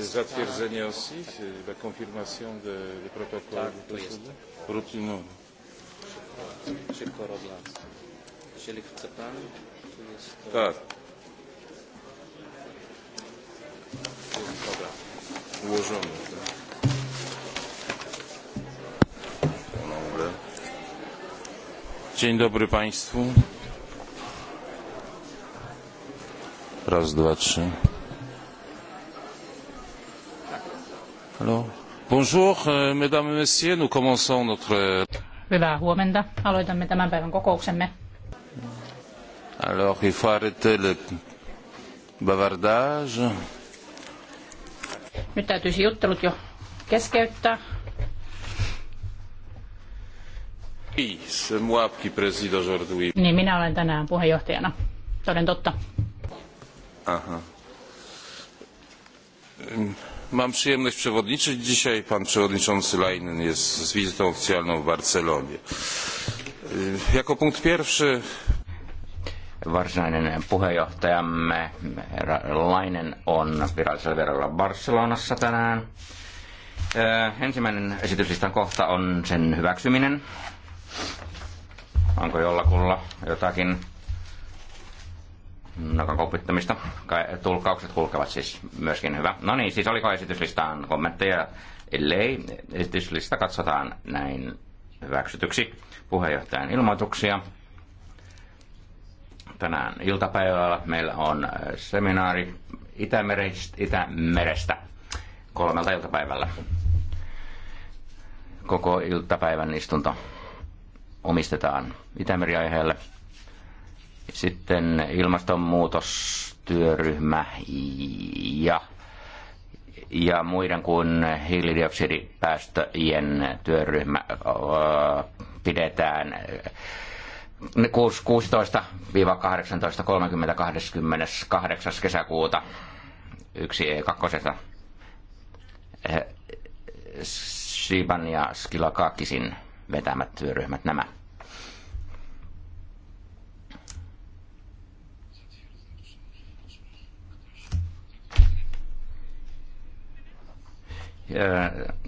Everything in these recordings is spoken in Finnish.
zatwierdzenie aussi, la confirmation de, de protocole tak, to jest. rutynowy. Szybko robię. Jeżeli chce pan, to jest... To... Tak. Dobra. Ułożony. Dzień dobry Państwu. Raz, dwa, trzy. Alors, bonjour, euh, mesdames et messieurs, nous commençons notre... Hyvää huomenta. Aloitamme tämän päivän kokouksemme. Alors, il faut arrêter le bavardage. Nyt täytyisi juttelut jo keskeyttää. Oui, c'est moi qui préside aujourd'hui. Niin, minä olen tänään puheenjohtajana. Toden totta. Aha. Uh -huh. Mam przyjemność przewodniczyć dzisiaj. Pan przewodniczący Leinen jest z wizytą oficjalną w Barcelonie. Jako punkt pierwszy varsinainen puheenjohtajamme Lainen on virallisella vierailulla Barcelonassa tänään. Äh, ensimmäinen esityslistan kohta on sen hyväksyminen. Onko jollakulla jotakin kaupittamista. Tulkaukset kulkevat siis myöskin hyvä. No niin, siis oliko esityslistaan kommentteja? Ellei, esityslista katsotaan näin hyväksytyksi puheenjohtajan ilmoituksia. Tänään iltapäivällä meillä on äh, seminaari Itämerestä, Itämerestä kolmelta iltapäivällä. Koko iltapäivän istunto omistetaan Itämeri-aiheelle. Sitten ilmastonmuutostyöryhmä ja, ja muiden kuin hiilidioksidipäästöjen työryhmä pidetään 16-18.30.28. kesäkuuta yksi e kakkosesta Siban ja Skilakaakisin vetämät työryhmät nämä.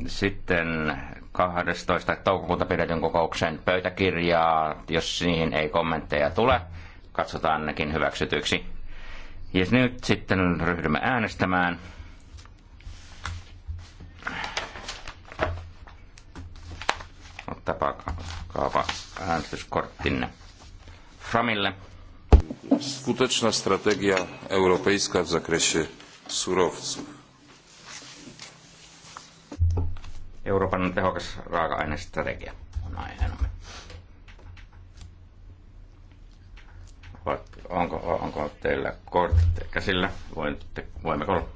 Sitten 12. toukokuuta pidetyn kokouksen pöytäkirjaa, jos siihen ei kommentteja tule, katsotaan nekin hyväksytyksi. Ja nyt sitten ryhdymme äänestämään. Ottapa kaava äänestyskorttinne Framille. Skuteczna strategia europejska w zakresie surowców. Euroopan tehokas raaka-ainestrategia on aiheena. Onko, onko teillä kortit käsillä? Voimmeko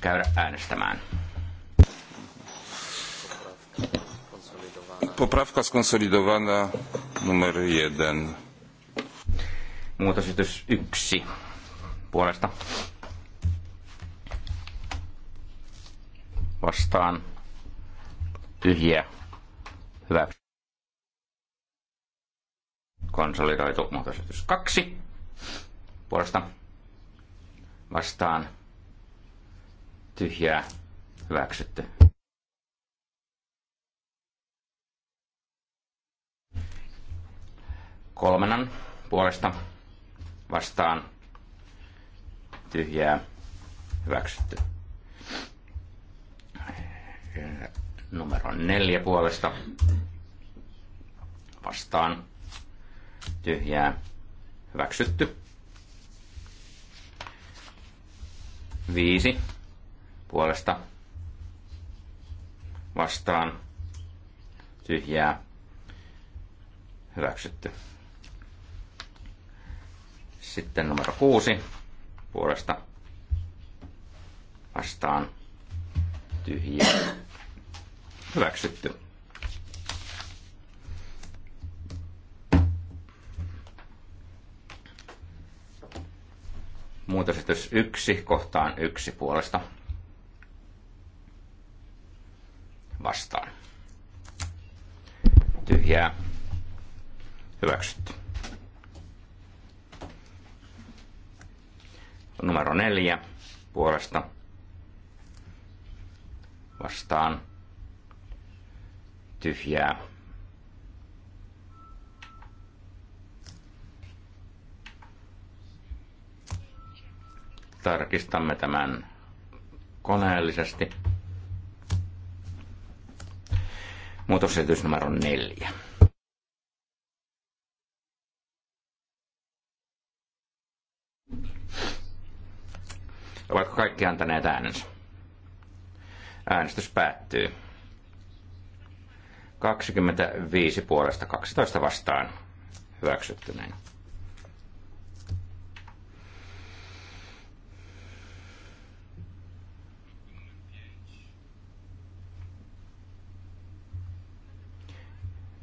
käydä äänestämään? Poprawka skonsolidowana numer 1. Muutosytys yksi puolesta vastaan tyhjiä hyvä konsolidoitu muutosesitys 2 puolesta vastaan tyhjää hyväksytty. Kolmenan puolesta vastaan tyhjää hyväksytty. Numero neljä puolesta vastaan tyhjää hyväksytty. Viisi puolesta vastaan tyhjää hyväksytty. Sitten numero kuusi puolesta vastaan tyhjää Hyväksytty. Muutosesitys 1 kohtaan 1 puolesta. Vastaan. Tyhjää. Hyväksytty. Numero 4 puolesta. Vastaan tyhjää. Tarkistamme tämän koneellisesti. Muutosesitys numero neljä. Ovatko kaikki antaneet äänensä? Äänestys päättyy. 25 puolesta 12 vastaan hyväksyttyneen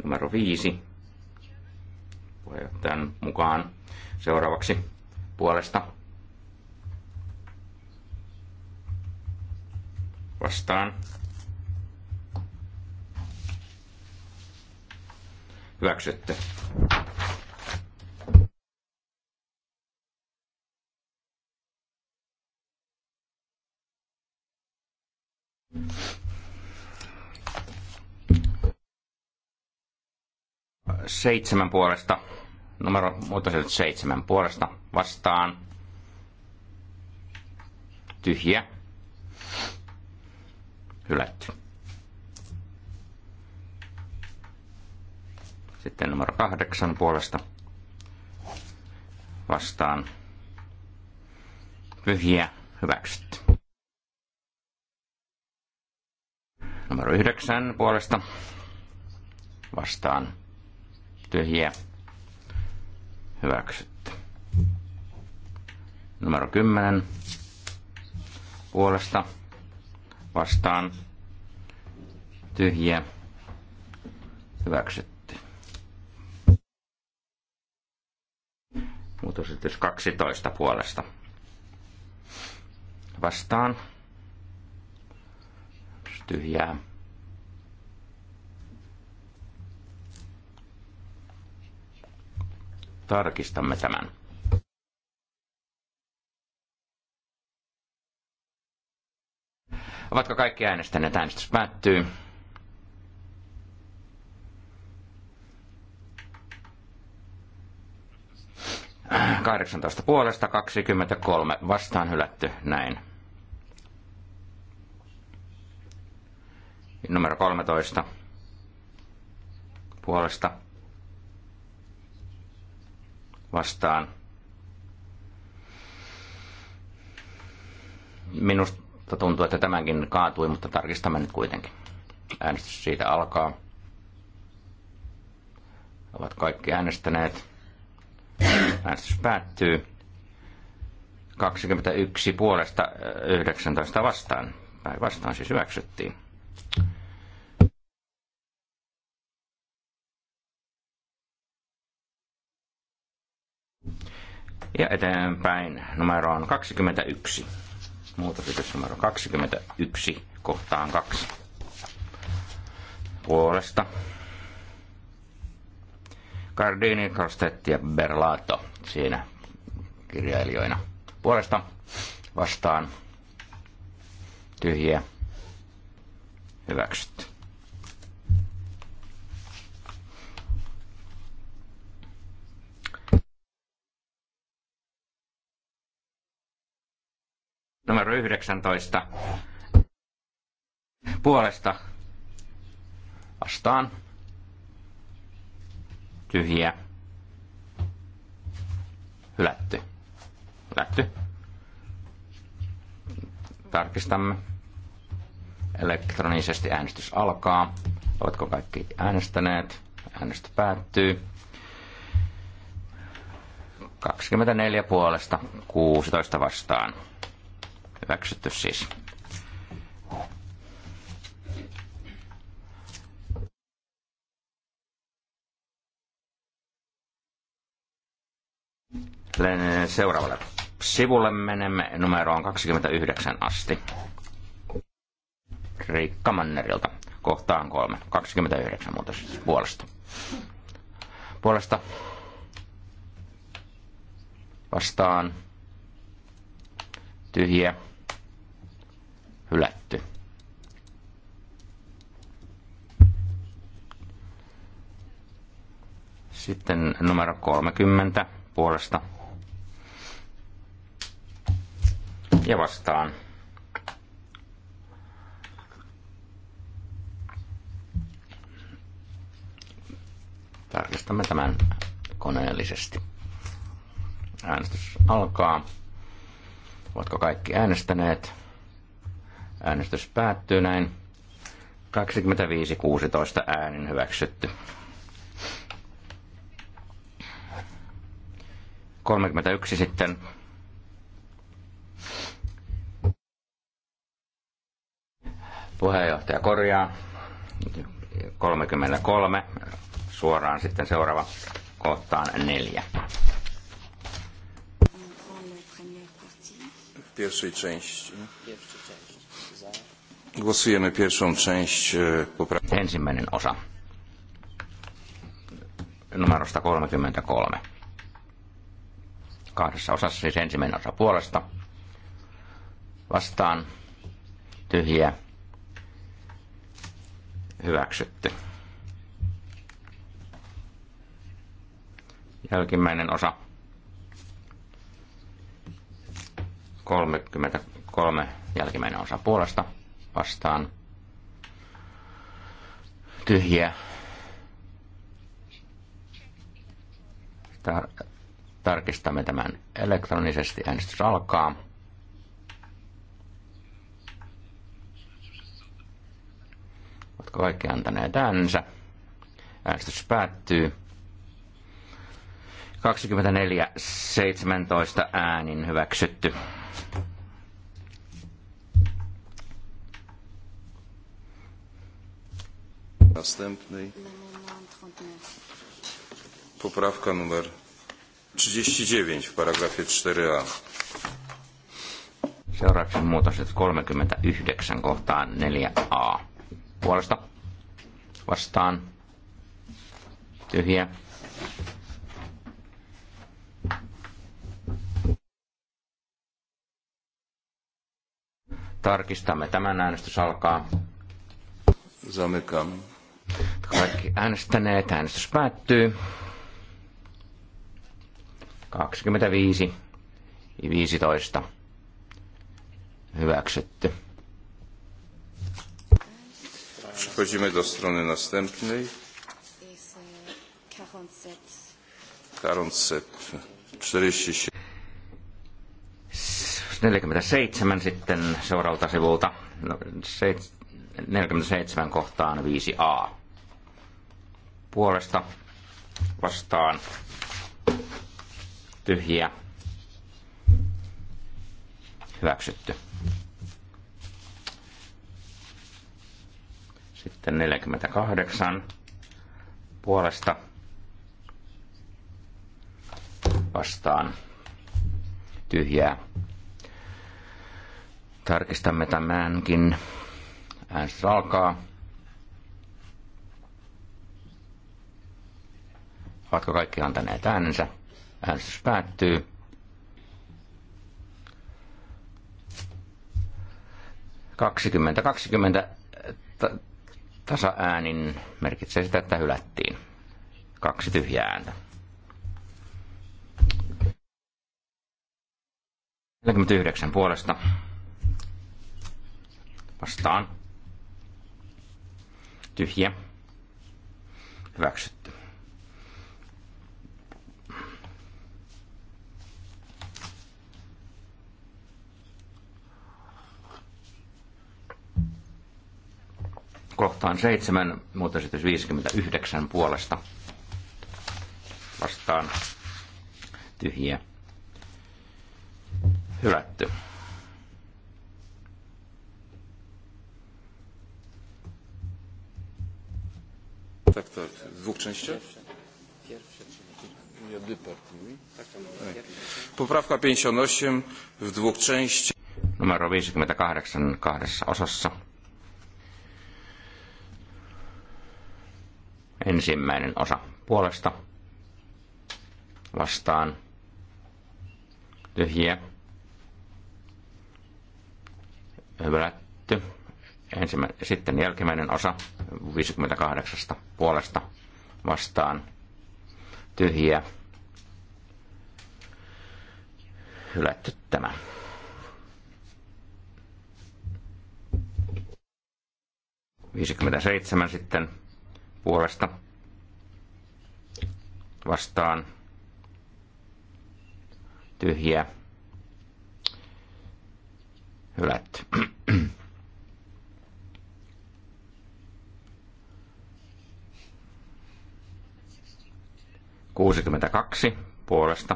Numero 5 puheenjohtajan mukaan seuraavaksi puolesta vastaan hyväksytte. Seitsemän puolesta, numero muutosehdotus seitsemän puolesta vastaan. Tyhjä. Hylätty. Sitten numero kahdeksan puolesta vastaan pyhiä hyväksyt. Numero yhdeksän puolesta vastaan tyhjiä hyväksytty. Numero kymmenen puolesta vastaan tyhjiä hyväksytty. Muutosesitys 12 puolesta. Vastaan. Tyhjää. Tarkistamme tämän. Ovatko kaikki äänestäneet? Äänestys päättyy. 18 puolesta 23 vastaan hylätty näin. Numero 13 puolesta vastaan. Minusta tuntuu, että tämänkin kaatui, mutta tarkistamme nyt kuitenkin. Äänestys siitä alkaa. Ovat kaikki äänestäneet. Äänestys päättyy. 21 puolesta 19 vastaan. Päin vastaan siis hyväksyttiin. Ja eteenpäin numero on 21. Muutosytys numero 21 kohtaan 2. Puolesta Cardini, Crostetti ja Berlato siinä kirjailijoina. Puolesta vastaan tyhjiä hyväksytty. Numero 19. Puolesta vastaan tyhjiä, hylätty, hylätty. Tarkistamme. Elektronisesti äänestys alkaa. Oletko kaikki äänestäneet? Äänestö päättyy. 24 puolesta, 16 vastaan. Hyväksytty siis. Eh, seuraavalle sivulle menemme numeroon 29 asti. Riikka Mannerilta. Kohtaan kolme. 29 muutos puolesta. Puolesta vastaan tyhjä hylätty. Sitten numero 30 puolesta ja vastaan. Tarkistamme tämän koneellisesti. Äänestys alkaa. Ovatko kaikki äänestäneet? Äänestys päättyy näin. 25-16 äänin hyväksytty. 31 sitten Puheenjohtaja korjaa. 33. Suoraan sitten seuraava kohtaan neljä. pierwszą część e, Ensimmäinen osa. Numerosta 33. Kahdessa osassa siis ensimmäinen osa puolesta. Vastaan tyhjiä hyväksytty. Jälkimmäinen osa 33 jälkimmäinen osa puolesta vastaan. Tyhjiä. Tar- tarkistamme tämän elektronisesti. Äänestys alkaa. Ovatko kaikki antaneet äänensä? Äänestys päättyy. 24.17 äänin hyväksytty. Następnej. Poprawka numer 39 w paragrafie 4a. Seuraavaksi muutokset 39 kohtaan 4a puolesta vastaan tyhjä. Tarkistamme tämän äänestys alkaa. Zamykam. Kaikki äänestäneet, äänestys päättyy. 25, 15. Hyväksytty. Przechodzimy do strony następnej. 47. sitten seuraavalta sivulta. 47 no, kohtaan 5a. Puolesta vastaan tyhjiä hyväksytty. Sitten 48 puolesta vastaan tyhjää. Tarkistamme tämänkin. Äänestys alkaa. Ovatko kaikki antaneet äänensä? Äänestys päättyy. Kaksikymmentä, kaksikymmentä Tasaäänin merkitsee sitä, että hylättiin. Kaksi tyhjää ääntä. 49 puolesta vastaan. Tyhjä. Hyväksytty. kohtaan 7, muutosesitys 59 puolesta vastaan tyhjiä hylätty. Tak, tak. W dwóch częściach? Poprawka 58 w dwóch częściach. Numero 58 kahdessa osassa ensimmäinen osa puolesta vastaan tyhjiä hylätty. sitten jälkimmäinen osa 58 puolesta vastaan tyhjiä hylätty tämä. seitsemän sitten puolesta vastaan tyhjä hylätty. kaksi puolesta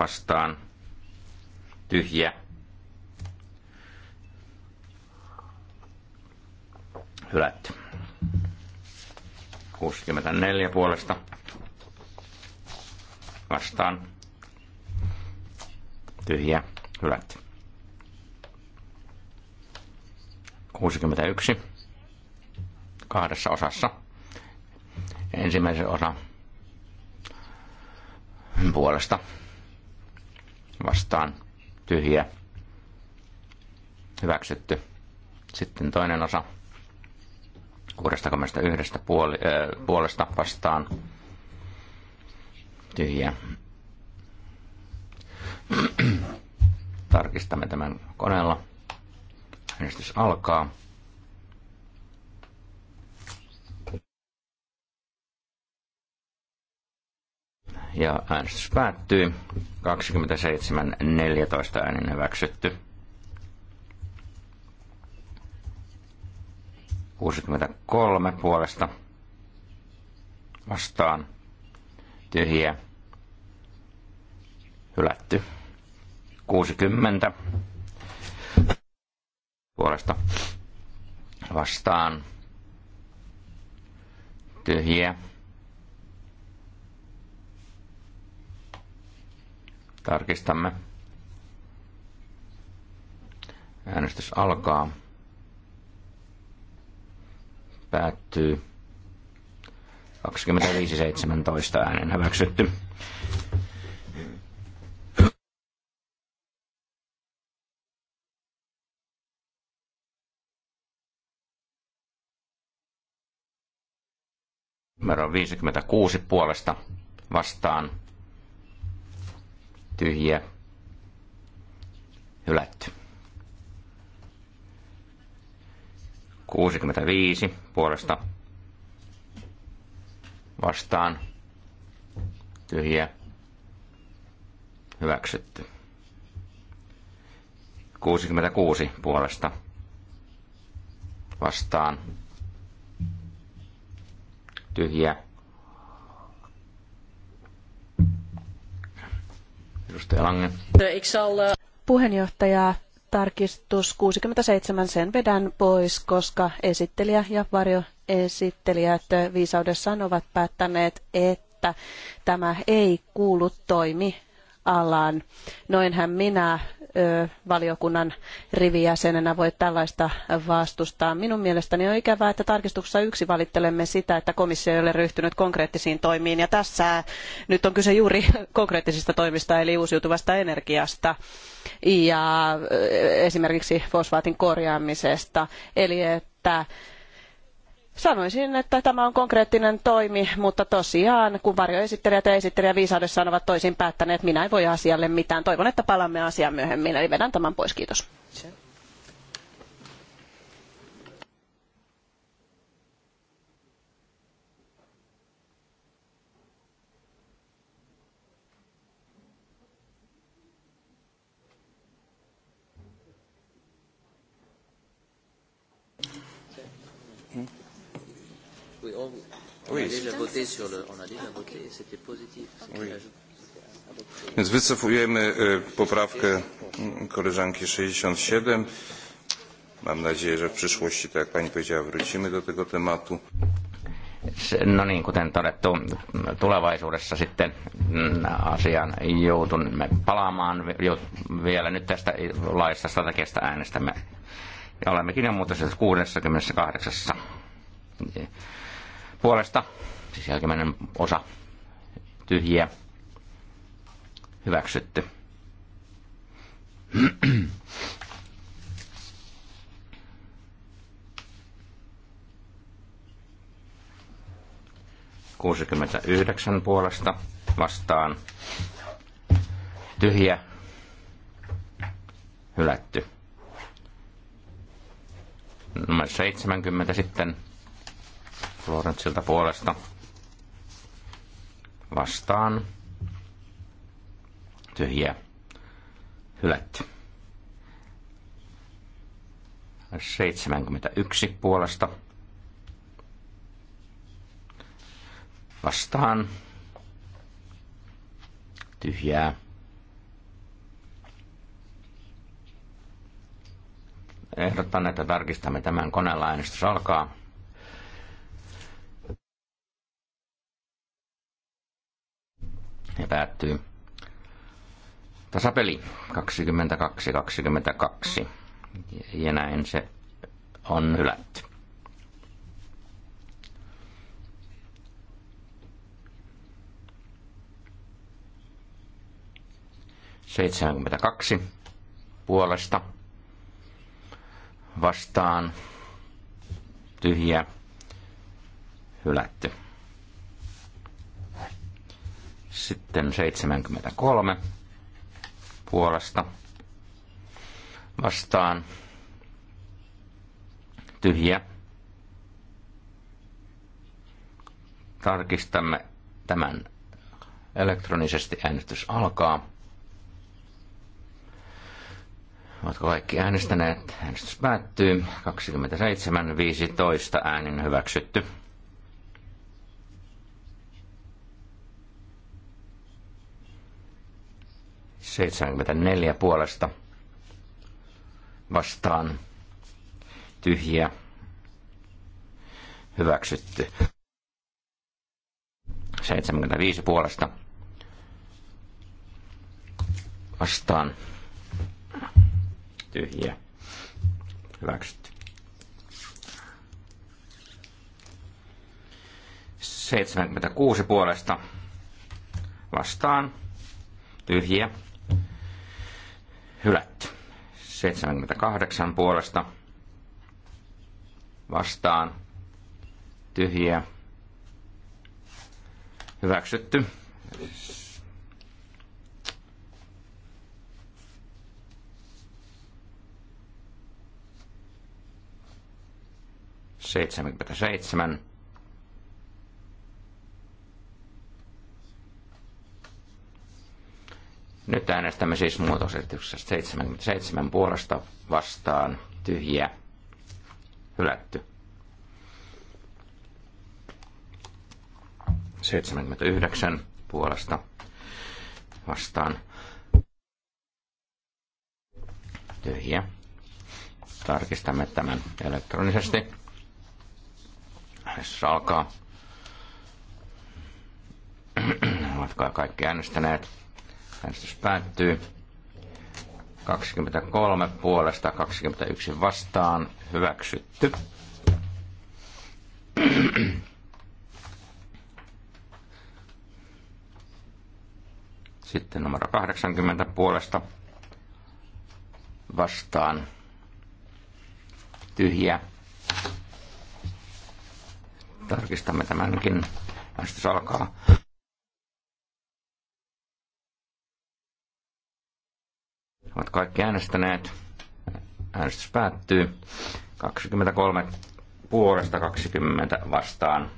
vastaan tyhjä hylätty. 64 puolesta vastaan tyhjä hylätty. 61 kahdessa osassa. Ensimmäisen osa puolesta vastaan tyhjä hyväksytty. Sitten toinen osa 61 puoli, äh, puolesta vastaan tyhjä. Tarkistamme tämän koneella. Äänestys alkaa. Ja äänestys päättyy. 27.14 äänin hyväksytty. 63 puolesta vastaan tyhjiä hylätty. 60 puolesta vastaan tyhjiä. Tarkistamme. Äänestys alkaa päättyy 25.17 äänen hyväksytty. Numero 56 puolesta vastaan tyhjä hylätty. 65 puolesta vastaan tyhjä hyväksytty. 66 puolesta vastaan tyhjä Edustaja Lange. Puheenjohtaja, tarkistus 67 sen vedän pois, koska esittelijä ja varjoesittelijät viisaudessaan ovat päättäneet, että tämä ei kuulu toimi alan. Noinhän minä valiokunnan rivijäsenenä voi tällaista vastustaa. Minun mielestäni on ikävää, että tarkistuksessa yksi valittelemme sitä, että komissio ei ole ryhtynyt konkreettisiin toimiin. Ja tässä nyt on kyse juuri konkreettisista toimista, eli uusiutuvasta energiasta ja esimerkiksi fosfaatin korjaamisesta. Eli että että Sanoisin, että tämä on konkreettinen toimi, mutta tosiaan, kun varjoesittelijät ja esittelijä viisaudessaan ovat toisin päättäneet, minä en voi asialle mitään. Toivon, että palaamme asiaan myöhemmin, eli vedän tämän pois. Kiitos. Mm-hmm. Oui, on, on oui. a déjà voté sur le, on a déjà ah, voté, okay. c'était positif. Oui. Więc wycofujemy poprawkę koleżanki 67. Mam nadzieję, że w przyszłości, tak jak pani powiedziała, wrócimy do tego tematu. No niin, kuten todettu, tulevaisuudessa sitten mm, asiaan joutumme palaamaan. Vielä nyt tästä laista strategiasta äänestämme. Olemmekin jo muuten 68 puolesta, siis jälkimmäinen osa, tyhjiä, hyväksytty. Kuusikymmentäyhdeksän puolesta vastaan tyhjä, hylätty. Numero 70 sitten Florentsilta puolesta vastaan. Tyhjiä. Hylätty. 71 puolesta vastaan. Tyhjää. Ehdotan, että tarkistamme tämän koneella äänestys alkaa. ja päättyy tasapeli 22-22. Ja näin se on hylätty. kaksi puolesta vastaan tyhjä hylätty. Sitten 73 puolesta vastaan tyhjä. Tarkistamme tämän elektronisesti. Äänestys alkaa. Ovatko kaikki äänestäneet? Äänestys päättyy. 27.15 äänin hyväksytty. 74 puolesta vastaan tyhjä hyväksytty. 75 puolesta vastaan tyhjä hyväksytty. 76 puolesta vastaan tyhjä hylätty. 78 puolesta vastaan tyhjiä hyväksytty. seitsemän Nyt äänestämme siis muutosesityksestä 77 puolesta vastaan tyhjä hylätty. 79 puolesta vastaan tyhjä. Tarkistamme tämän elektronisesti. Äänestys alkaa. Ovatko kaikki äänestäneet? Äänestys päättyy. 23 puolesta, 21 vastaan. Hyväksytty. Sitten numero 80 puolesta vastaan tyhjä. Tarkistamme tämänkin. Äänestys alkaa. Ovat kaikki äänestäneet. Äänestys päättyy. 23 puolesta 20 vastaan.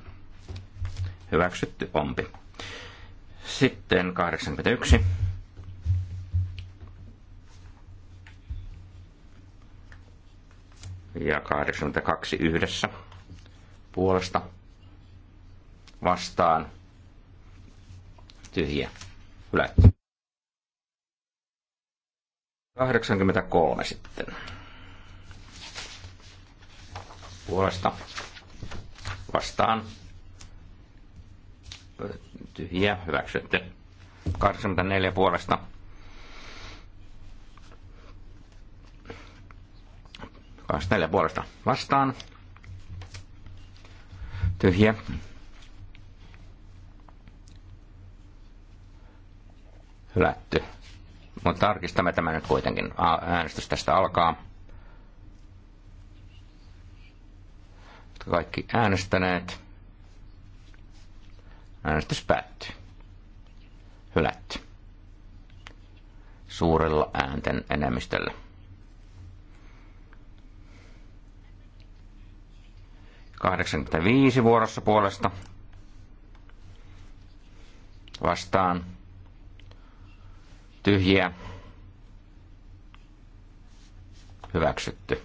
Hyväksytty ompi. Sitten 81. Ja 82 yhdessä puolesta vastaan tyhjä hylätty. 83 sitten. Puolesta vastaan. Tyhjiä, hyväksytte. 84 puolesta. neljä puolesta vastaan. tyhjä Hylätty. Mutta tarkistamme tämä nyt kuitenkin. Äänestys tästä alkaa. kaikki äänestäneet? Äänestys päättyy. Hylätty. Suurella äänten enemmistöllä. Kahdeksankymmentäviisi vuorossa puolesta vastaan tyhjiä, hyväksytty.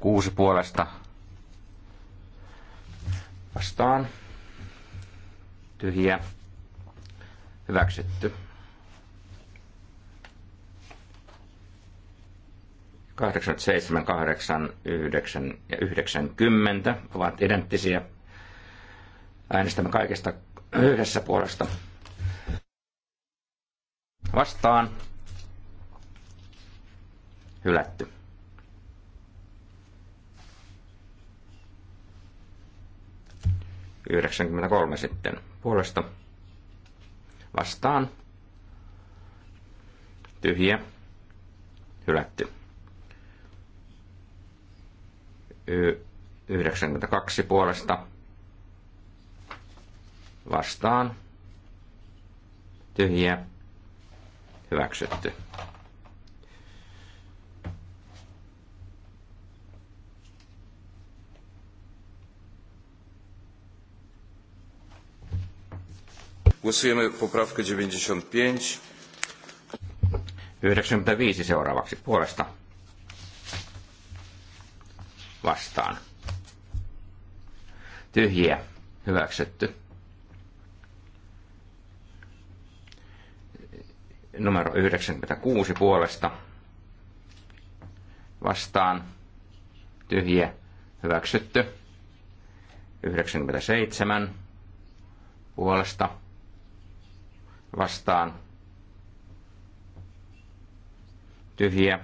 kuusi puolesta vastaan tyhjiä, hyväksytty. 87, 8, 9 ja 90 ovat identtisiä Äänestämme kaikesta yhdessä puolesta. Vastaan. Hylätty. kolme sitten puolesta. Vastaan. Tyhjä. Hylätty. kaksi puolesta vastaan tyhjiä hyväksytty. Głosujemy poprawkę 95. 95 seuraavaksi puolesta vastaan. Tyhjiä hyväksytty. numero 96 puolesta vastaan tyhjä hyväksytty. 97 puolesta vastaan tyhjä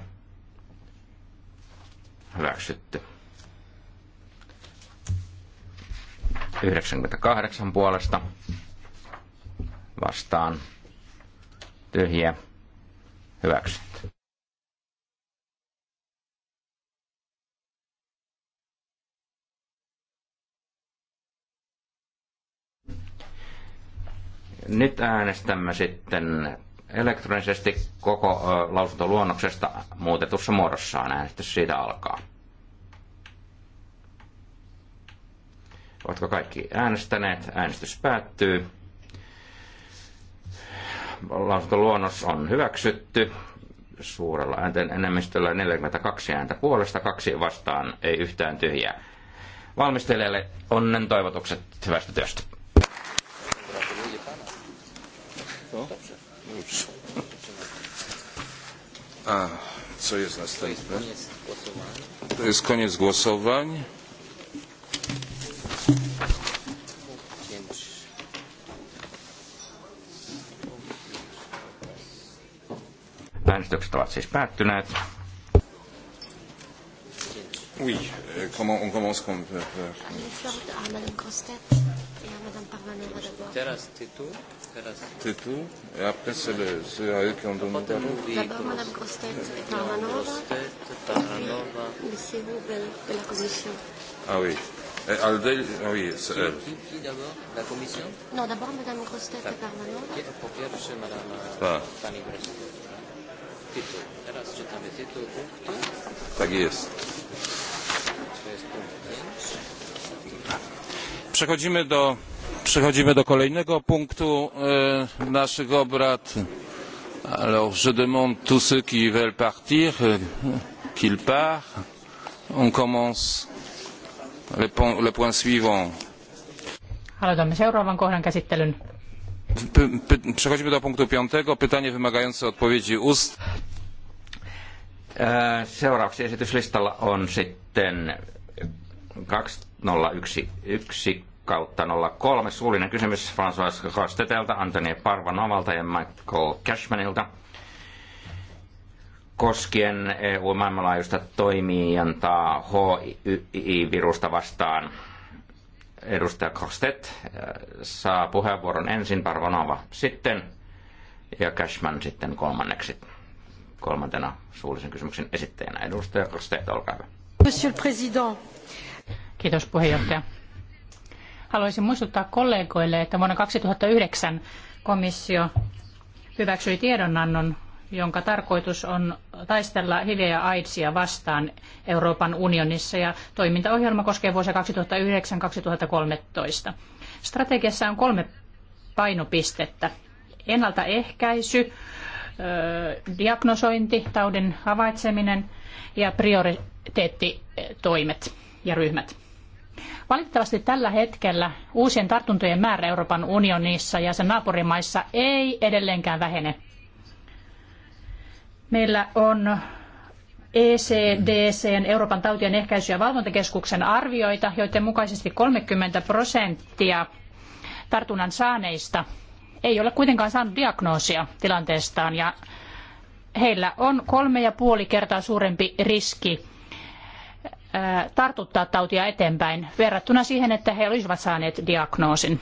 hyväksytty. 98 puolesta vastaan tyhjiä hyväksytty. Nyt äänestämme sitten elektronisesti koko lausuntoluonnoksesta muutetussa muodossaan. Äänestys siitä alkaa. Oletko kaikki äänestäneet? Äänestys päättyy lausuntoluonnos on hyväksytty suurella äänten enemmistöllä 42 ääntä puolesta, kaksi vastaan, ei yhtään tyhjää. Valmistelijalle onnen toivotukset hyvästä työstä. A, co jest następne? To jest koniec głosowań. Äänestykset ovat siis päättyneet. Oui, euh, comment on commence comme... Madame Grostet et Et après, c'est le, c'est à eux qui ont donné D'abord Madame Grostet et Parvanova. Grostet, Parvanova. Monsieur Houbel de la Commission. Ah oui. Et Aldel, ah oui, c'est elle. Euh, qui, qui, d'abord La Commission Non, d'abord Madame Grostet et Parvanova. Madame ah. Fanny Grostet Tytuł. Teraz czytamy tytuł punktu. Tak jest. Przechodzimy do, przechodzimy do kolejnego punktu y, e, naszych obrad. Alors, je demande tous ceux qui veulent partir e, qu'ils partent. On commence le point, le point suivant. Aloitamme seuraavan kohdan käsittelyn. Przechodzimy do punktu piątego. Pytanie wymagające odpowiedzi ust. E, seuraavaksi esityslistalla on sitten 2011 kautta 03 suullinen kysymys François Kostetelta, Antoni Parvanovalta ja Michael Cashmanilta koskien EU-maailmanlaajuista toimijantaa HI-virusta vastaan – Edustaja Kostet äh, saa puheenvuoron ensin, Parvanova sitten ja Cashman sitten kolmanneksi. Kolmantena suullisen kysymyksen esittäjänä. Edustaja Kostet, olkaa hyvä. Monsieur le Président. Kiitos puheenjohtaja. Haluaisin muistuttaa kollegoille, että vuonna 2009 komissio hyväksyi tiedonannon jonka tarkoitus on taistella HIV ja AIDSia vastaan Euroopan unionissa ja toimintaohjelma koskee vuosia 2009-2013. Strategiassa on kolme painopistettä. Ennaltaehkäisy, diagnosointi, taudin havaitseminen ja prioriteettitoimet ja ryhmät. Valitettavasti tällä hetkellä uusien tartuntojen määrä Euroopan unionissa ja sen naapurimaissa ei edelleenkään vähene Meillä on ECDCn Euroopan tautien ehkäisy- ja valvontakeskuksen arvioita, joiden mukaisesti 30 prosenttia tartunnan saaneista ei ole kuitenkaan saanut diagnoosia tilanteestaan ja heillä on kolme ja puoli kertaa suurempi riski tartuttaa tautia eteenpäin verrattuna siihen, että he olisivat saaneet diagnoosin.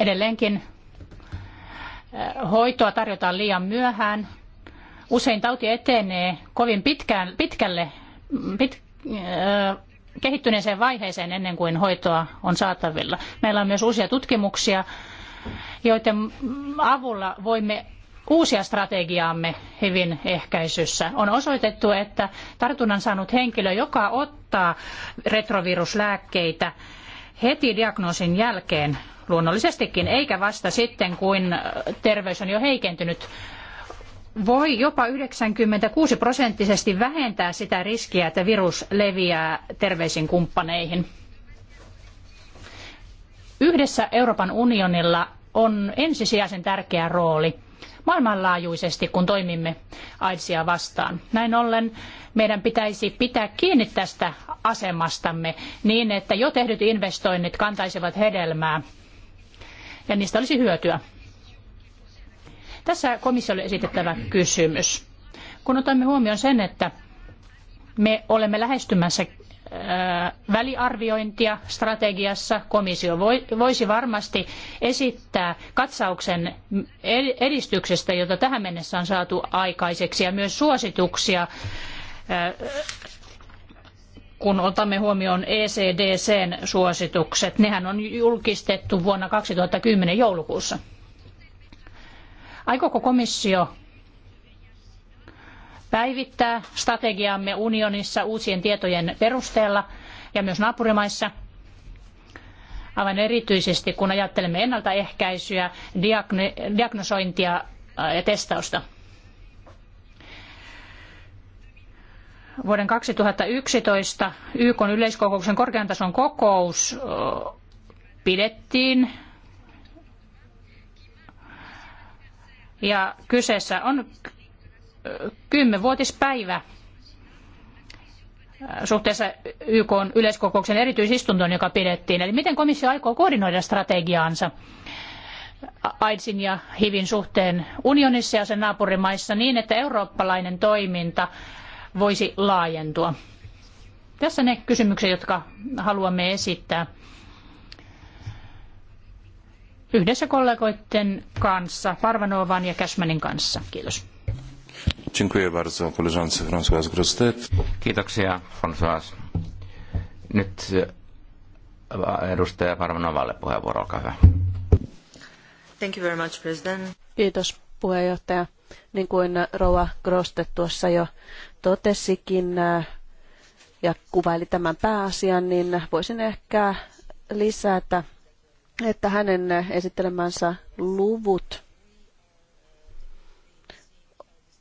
Edelleenkin hoitoa tarjotaan liian myöhään. Usein tauti etenee kovin pitkään, pitkälle, mm, pit, kehittyneeseen vaiheeseen ennen kuin hoitoa on saatavilla. Meillä on myös uusia tutkimuksia, joiden avulla voimme uusia strategiaamme hyvin ehkäisyssä. On osoitettu, että tartunnan saanut henkilö, joka ottaa retroviruslääkkeitä heti diagnoosin jälkeen, luonnollisestikin, eikä vasta sitten, kun terveys on jo heikentynyt voi jopa 96 prosenttisesti vähentää sitä riskiä, että virus leviää terveisiin kumppaneihin. Yhdessä Euroopan unionilla on ensisijaisen tärkeä rooli maailmanlaajuisesti, kun toimimme AIDSia vastaan. Näin ollen meidän pitäisi pitää kiinni tästä asemastamme niin, että jo tehdyt investoinnit kantaisivat hedelmää ja niistä olisi hyötyä. Tässä komissiolle esitettävä kysymys. Kun otamme huomioon sen, että me olemme lähestymässä äh, väliarviointia strategiassa. Komissio voisi varmasti esittää katsauksen edistyksestä, jota tähän mennessä on saatu aikaiseksi, ja myös suosituksia äh, kun otamme huomioon ECDCn suositukset. Nehän on julkistettu vuonna 2010 joulukuussa. Aikooko komissio päivittää strategiaamme unionissa uusien tietojen perusteella ja myös naapurimaissa? Aivan erityisesti kun ajattelemme ennaltaehkäisyä, diagnosointia ja testausta. vuoden 2011 YK yleiskokouksen korkean tason kokous pidettiin. Ja kyseessä on kymmenvuotispäivä suhteessa YK yleiskokouksen erityisistuntoon, joka pidettiin. Eli miten komissio aikoo koordinoida strategiaansa AIDSin ja HIVin suhteen unionissa ja sen naapurimaissa niin, että eurooppalainen toiminta voisi laajentua. Tässä ne kysymykset, jotka haluamme esittää yhdessä kollegoiden kanssa, Parvanovan ja Käsmänin kanssa. Kiitos. bardzo Grostet. Kiitoksia François. Nyt äh, edustaja Parvanovalle puheenvuoro, olkaa hyvä. Thank you very much, President. Kiitos puheenjohtaja. Niin kuin Rova Grostet tuossa jo totesikin äh, ja kuvaili tämän pääasian, niin voisin ehkä lisätä, että hänen esittelemänsä luvut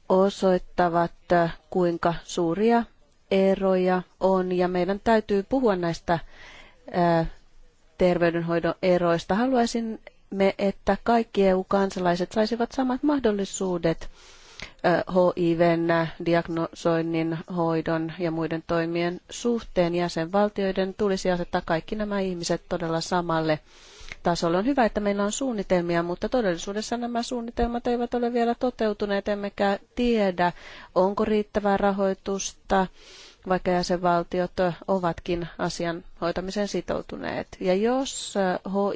osoittavat, äh, kuinka suuria eroja on ja meidän täytyy puhua näistä äh, terveydenhoidon eroista. Haluaisin me, että kaikki EU-kansalaiset saisivat samat mahdollisuudet HIVn diagnosoinnin, hoidon ja muiden toimien suhteen jäsenvaltioiden tulisi asettaa kaikki nämä ihmiset todella samalle tasolle. On hyvä, että meillä on suunnitelmia, mutta todellisuudessa nämä suunnitelmat eivät ole vielä toteutuneet, emmekä tiedä, onko riittävää rahoitusta, vaikka jäsenvaltiot ovatkin asian hoitamiseen sitoutuneet. Ja jos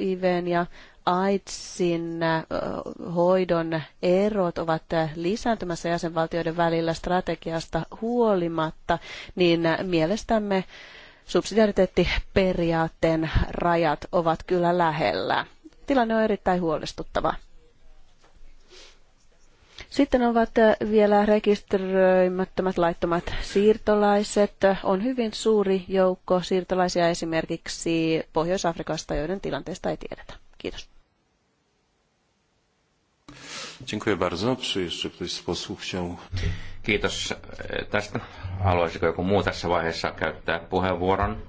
HIVn ja AIDSin äh, hoidon erot ovat äh, lisääntymässä jäsenvaltioiden välillä strategiasta huolimatta, niin äh, mielestämme subsidiariteettiperiaatteen rajat ovat kyllä lähellä. Tilanne on erittäin huolestuttava. Sitten ovat vielä rekisteröimättömät laittomat siirtolaiset. On hyvin suuri joukko siirtolaisia esimerkiksi Pohjois-Afrikasta, joiden tilanteesta ei tiedetä. Kiitos. Dziękuję bardzo. Czy jeszcze ktoś z posłów chciał... Kiitos e, tästä. Haluaisiko joku muu tässä vaiheessa käyttää puheenvuoron?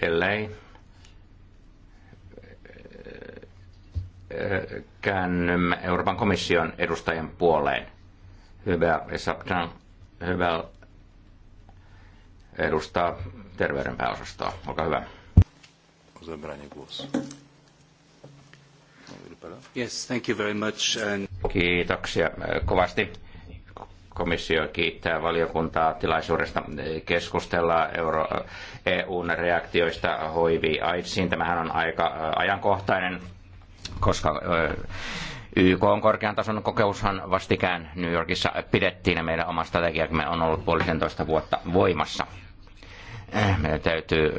Ellei. E, e, käännymme Euroopan komission edustajien puoleen. Hyvä Esabdan. Hyvä edustaa terveyden pääosastoa. Olkaa hyvä. Zabranie głosu. Yes, thank you very much. And... Kiitoksia äh, kovasti. Komissio kiittää valiokuntaa tilaisuudesta äh, keskustella Euro, äh, EUn reaktioista HIV-AIDSiin. Tämähän on aika ajankohtainen, koska YK on korkean tason kokeushan vastikään New Yorkissa pidettiin ja meidän oma strategiamme on ollut puolisentoista vuotta voimassa. Meidän täytyy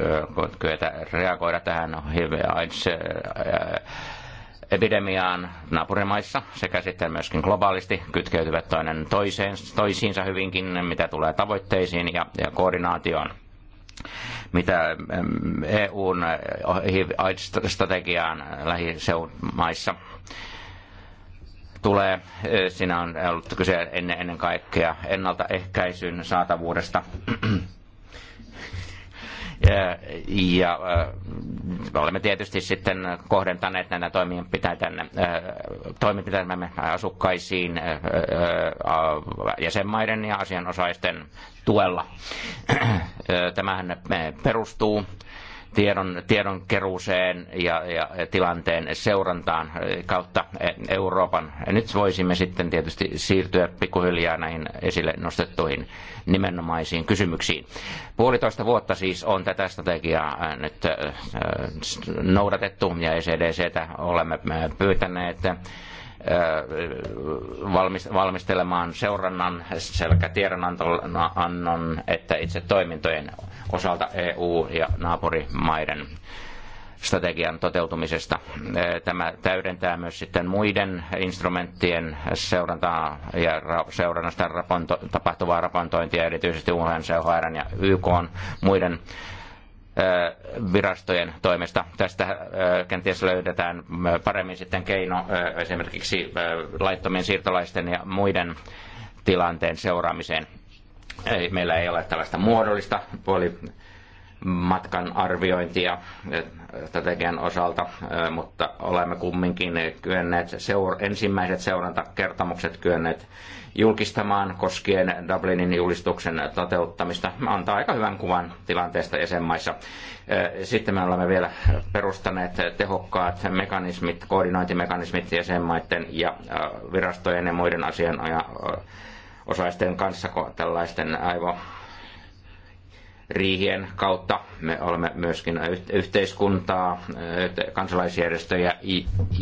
kyetä reagoida tähän HIV AIDS epidemiaan naapurimaissa sekä sitten myöskin globaalisti kytkeytyvät toinen toiseen, toisiinsa hyvinkin, mitä tulee tavoitteisiin ja, ja koordinaatioon mitä EUn strategiaan lähiseumaissa tulee. Siinä on ollut kyse ennen, ennen kaikkea ennaltaehkäisyn saatavuudesta ja olemme tietysti sitten kohdentaneet näitä toimenpiteitämme, asukkaisiin jäsenmaiden ja asianosaisten tuella. Tämähän perustuu tiedon, tiedon keruuseen ja, ja tilanteen seurantaan kautta Euroopan. Ja nyt voisimme sitten tietysti siirtyä pikkuhiljaa näihin esille nostettuihin nimenomaisiin kysymyksiin. Puolitoista vuotta siis on tätä strategiaa äh, nyt äh, noudatettu ja ECDCtä olemme äh, pyytäneet valmistelemaan seurannan sekä tiedonannon että itse toimintojen osalta EU- ja naapurimaiden strategian toteutumisesta. Tämä täydentää myös sitten muiden instrumenttien seurantaa ja seurannasta raponto, tapahtuvaa raportointia, erityisesti UNHCR ja YK muiden virastojen toimesta. Tästä kenties löydetään paremmin sitten keino esimerkiksi laittomien siirtolaisten ja muiden tilanteen seuraamiseen. Ei, meillä ei ole tällaista muodollista puolimatkan matkan arviointia eh, strategian osalta, eh, mutta olemme kumminkin kyenneet seur- ensimmäiset seurantakertomukset kyenneet julkistamaan koskien Dublinin julistuksen toteuttamista. Antaa aika hyvän kuvan tilanteesta jäsenmaissa. Eh, sitten me olemme vielä perustaneet tehokkaat mekanismit, koordinointimekanismit jäsenmaiden ja virastojen ja muiden asian osaisten kanssa tällaisten aivo riihien kautta. Me olemme myöskin yhteiskuntaa, kansalaisjärjestöjä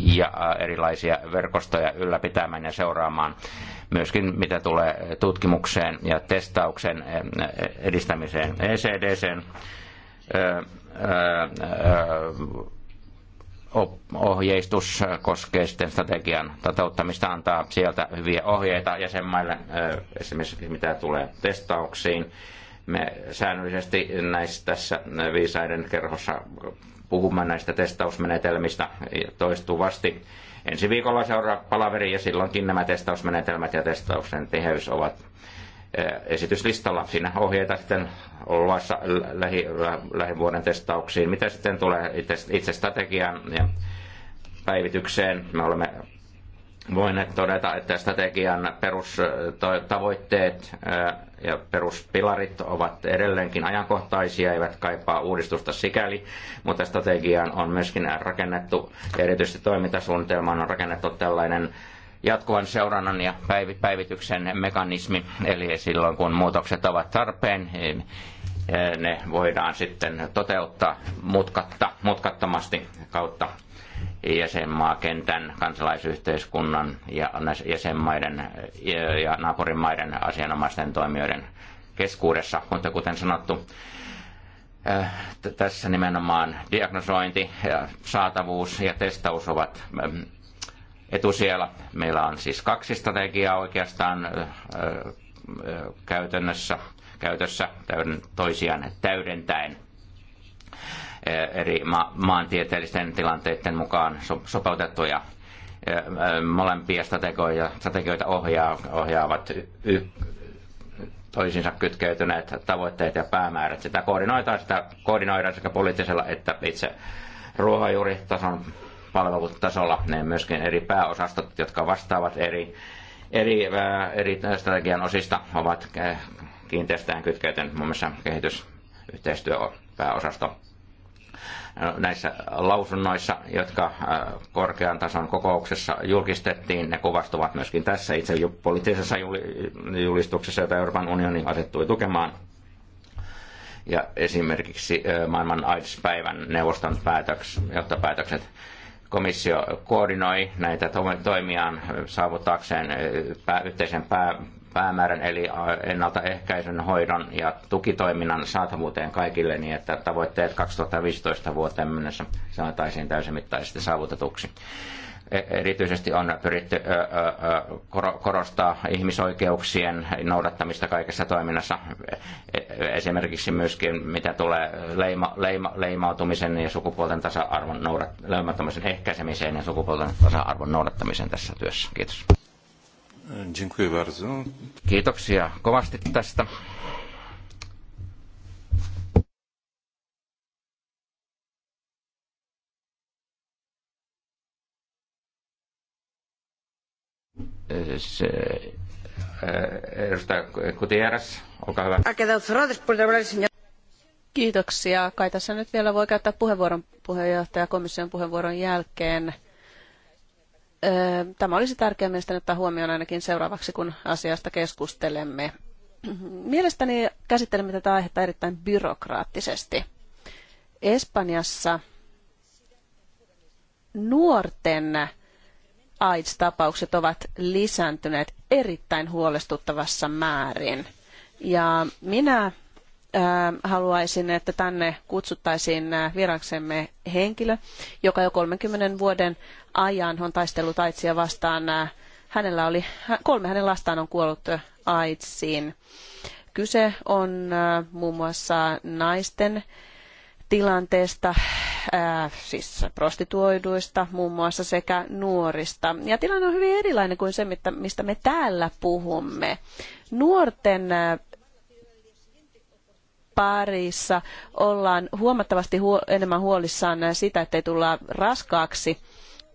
ja erilaisia verkostoja ylläpitämään ja seuraamaan myöskin mitä tulee tutkimukseen ja testauksen edistämiseen ECDCn ohjeistus koskee sitten strategian toteuttamista, antaa sieltä hyviä ohjeita jäsenmaille, esimerkiksi mitä tulee testauksiin. Me säännöllisesti näissä tässä viisaiden kerhossa puhumme näistä testausmenetelmistä toistuvasti. Ensi viikolla seuraa palaveri ja silloinkin nämä testausmenetelmät ja testauksen tiheys ovat esityslistalla. Siinä ohjeita sitten luvassa lähi, lähivuoden testauksiin. Mitä sitten tulee itse, itse strategian ja päivitykseen? Me olemme voineet todeta, että strategian perustavoitteet ja peruspilarit ovat edelleenkin ajankohtaisia, eivät kaipaa uudistusta sikäli, mutta strategiaan on myöskin rakennettu, erityisesti toimintasuunnitelmaan on rakennettu tällainen jatkuvan seurannan ja päivityksen mekanismi, eli silloin kun muutokset ovat tarpeen, niin, eh, ne voidaan sitten toteuttaa mutkatta, mutkattomasti kautta jäsenmaakentän, kansalaisyhteiskunnan ja jäsenmaiden eh, ja naapurimaiden asianomaisten toimijoiden keskuudessa, mutta kuten sanottu, eh, tässä nimenomaan diagnosointi, saatavuus ja testaus ovat mm, etusijalla. Meillä on siis kaksi strategiaa oikeastaan käytännössä, käytössä toisiaan täydentäen eri ma- maantieteellisten tilanteiden mukaan so- sopeutettuja molempia strategioita, strategioita ohjaa, ohjaavat y- toisiinsa kytkeytyneet tavoitteet ja päämäärät. Sitä koordinoidaan, sitä koordinoidaan sekä poliittisella että itse ruohonjuuritason palvelutasolla, ne myöskin eri pääosastot, jotka vastaavat eri, eri, äh, eri strategian osista, ovat äh, kiinteistään kytkeytyneet muun muassa kehitysyhteistyöpääosasto äh, näissä lausunnoissa, jotka korkean tason kokouksessa julkistettiin, ne kuvastuvat myöskin tässä itse poliittisessa julistuksessa, jota Euroopan unioni asettui tukemaan. Ja esimerkiksi maailman AIDS-päivän neuvoston päätöks, johtopäätökset Komissio koordinoi näitä toimiaan saavuttaakseen eh, yhteisen päämäärän eli eh, ennaltaehkäisyn, hoidon ja tukitoiminnan saatavuuteen kaikille niin, että tavoitteet 2015 vuoteen mennessä saataisiin täysimittaisesti saavutetuksi. E- erityisesti on pyritty korostaa ihmisoikeuksien noudattamista kaikessa toiminnassa, e- esimerkiksi myöskin mitä tulee leima, leima, leimautumisen ja sukupuolten tasa-arvon noudat, ehkäisemiseen ja sukupuolten tasa-arvon noudattamiseen tässä työssä. Kiitos. Kiitoksia kovasti tästä se, eh, edustaja Gutierrez, olkaa hyvä. Kiitoksia. Kai tässä nyt vielä voi käyttää puheenvuoron puheenjohtaja komission puheenvuoron jälkeen. Tämä olisi tärkeää mielestäni ottaa huomioon ainakin seuraavaksi, kun asiasta keskustelemme. Mielestäni käsittelemme tätä aihetta erittäin byrokraattisesti. Espanjassa nuorten AIDS-tapaukset ovat lisääntyneet erittäin huolestuttavassa määrin. Ja minä haluaisin, että tänne kutsuttaisiin viraksemme henkilö, joka jo 30 vuoden ajan on taistellut AIDSia vastaan. Hänellä oli, kolme hänen lastaan on kuollut AIDSiin. Kyse on muun muassa naisten tilanteesta, siis prostituoiduista muun muassa sekä nuorista. Ja tilanne on hyvin erilainen kuin se, mistä me täällä puhumme. Nuorten parissa ollaan huomattavasti enemmän huolissaan sitä, ettei tulla raskaaksi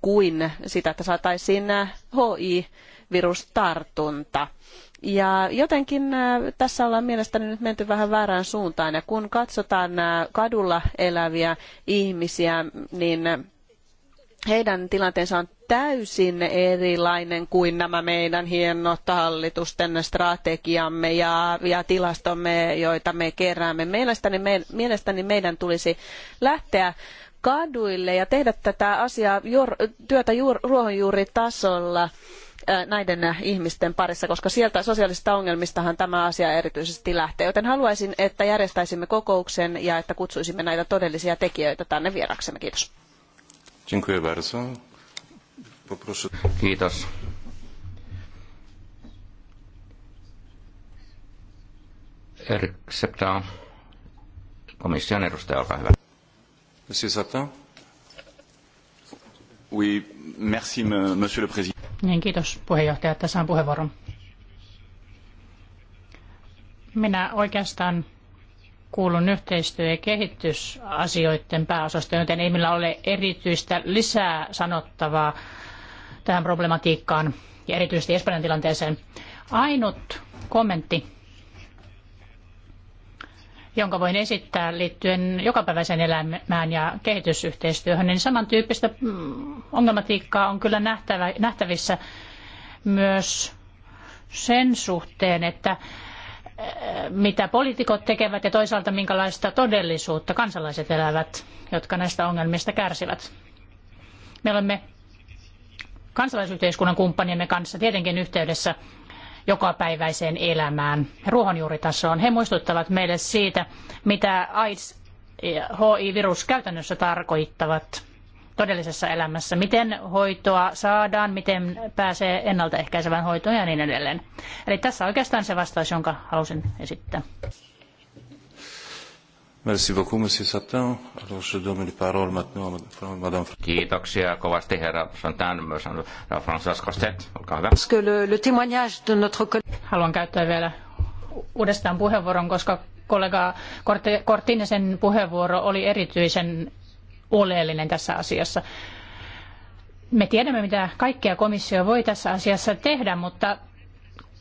kuin sitä, että saataisiin HIV-virustartunta. Ja jotenkin äh, tässä ollaan mielestäni nyt menty vähän väärään suuntaan. Ja kun katsotaan äh, kadulla eläviä ihmisiä, niin äh, heidän tilanteensa on täysin erilainen kuin nämä meidän hienot hallitusten strategiamme ja, ja tilastomme, joita me keräämme. Mielestäni, me, mielestäni meidän tulisi lähteä kaduille ja tehdä tätä asiaa työtä ruohonjuuritasolla. tasolla Äh, näiden äh, ihmisten parissa, koska sieltä sosiaalisista ongelmistahan tämä asia erityisesti lähtee. Joten haluaisin, että järjestäisimme kokouksen ja että kutsuisimme näitä todellisia tekijöitä tänne vieraksemme. Kiitos. Kiitos. Erik Septa, komission edustaja, olkaa hyvä. Monsieur Sapin. Oui, merci, monsieur le président. Niin, kiitos puheenjohtaja, että saan puheenvuoron. Minä oikeastaan kuulun yhteistyö- ja kehitysasioiden pääosasta, joten ei meillä ole erityistä lisää sanottavaa tähän problematiikkaan ja erityisesti Espanjan tilanteeseen. Ainut kommentti jonka voin esittää liittyen jokapäiväiseen elämään ja kehitysyhteistyöhön, niin samantyyppistä mm, ongelmatiikkaa on kyllä nähtävissä myös sen suhteen, että eh, mitä poliitikot tekevät ja toisaalta minkälaista todellisuutta kansalaiset elävät, jotka näistä ongelmista kärsivät. Me olemme kansalaisyhteiskunnan kumppaniemme kanssa tietenkin yhteydessä jokapäiväiseen elämään, ruohonjuuritasoon. He muistuttavat meille siitä, mitä AIDS ja HIV-virus käytännössä tarkoittavat todellisessa elämässä. Miten hoitoa saadaan, miten pääsee ennaltaehkäisevään hoitoon ja niin edelleen. Eli tässä on oikeastaan se vastaus, jonka halusin esittää. Merci beaucoup, monsieur Satan. Alors, je donne la parole maintenant à madame. Kiitoksia kovasti, herra Santan, myös François Costet. Olkaa hyvä. Haluan käyttää vielä uudestaan puheenvuoron, koska kollega Kortinisen puheenvuoro oli erityisen oleellinen tässä asiassa. Me tiedämme, mitä kaikkea komissio voi tässä asiassa tehdä, mutta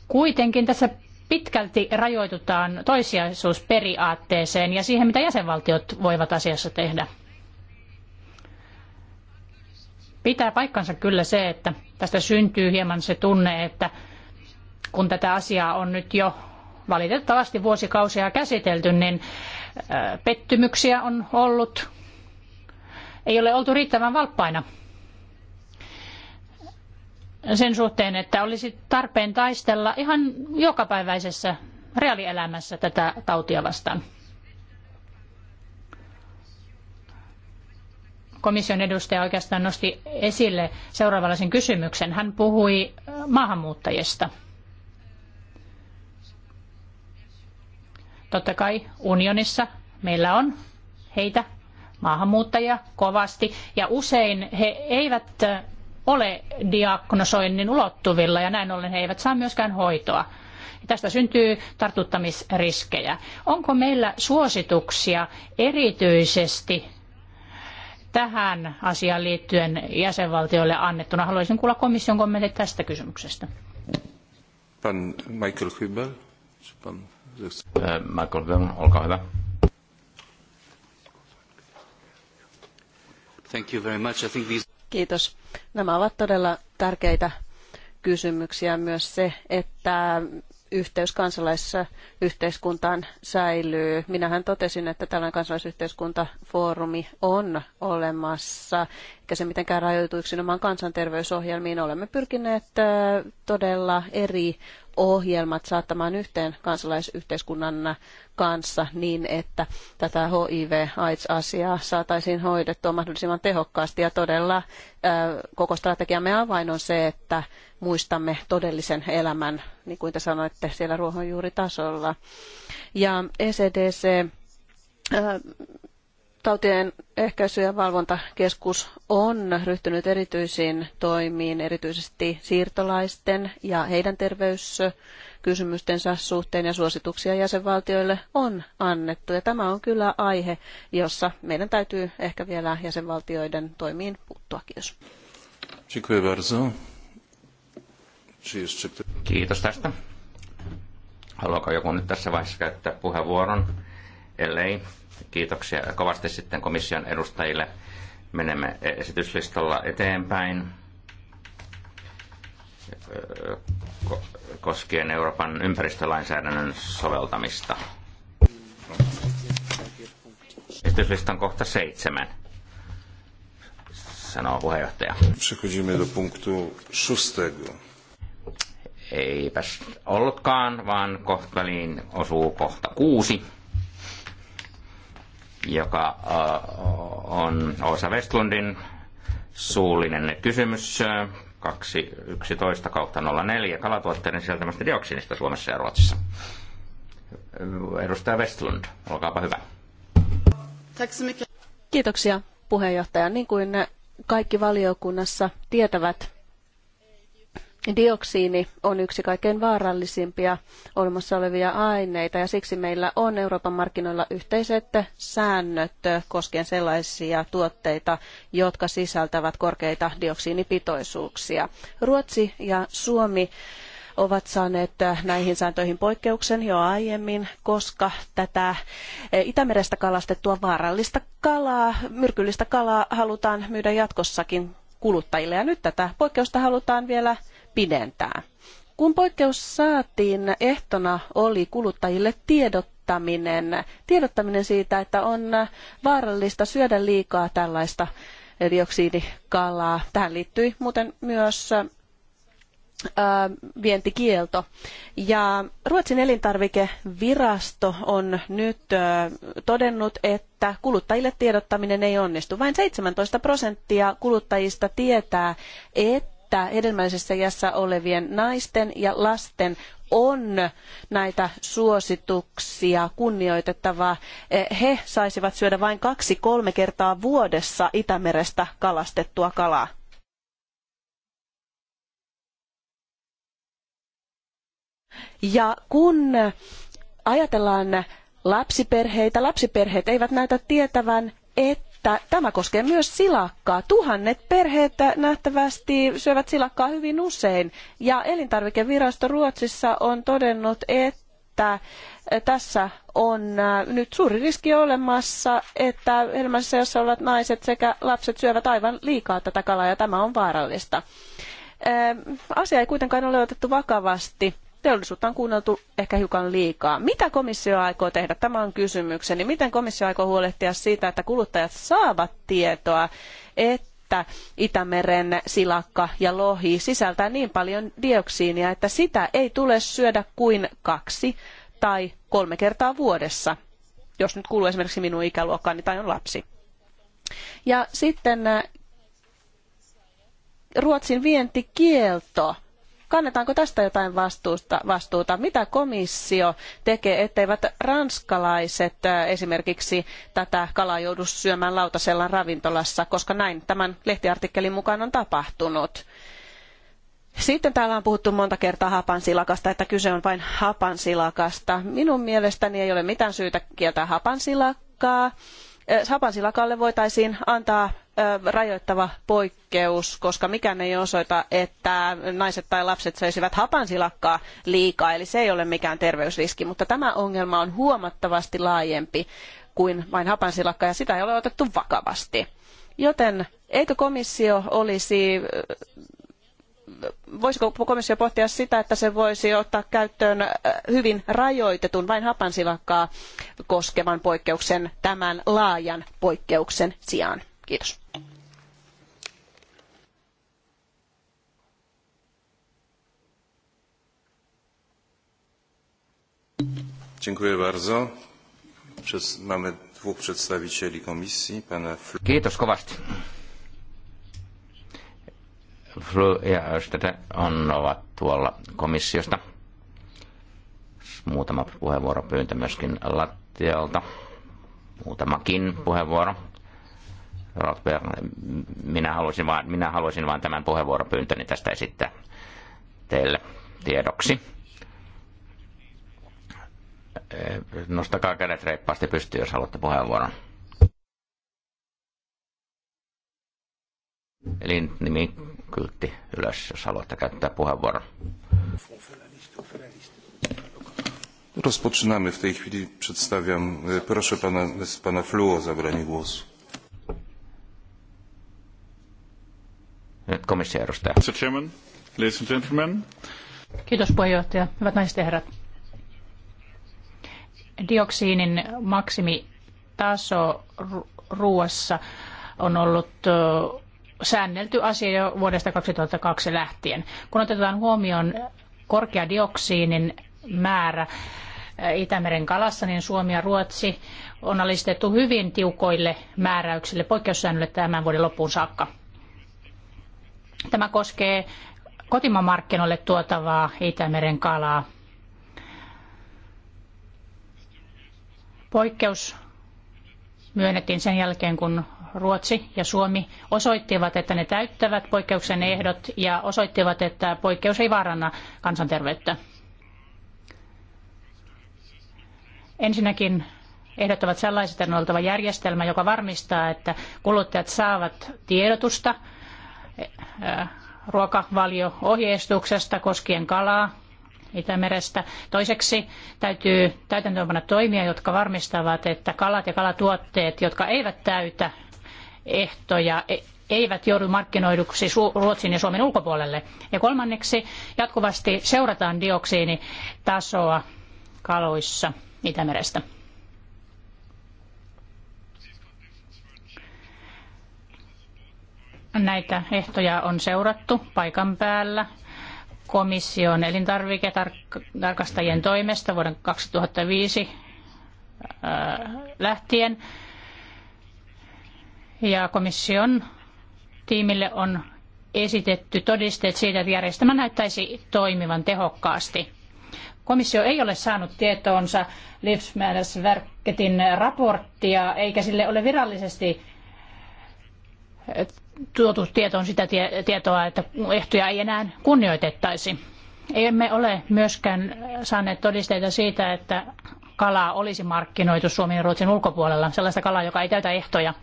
kuitenkin tässä pitkälti rajoitutaan toissijaisuusperiaatteeseen ja siihen, mitä jäsenvaltiot voivat asiassa tehdä. Pitää paikkansa kyllä se, että tästä syntyy hieman se tunne, että kun tätä asiaa on nyt jo valitettavasti vuosikausia käsitelty, niin pettymyksiä on ollut. Ei ole oltu riittävän valppaina sen suhteen, että olisi tarpeen taistella ihan jokapäiväisessä reaalielämässä tätä tautia vastaan. Komission edustaja oikeastaan nosti esille seuraavanlaisen kysymyksen. Hän puhui maahanmuuttajista. Totta kai unionissa meillä on heitä, maahanmuuttajia kovasti, ja usein he eivät ole diagnosoinnin ulottuvilla ja näin ollen he eivät saa myöskään hoitoa. Tästä syntyy tartuttamisriskejä. Onko meillä suosituksia erityisesti tähän asiaan liittyen jäsenvaltioille annettuna? Haluaisin kuulla komission kommentit tästä kysymyksestä. Pan Michael Hübel. E, Michael Hübel, olkaa hyvä. Thank you very much. I think these... Kiitos. Nämä ovat todella tärkeitä kysymyksiä myös se, että yhteys kansalaisyhteiskuntaan säilyy. Minähän totesin, että tällainen kansalaisyhteiskuntafoorumi on olemassa eikä se mitenkään rajoitu yksinomaan kansanterveysohjelmiin. Olemme pyrkineet todella eri ohjelmat saattamaan yhteen kansalaisyhteiskunnan kanssa niin, että tätä HIV-AIDS-asiaa saataisiin hoidettua mahdollisimman tehokkaasti. Ja todella koko strategiamme avain on se, että muistamme todellisen elämän, niin kuin te sanoitte, siellä ruohonjuuritasolla. Ja ECDC tautien ehkäisy- ja valvontakeskus on ryhtynyt erityisiin toimiin erityisesti siirtolaisten ja heidän terveyskysymystensä suhteen ja suosituksia jäsenvaltioille on annettu. Ja tämä on kyllä aihe, jossa meidän täytyy ehkä vielä jäsenvaltioiden toimiin puuttua. Kiitos. Kiitos tästä. Haluaako joku nyt tässä vaiheessa käyttää puheenvuoron? Ellei, Kiitoksia kovasti sitten komission edustajille. Menemme esityslistalla eteenpäin koskien Euroopan ympäristölainsäädännön soveltamista. Esityslistan kohta seitsemän, sanoo puheenjohtaja. Przechodzimy do punktu szóstego. Eipäs ollutkaan, vaan kohta väliin osuu kohta kuusi joka äh, on Osa Westlundin suullinen kysymys 211 äh, kautta kalatuotteiden sieltämästä dioksinista Suomessa ja Ruotsissa. Edustaja Westlund, olkaapa hyvä. Kiitoksia puheenjohtaja. Niin kuin kaikki valiokunnassa tietävät, Dioksiini on yksi kaikkein vaarallisimpia olemassa olevia aineita ja siksi meillä on Euroopan markkinoilla yhteiset säännöt koskien sellaisia tuotteita, jotka sisältävät korkeita dioksiinipitoisuuksia. Ruotsi ja Suomi ovat saaneet näihin sääntöihin poikkeuksen jo aiemmin, koska tätä Itämerestä kalastettua vaarallista kalaa, myrkyllistä kalaa halutaan myydä jatkossakin kuluttajille. Ja nyt tätä poikkeusta halutaan vielä pidentää. Kun poikkeus saatiin, ehtona oli kuluttajille tiedottaminen. Tiedottaminen siitä, että on vaarallista syödä liikaa tällaista dioksidikalaa. Tähän liittyi muuten myös vientikielto. Ja Ruotsin elintarvikevirasto on nyt todennut, että kuluttajille tiedottaminen ei onnistu. Vain 17 prosenttia kuluttajista tietää, että että hedelmällisessä iässä olevien naisten ja lasten on näitä suosituksia kunnioitettava. Eh, he saisivat syödä vain kaksi-kolme kertaa vuodessa Itämerestä kalastettua kalaa. Ja kun ajatellaan lapsiperheitä, lapsiperheet eivät näytä tietävän, että että tämä koskee myös silakkaa. Tuhannet perheet nähtävästi syövät silakkaa hyvin usein. Ja elintarvikevirasto Ruotsissa on todennut, että tässä on äh, nyt suuri riski olemassa, että helmässä, jossa olevat naiset sekä lapset syövät aivan liikaa tätä kalaa ja tämä on vaarallista. Äh, asia ei kuitenkaan ole otettu vakavasti teollisuutta on kuunneltu ehkä hiukan liikaa. Mitä komissio aikoo tehdä? Tämä on kysymykseni. Miten komissio aikoo huolehtia siitä, että kuluttajat saavat tietoa, että Itämeren silakka ja lohi sisältää niin paljon dioksiinia, että sitä ei tule syödä kuin kaksi tai kolme kertaa vuodessa, jos nyt kuuluu esimerkiksi minun ikäluokkaani tai on lapsi. Ja sitten äh, Ruotsin vientikielto Kannetaanko tästä jotain vastuuta? Mitä komissio tekee, etteivät ranskalaiset esimerkiksi tätä kalaa joudu syömään lautasella ravintolassa, koska näin tämän lehtiartikkelin mukaan on tapahtunut? Sitten täällä on puhuttu monta kertaa hapansilakasta, että kyse on vain hapansilakasta. Minun mielestäni ei ole mitään syytä kieltää hapansilakkaa. Hapansilakalle voitaisiin antaa rajoittava poikkeus, koska mikään ei osoita, että naiset tai lapset söisivät hapansilakkaa liikaa, eli se ei ole mikään terveysriski, mutta tämä ongelma on huomattavasti laajempi kuin vain hapansilakka, ja sitä ei ole otettu vakavasti. Joten eikö komissio olisi voisiko komissio pohtia sitä, että se voisi ottaa käyttöön hyvin rajoitetun, vain hapansilakkaa koskevan poikkeuksen tämän laajan poikkeuksen sijaan? Kiitos. Dziękuję bardzo. Mamy dwóch przedstawicieli komisji, pana Kiitos kovasti. Flu ja Östete on, ovat tuolla komissiosta. Muutama puheenvuoro pyyntö myöskin lattialta. Muutamakin puheenvuoro minä haluaisin vaan, minä haluaisin vaan tämän puheenvuoropyyntöni tästä esittää teille tiedoksi. Eh, nostakaa kädet reippaasti pystyyn, jos haluatte puheenvuoron. Eli nimi kyltti ylös, jos haluatte käyttää puheenvuoron. Rozpoczynamy w tej chwili. Przedstawiam, e, proszę pana, pana Fluo o zabranie głosu. Nyt komission edustaja. Mr. Chairman, ladies and gentlemen. Kiitos puheenjohtaja. Hyvät naiset ja herrat. Dioksiinin maksimitaso ruoassa on ollut säännelty asia jo vuodesta 2002 lähtien. Kun otetaan huomioon korkea dioksiinin määrä Itämeren kalassa, niin Suomi ja Ruotsi on alistettu hyvin tiukoille määräyksille, poikkeussäännöille tämän vuoden loppuun saakka. Tämä koskee kotimaan markkinoille tuotavaa Itämeren kalaa. Poikkeus myönnettiin sen jälkeen, kun Ruotsi ja Suomi osoittivat, että ne täyttävät poikkeuksen ehdot ja osoittivat, että poikkeus ei vaaranna kansanterveyttä. Ensinnäkin ehdot ovat sellaiset, että on oltava järjestelmä, joka varmistaa, että kuluttajat saavat tiedotusta ruokavalio-ohjeistuksesta koskien kalaa Itämerestä. Toiseksi täytyy täytäntöönpanna toimia, jotka varmistavat, että kalat ja kalatuotteet, jotka eivät täytä ehtoja, e- eivät joudu markkinoiduksi Ruotsin ja Suomen ulkopuolelle. Ja kolmanneksi jatkuvasti seurataan dioksiinitasoa kaloissa Itämerestä. Näitä ehtoja on seurattu paikan päällä komission elintarviketarkastajien toimesta vuoden 2005 äh, lähtien. Ja komission tiimille on esitetty todisteet siitä, että järjestelmä näyttäisi toimivan tehokkaasti. Komissio ei ole saanut tietoonsa livsmäärä raporttia, eikä sille ole virallisesti tuotu tietoon sitä tietoa, että ehtoja ei enää kunnioitettaisi. Emme ole myöskään saaneet todisteita siitä, että kalaa olisi markkinoitu Suomen ja Ruotsin ulkopuolella, sellaista kalaa, joka ei täytä ehtoja.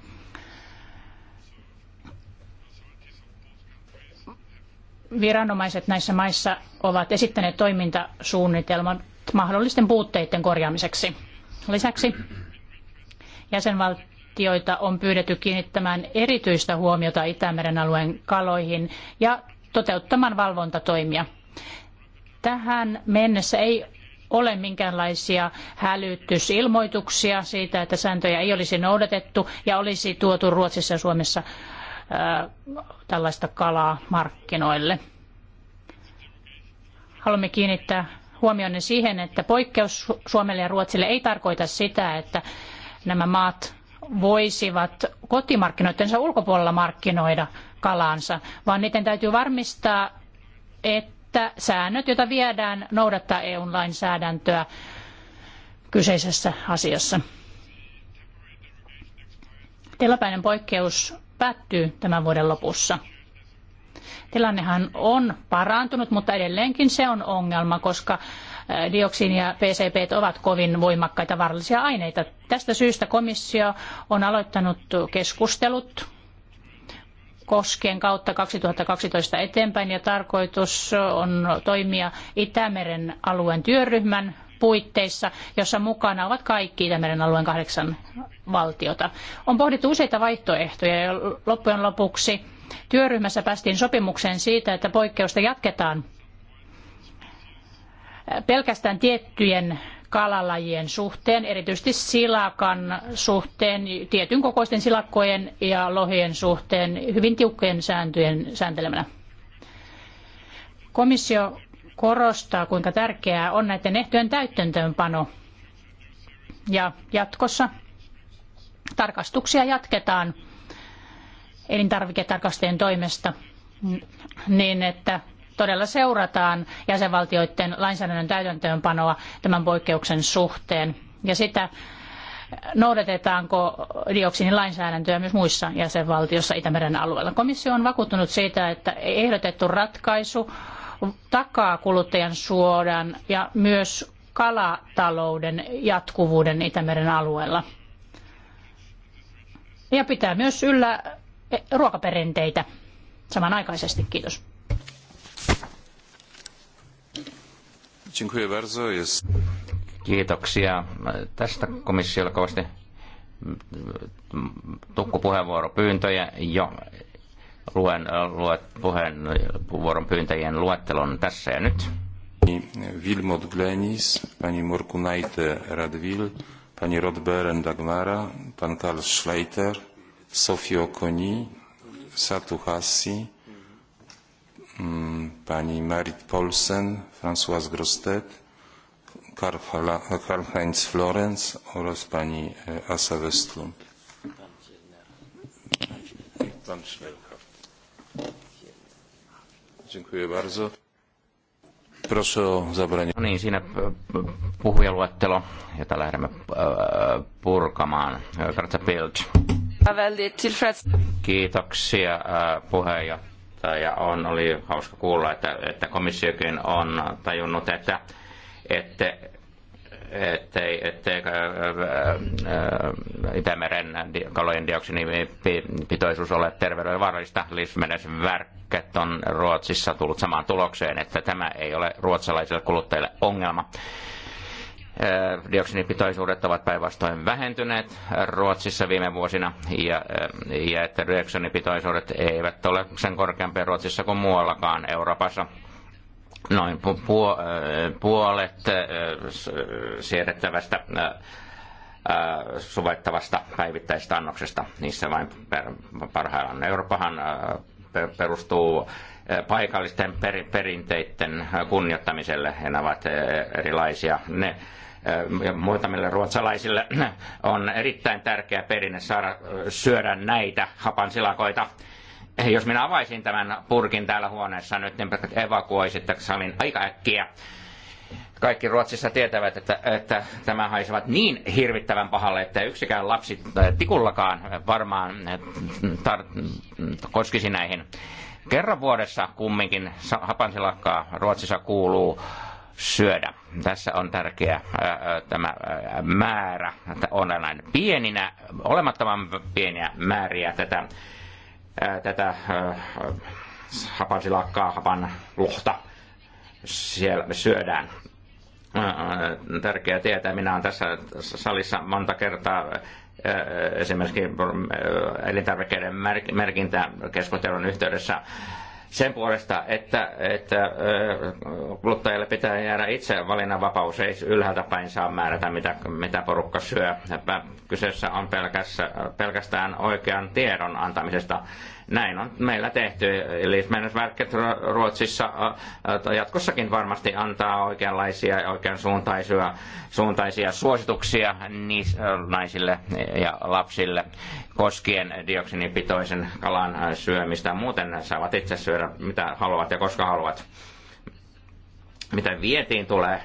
Viranomaiset näissä maissa ovat esittäneet toimintasuunnitelman mahdollisten puutteiden korjaamiseksi. Lisäksi jäsenvaltiot tutkijoita on pyydetty kiinnittämään erityistä huomiota Itämeren alueen kaloihin ja toteuttamaan valvontatoimia. Tähän mennessä ei ole minkäänlaisia hälytysilmoituksia siitä, että sääntöjä ei olisi noudatettu ja olisi tuotu Ruotsissa ja Suomessa äh, tällaista kalaa markkinoille. Haluamme kiinnittää huomionne siihen, että poikkeus Suomelle ja Ruotsille ei tarkoita sitä, että nämä maat voisivat kotimarkkinoidensa ulkopuolella markkinoida kalansa, vaan niiden täytyy varmistaa, että säännöt, joita viedään, noudattaa EU-lainsäädäntöä kyseisessä asiassa. Tilapäinen poikkeus päättyy tämän vuoden lopussa. Tilannehan on parantunut, mutta edelleenkin se on ongelma, koska dioksiini ja PCB ovat kovin voimakkaita vaarallisia aineita. Tästä syystä komissio on aloittanut keskustelut koskien kautta 2012 eteenpäin ja tarkoitus on toimia Itämeren alueen työryhmän puitteissa, jossa mukana ovat kaikki Itämeren alueen kahdeksan valtiota. On pohdittu useita vaihtoehtoja ja loppujen lopuksi työryhmässä päästiin sopimukseen siitä, että poikkeusta jatketaan pelkästään tiettyjen kalalajien suhteen, erityisesti silakan suhteen, tietyn kokoisten silakkojen ja lohien suhteen hyvin tiukkojen sääntöjen sääntelemänä. Komissio korostaa, kuinka tärkeää on näiden ehtojen täytäntöönpano. Ja jatkossa tarkastuksia jatketaan elintarviketarkastajien toimesta niin, että todella seurataan jäsenvaltioiden lainsäädännön täytäntöönpanoa tämän poikkeuksen suhteen ja sitä, noudatetaanko dioksinilainsäädäntöä myös muissa jäsenvaltioissa Itämeren alueella. Komissio on vakuuttunut siitä, että ehdotettu ratkaisu takaa kuluttajan suodan ja myös kalatalouden jatkuvuuden Itämeren alueella. Ja pitää myös yllä ruokaperinteitä samanaikaisesti. Kiitos. Kiitoksia tästä komissiolle kovasti tukkupuheenvuoropyyntöjä jo luen, luet, puheenvuoron pyyntäjien luettelon tässä ja nyt. Wilmot Glenis, pani Morkunaite Radwil, pani Rodberen Dagmara, pan Karl Schleiter, Sofio Koni, Satu Hassi, Mm, pani Marit Polsen, Françoise Grostet, Karl-Heinz Florenz oraz pani e, Asa Westlund. Pan Dziękuję bardzo. Proszę o zabranie. No niin, siinä e, puhujaluettelo, jota lähdemme e, purkamaan. Kiitoksia puheenjohtaja Äh, ja on, oli hauska kuulla, että, että komissiokin on tajunnut, että, että ettei, ettei ää, ää, äh, äh, Itämeren kalojen dioksinipitoisuus ole terveydelle vaarallista. Lismenes on Ruotsissa tullut samaan tulokseen, että tämä ei ole ruotsalaisille kuluttajille ongelma dioksinipitoisuudet ovat päinvastoin vähentyneet Ruotsissa viime vuosina ja, ja että dioksinipitoisuudet eivät ole sen korkeampia Ruotsissa kuin muuallakaan Euroopassa noin puolet siedettävästä suvettavasta päivittäistä annoksesta. Niissä vain parhaillaan. Euroopahan perustuu paikallisten perinteiden kunnioittamiselle ja ne ovat erilaisia. Ne muutamille ruotsalaisille on erittäin tärkeä perinne saada syödä näitä hapansilakoita. Jos minä avaisin tämän purkin täällä huoneessa nyt, niin evakuoisitte salin aika äkkiä. Kaikki Ruotsissa tietävät, että, että tämä haisevat niin hirvittävän pahalle, että yksikään lapsi tikullakaan varmaan tar- koskisi näihin. Kerran vuodessa kumminkin hapansilakkaa Ruotsissa kuuluu syödä. Tässä on tärkeä tämä ää, määrä. On aina pieninä, olemattoman pieniä määriä tätä, tätä hapansilakkaa, hapan lohta siellä syödään. Tärkeää tietää, minä olen tässä salissa monta kertaa esimerkiksi elintarvikkeiden keskustelun yhteydessä sen puolesta, että, että kuluttajalle pitää jäädä itse valinnanvapaus, ei ylhäältä päin saa määrätä, mitä, mitä porukka syö. Kyseessä on pelkästään, pelkästään oikean tiedon antamisesta näin on meillä tehty. Eli Menesverket Ruotsissa jatkossakin varmasti antaa oikeanlaisia ja oikean suuntaisia, suuntaisia suosituksia naisille ja lapsille koskien dioksinipitoisen kalan syömistä. Muuten ne saavat itse syödä mitä haluavat ja koska haluavat. Mitä vietiin tulee,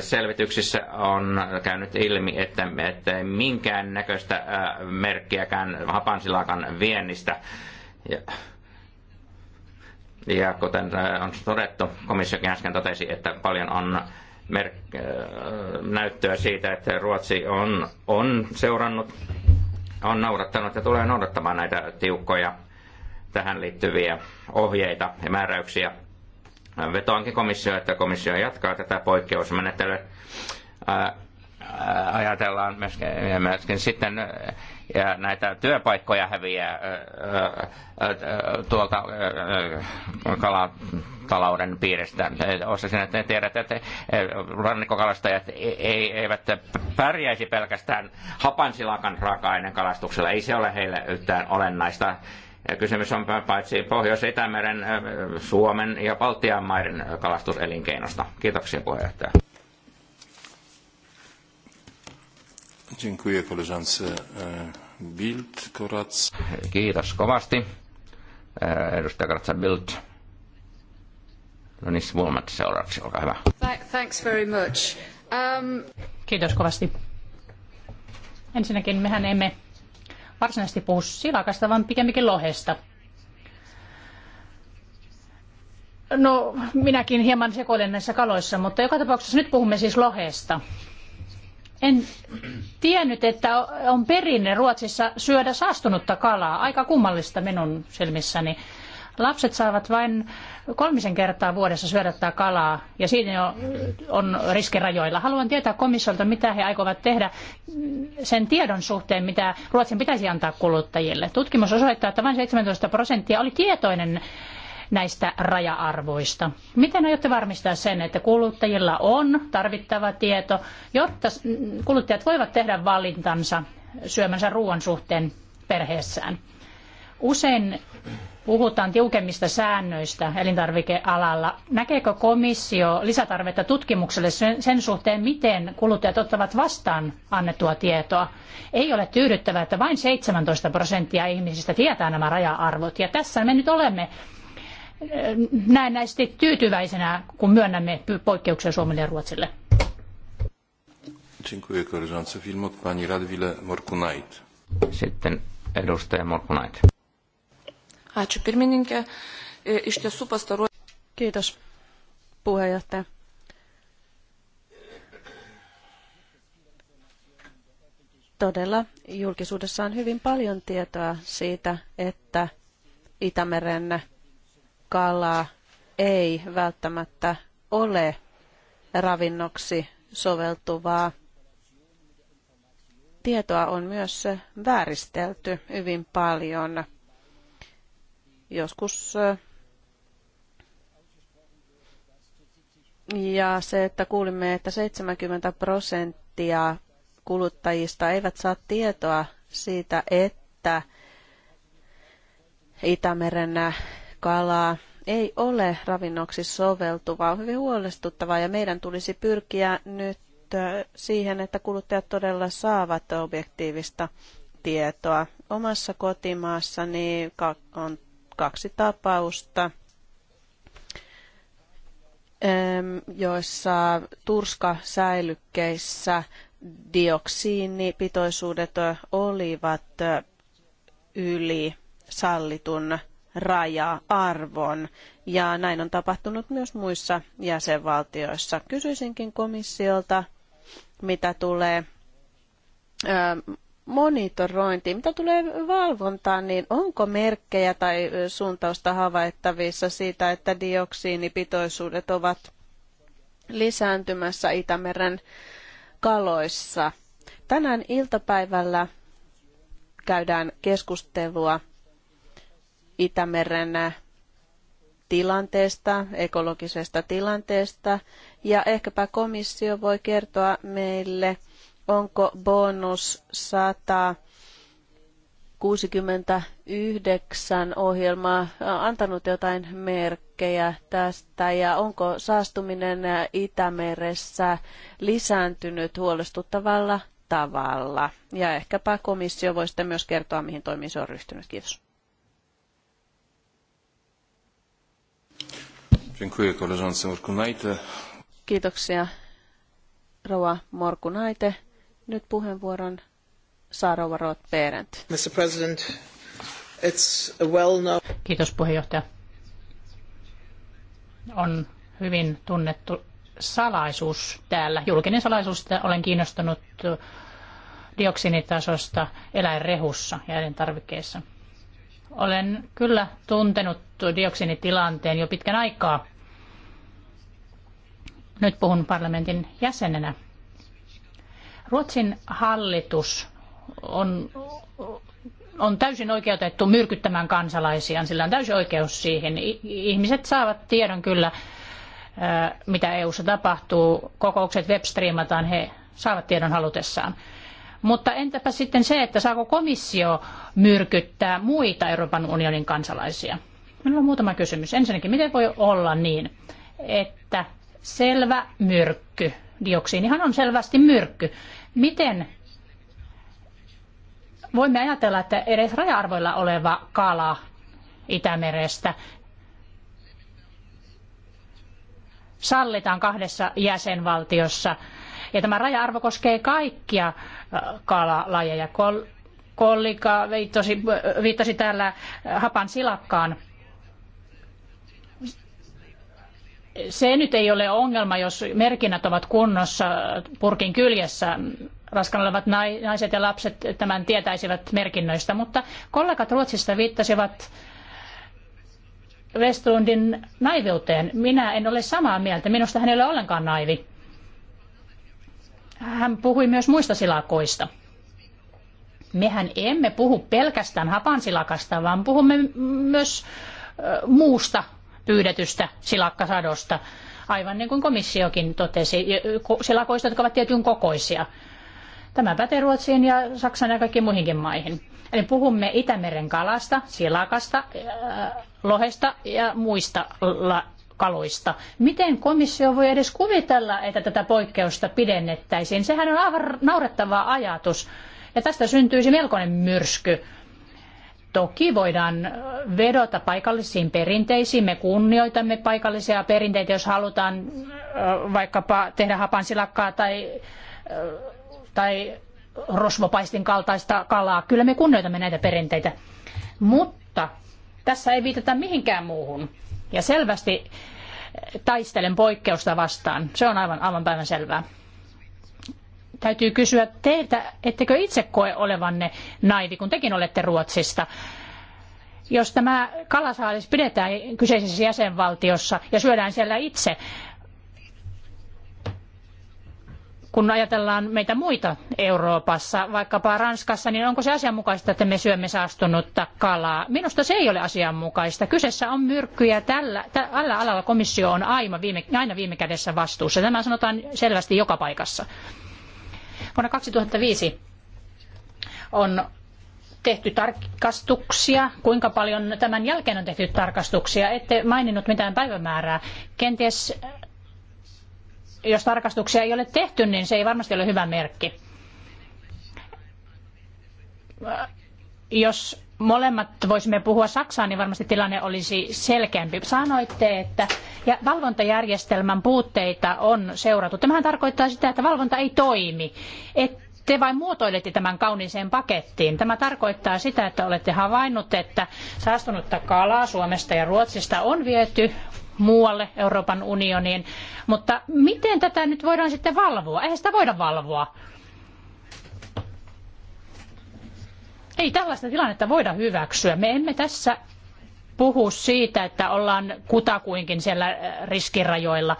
selvityksissä on käynyt ilmi, että, että minkään näköistä merkkiäkään hapansilakan viennistä ja, ja kuten äh, on todettu, komissiokin äsken totesi, että paljon on merk- äh, näyttöä siitä, että Ruotsi on, on seurannut, on noudattanut ja tulee noudattamaan näitä tiukkoja tähän liittyviä ohjeita ja määräyksiä. Vetoankin komissio, että komissio jatkaa tätä poikkeusmenettelyä. Ajatellaan myöskin, myöskin sitten ja näitä työpaikkoja häviää tuolta kalatalouden piiristä. sinä että tiedät, että rannikkokalastajat e, e, eivät pärjäisi pelkästään hapansilakan raaka-aineen kalastuksella. Ei se ole heille yhtään olennaista. Kysymys on paitsi Pohjois-Itämeren, Suomen ja Baltian maiden kalastuselinkeinosta. Kiitoksia puheenjohtaja. Dziękuję koleżance e, Bild, Korac. Kiitos kovasti, e, edustaja Karatsa Bild. No niin, Smulmat seuraavaksi, olkaa hyvä. Thanks very much. Um... Kiitos kovasti. Ensinnäkin mehän emme varsinaisesti puhu silakasta, vaan pikemminkin lohesta. No, minäkin hieman sekoilen näissä kaloissa, mutta joka tapauksessa nyt puhumme siis lohesta. En tiennyt, että on perinne Ruotsissa syödä saastunutta kalaa. Aika kummallista minun silmissäni. Lapset saavat vain kolmisen kertaa vuodessa tätä kalaa ja siinä on, on riskirajoilla. Haluan tietää komissiolta, mitä he aikovat tehdä sen tiedon suhteen, mitä Ruotsin pitäisi antaa kuluttajille. Tutkimus osoittaa, että vain 17 prosenttia oli tietoinen näistä raja-arvoista. Miten aiotte varmistaa sen, että kuluttajilla on tarvittava tieto, jotta kuluttajat voivat tehdä valintansa syömänsä ruoan suhteen perheessään? Usein puhutaan tiukemmista säännöistä elintarvikealalla. Näkeekö komissio lisätarvetta tutkimukselle sen suhteen, miten kuluttajat ottavat vastaan annettua tietoa? Ei ole tyydyttävää, että vain 17 prosenttia ihmisistä tietää nämä raja-arvot. Ja tässä me nyt olemme näennäisesti tyytyväisenä, kun myönnämme poikkeuksia Suomelle ja Ruotsille. Dziękuję koleżance. Film od pani Radwile Morkunait. Sitten edustaja Morkunait. Ačiū pirmininkė. E, iš tiesų pastaruoju. Kiitos puheenjohtaja. Todella julkisuudessa on hyvin paljon tietoa siitä, että Itämeren kala ei välttämättä ole ravinnoksi soveltuvaa. Tietoa on myös vääristelty hyvin paljon. Joskus eh, ja se, että kuulimme, että 70 prosenttia kuluttajista eivät saa tietoa siitä, että Itämeren kalaa ei ole ravinnoksi soveltuvaa, on hyvin huolestuttavaa ja meidän tulisi pyrkiä nyt siihen, että kuluttajat todella saavat objektiivista tietoa. Omassa kotimaassani on kaksi tapausta, joissa turskasäilykkeissä dioksiinipitoisuudet olivat yli sallitun raja-arvon. Ja näin on tapahtunut myös muissa jäsenvaltioissa. Kysyisinkin komissiolta, mitä tulee monitorointiin, mitä tulee valvontaan, niin onko merkkejä tai suuntausta havaittavissa siitä, että dioksiinipitoisuudet ovat lisääntymässä Itämeren kaloissa? Tänään iltapäivällä käydään keskustelua Itämeren tilanteesta, ekologisesta tilanteesta. Ja ehkäpä komissio voi kertoa meille, onko bonus 169 ohjelma antanut jotain merkkejä tästä ja onko saastuminen Itämeressä lisääntynyt huolestuttavalla tavalla. Ja ehkäpä komissio voi sitten myös kertoa, mihin toimiin se on ryhtynyt. Kiitos. Kiitoksia, rouva Morkunaite. Nyt puheenvuoron saa rouva Roth Berendt. Mr. President, it's a well known... Kiitos puheenjohtaja. On hyvin tunnettu salaisuus täällä, julkinen salaisuus, että olen kiinnostunut dioksinitasosta eläinrehussa ja elintarvikkeissa. Olen kyllä tuntenut dioksinitilanteen jo pitkän aikaa. Nyt puhun parlamentin jäsenenä. Ruotsin hallitus on, on täysin oikeutettu myrkyttämään kansalaisiaan. Sillä on täysin oikeus siihen. Ihmiset saavat tiedon kyllä, mitä EU-ssa tapahtuu. Kokoukset webstreamataan, he saavat tiedon halutessaan. Mutta entäpä sitten se, että saako komissio myrkyttää muita Euroopan unionin kansalaisia? Minulla on muutama kysymys. Ensinnäkin, miten voi olla niin, että selvä myrkky, dioksiinihan on selvästi myrkky. Miten voimme ajatella, että edes raja-arvoilla oleva kala Itämerestä sallitaan kahdessa jäsenvaltiossa – ja tämä raja-arvo koskee kaikkia äh, kalalajeja. Kol- kollika viittosi, äh, viittosi täällä äh, hapan silakkaan. Se nyt ei ole ongelma, jos merkinnät ovat kunnossa purkin kyljessä. Raskan olevat naiset ja lapset tämän tietäisivät merkinnöistä, mutta kollegat Ruotsista viittasivat Westlundin naiviuteen. Minä en ole samaa mieltä. Minusta hän ei ole ollenkaan naivi. Hän puhui myös muista silakoista. Mehän emme puhu pelkästään hapansilakasta, vaan puhumme myös muusta pyydetystä silakkasadosta, aivan niin kuin komissiokin totesi, silakoista, jotka ovat tietyn kokoisia. Tämä pätee Ruotsiin ja Saksan ja kaikkiin muihinkin maihin. Eli puhumme Itämeren kalasta, silakasta, lohesta ja muista la- kaloista. Miten komissio voi edes kuvitella, että tätä poikkeusta pidennettäisiin? Sehän on aivan naurettava ajatus. Ja tästä syntyisi melkoinen myrsky. Toki voidaan vedota paikallisiin perinteisiin. Me kunnioitamme paikallisia perinteitä, jos halutaan vaikkapa tehdä hapansilakkaa tai, tai rosvopaistin kaltaista kalaa. Kyllä me kunnioitamme näitä perinteitä. Mutta tässä ei viitata mihinkään muuhun. Ja selvästi eh, taistelen poikkeusta vastaan. Se on aivan, aivan päivän selvää. Täytyy kysyä teiltä, ettekö itse koe olevanne naivi, kun tekin olette Ruotsista. Jos tämä kalasaalis pidetään kyseisessä jäsenvaltiossa ja syödään siellä itse, kun ajatellaan meitä muita Euroopassa, vaikkapa Ranskassa, niin onko se asianmukaista, että me syömme saastunutta kalaa? Minusta se ei ole asianmukaista. Kyseessä on myrkky ja tällä, tällä alalla komissio on aina viime, aina viime kädessä vastuussa. Tämä sanotaan selvästi joka paikassa. Vuonna 2005 on tehty tarkastuksia, kuinka paljon tämän jälkeen on tehty tarkastuksia. Ette maininnut mitään päivämäärää. Kenties jos tarkastuksia ei ole tehty, niin se ei varmasti ole hyvä merkki. Jos molemmat voisimme puhua saksaa, niin varmasti tilanne olisi selkeämpi. Sanoitte, että ja valvontajärjestelmän puutteita on seurattu. Tämähän tarkoittaa sitä, että valvonta ei toimi. Et te vain muotoilette tämän kauniiseen pakettiin. Tämä tarkoittaa sitä, että olette havainnut, että saastunutta kalaa Suomesta ja Ruotsista on viety muualle Euroopan unioniin. Mutta miten tätä nyt voidaan sitten valvoa? Eihän sitä voida valvoa. Ei tällaista tilannetta voida hyväksyä. Me emme tässä puhu siitä, että ollaan kutakuinkin siellä äh, riskirajoilla,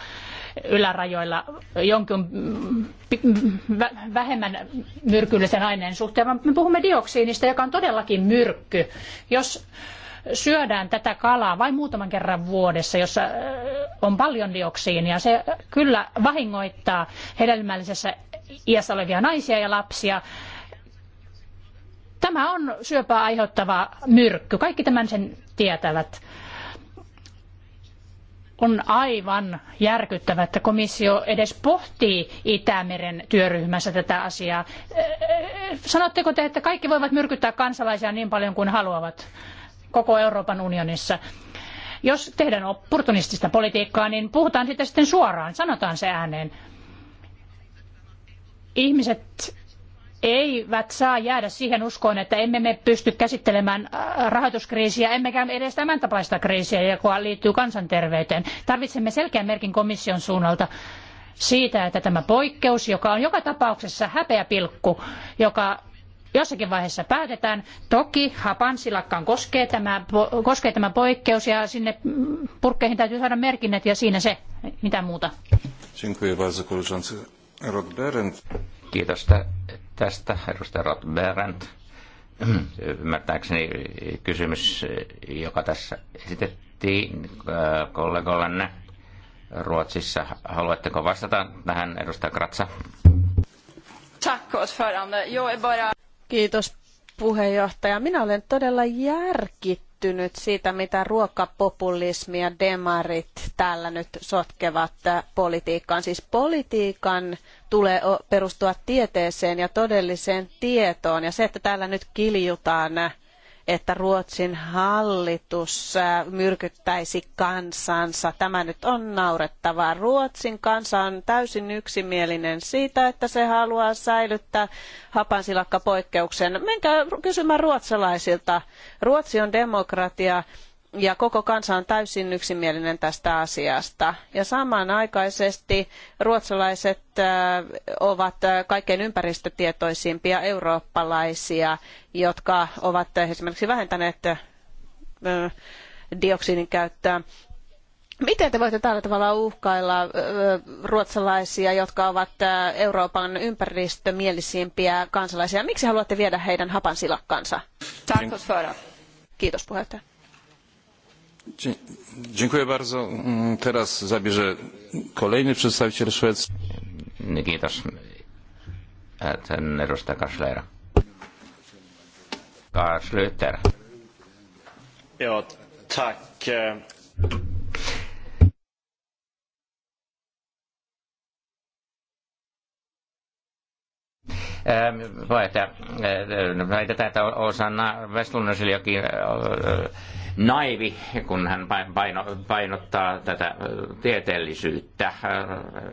ylärajoilla jonkin mm, mm, mm, vähemmän myrkyllisen aineen suhteen, vaan me puhumme dioksiinista, joka on todellakin myrkky. Jos syödään tätä kalaa vain muutaman kerran vuodessa, jossa on paljon dioksiinia. Se kyllä vahingoittaa hedelmällisessä iässä olevia naisia ja lapsia. Tämä on syöpää aiheuttava myrkky. Kaikki tämän sen tietävät. On aivan järkyttävää, että komissio edes pohtii Itämeren työryhmässä tätä asiaa. Sanotteko te, että kaikki voivat myrkyttää kansalaisia niin paljon kuin haluavat? koko Euroopan unionissa. Jos tehdään opportunistista politiikkaa, niin puhutaan sitä sitten suoraan, sanotaan se ääneen. Ihmiset eivät saa jäädä siihen uskoon, että emme me pysty käsittelemään äh, rahoituskriisiä, emmekä edes tämän tapaista kriisiä, joka liittyy kansanterveyteen. Tarvitsemme selkeän merkin komission suunnalta siitä, että tämä poikkeus, joka on joka tapauksessa häpeäpilkku, joka jossakin vaiheessa päätetään. Toki hapansilakkaan koskee tämä, koskee tämä poikkeus ja sinne purkkeihin täytyy saada merkinnät ja siinä se, mitä muuta. Kiitos tästä, edustaja Rothberg. Ymmärtääkseni kysymys, joka tässä esitettiin äh, kollegollenne Ruotsissa. Haluatteko vastata tähän, edustaja Kratsa? Tack, ordförande. Jag är bara... Kiitos puheenjohtaja. Minä olen todella järkittynyt siitä, mitä ruokapopulismi ja demarit täällä nyt sotkevat äh, politiikkaan. Siis politiikan tulee perustua tieteeseen ja todelliseen tietoon. Ja se, että täällä nyt kiljutaan äh, että Ruotsin hallitus myrkyttäisi kansansa. Tämä nyt on naurettavaa. Ruotsin kansa on täysin yksimielinen siitä, että se haluaa säilyttää hapansilakka poikkeuksen. Menkää kysymään ruotsalaisilta. Ruotsi on demokratia ja koko kansa on täysin yksimielinen tästä asiasta. Ja samanaikaisesti ruotsalaiset äh, ovat äh, kaikkein ympäristötietoisimpia eurooppalaisia, jotka ovat äh, esimerkiksi vähentäneet dioksiinin käyttöä. Miten te voitte tällä tavalla uhkailla ruotsalaisia, jotka ovat Euroopan ympäristömielisimpiä kansalaisia? Miksi haluatte viedä heidän hapansilakkansa? Kiitos puheenjohtaja. Dziękuję bardzo. Mm, teraz zabierze kolejny przedstawiciel Szwecji. Kiitos. Sen e, edustaja Kaslera. Kaslyter. Joo, tack. E. E, Puheenjohtaja, no, väitetään, että Osanna Westlund jokin naivi, kun hän paino, painottaa tätä tieteellisyyttä.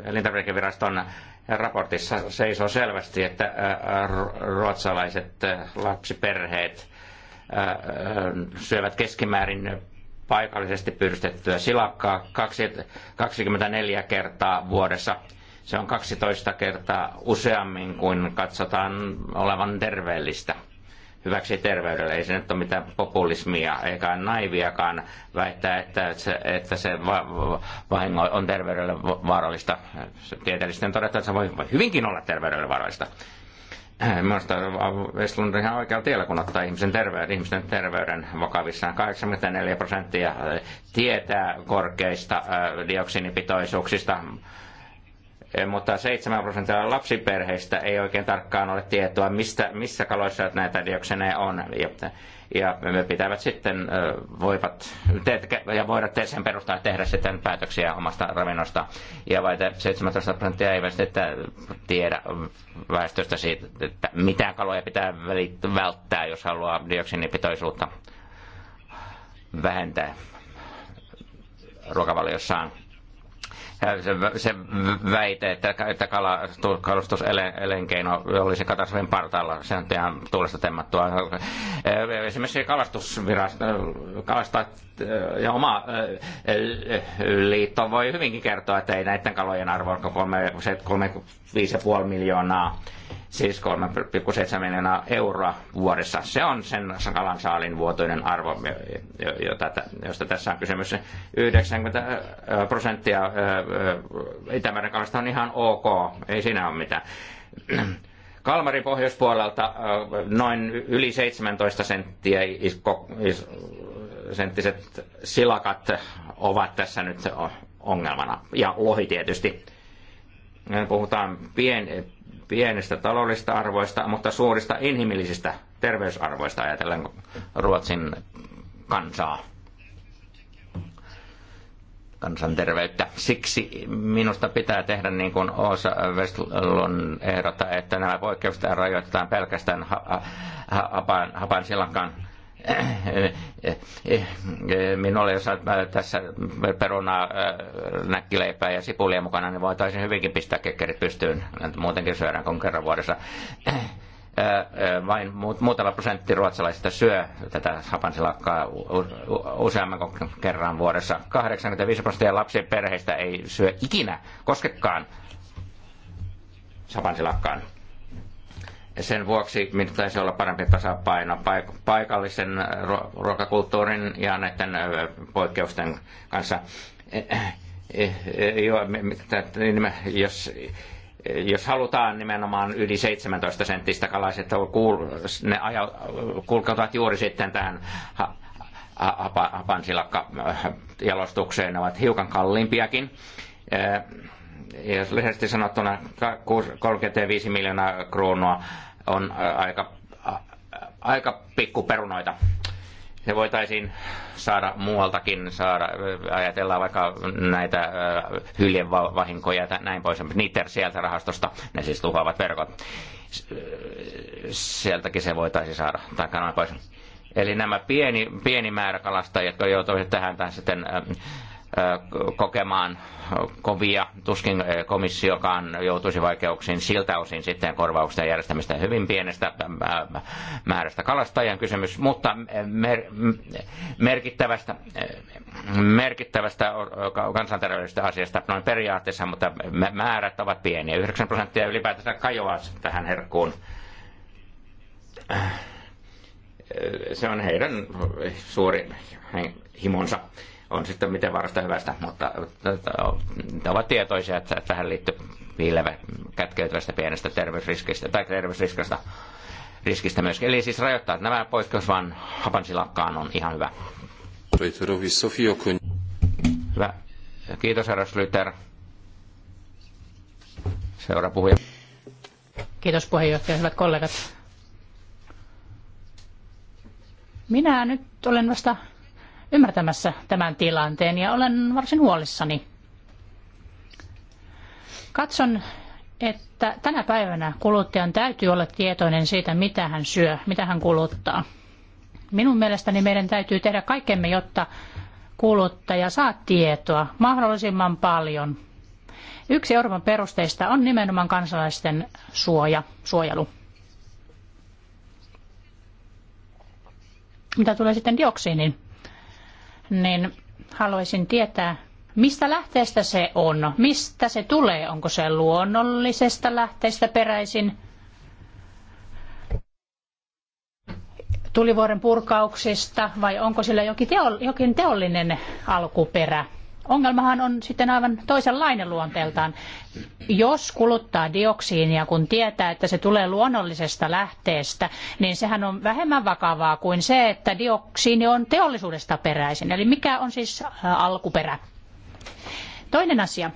Elintarvikeviraston raportissa seisoo selvästi, että ruotsalaiset lapsiperheet syövät keskimäärin paikallisesti pyrstettyä silakkaa 24 kertaa vuodessa. Se on 12 kertaa useammin kuin katsotaan olevan terveellistä hyväksi terveydelle. Ei se nyt ole mitään populismia eikä naiviakaan väittää, että se, että se vahingo on terveydelle vaarallista. Tieteellisesti on todettu, että se voi hyvinkin olla terveydelle vaarallista. Äh, minusta Westlund on ihan oikealla tiellä, kun ottaa ihmisen terveyden, ihmisten terveyden vakavissaan. 84 prosenttia tietää korkeista äh, dioksinipitoisuuksista, Eh, mutta 7 prosenttia lapsiperheistä ei oikein tarkkaan ole tietoa, mistä, missä kaloissa näitä dioksineja on. Ja, ja me pitävät sitten, voivat, teet, ja voida te sen perusteella tehdä sitten päätöksiä omasta ravinnosta. Ja vain 17 prosenttia ei sitten tiedä väestöstä siitä, että mitä kaloja pitää välttää, jos haluaa dioksinipitoisuutta vähentää ruokavaliossaan. Äh, se, se väite, että, että kalastuselinkeino olisi katastrofin partaalla, se on ihan tuulesta temmattua. Äh, esimerkiksi kalastusvirasto, äh, kalastaa ja oma liitto voi hyvinkin kertoa, että ei näiden kalojen arvo on 35,5 miljoonaa siis 3,7 miljoonaa euroa vuodessa. Se on sen kalan saalin arvo, jota, josta tässä on kysymys. 90 prosenttia Itämeren kalasta on ihan ok, ei siinä ole mitään. Kalmarin pohjoispuolelta noin yli 17 senttiä isko, is, senttiset silakat ovat tässä nyt ongelmana. Ja lohi tietysti Äh, puhutaan pien, pienestä taloudellisista arvoista, mutta suurista inhimillisistä terveysarvoista ajatellen Ruotsin kansaa kansanterveyttä. Siksi minusta pitää tehdä niin kuin Osa Westlund ehdottaa, että nämä poikkeukset rajoitetaan pelkästään hapan, hapan sillankaan Äh, äh, äh, minulle, jos tässä peruna näkkileipää ja sipulia mukana, niin voitaisiin hyvinkin pistää kekkerit pystyyn. Muutenkin syödään kuin kerran vuodessa. Vain muutama prosentti ruotsalaisista syö tätä hapansilakkaa useamman kerran vuodessa. 85 prosenttia lapsien perheistä ei syö ikinä, koskekaan sapansilakkaan sen vuoksi minusta taisi olla parempi tasapaino paikallisen äh, ruokakulttuurin ja näiden äh, poikkeusten kanssa. Jos, jos halutaan nimenomaan yli 17 senttistä kalaiset, ne kulkevat juuri sitten tähän hapansilakka äh, jalostukseen, ne ovat hiukan kalliimpiakin eh, lyhyesti sanottuna 35 miljoonaa kruunua on aika, aika pikku perunoita. Se voitaisiin saada muualtakin, saada, ajatellaan vaikka näitä hyljevahinkoja ja näin pois, niitä sieltä rahastosta, ne siis tuhoavat verkot. Sieltäkin se voitaisiin saada, tai noin pois. Eli nämä pieni, pieni määrä kalastajia, jotka joutuisivat tähän tähän sitten kokemaan kovia, tuskin komissiokaan joutuisi vaikeuksiin siltä osin sitten korvausten järjestämistä hyvin pienestä määrästä kalastajan kysymys, mutta mer- merkittävästä, merkittävästä kansanterveydellisestä asiasta noin periaatteessa, mutta määrät ovat pieniä. 9 prosenttia ylipäätänsä kajoaa tähän herkkuun se on heidän suuri himonsa on sitten miten varasta hyvästä, mutta ne ovat tietoisia, että tähän liittyy piilevä kätkeytyvästä pienestä terveysriskistä tai terveysriskistä riskistä myöskin. Eli siis rajoittaa nämä poikkeus vaan hapansilakkaan on ihan hyvä. Hyvä. Kiitos, herra Slyter. Seuraava puhuja. Kiitos puheenjohtaja, hyvät kollegat. Minä nyt olen vasta ymmärtämässä tämän tilanteen ja olen varsin huolissani. Katson, että tänä päivänä kuluttajan täytyy olla tietoinen siitä, mitä hän syö, mitä hän kuluttaa. Minun mielestäni meidän täytyy tehdä kaikkemme, jotta kuluttaja saa tietoa mahdollisimman paljon. Yksi Euroopan perusteista on nimenomaan kansalaisten suoja, suojelu. Mitä tulee sitten dioksiiniin? niin haluaisin tietää, mistä lähteestä se on, mistä se tulee, onko se luonnollisesta lähteestä peräisin, tulivuoren purkauksista vai onko sillä jokin, teollinen alkuperä? ongelmahan on sitten aivan toisenlainen luonteeltaan. Jos kuluttaa dioksiinia, kun tietää, että se tulee luonnollisesta lähteestä, niin sehän on vähemmän vakavaa kuin se, että dioksiini on teollisuudesta peräisin. Eli mikä on siis äh, alkuperä? Toinen asia.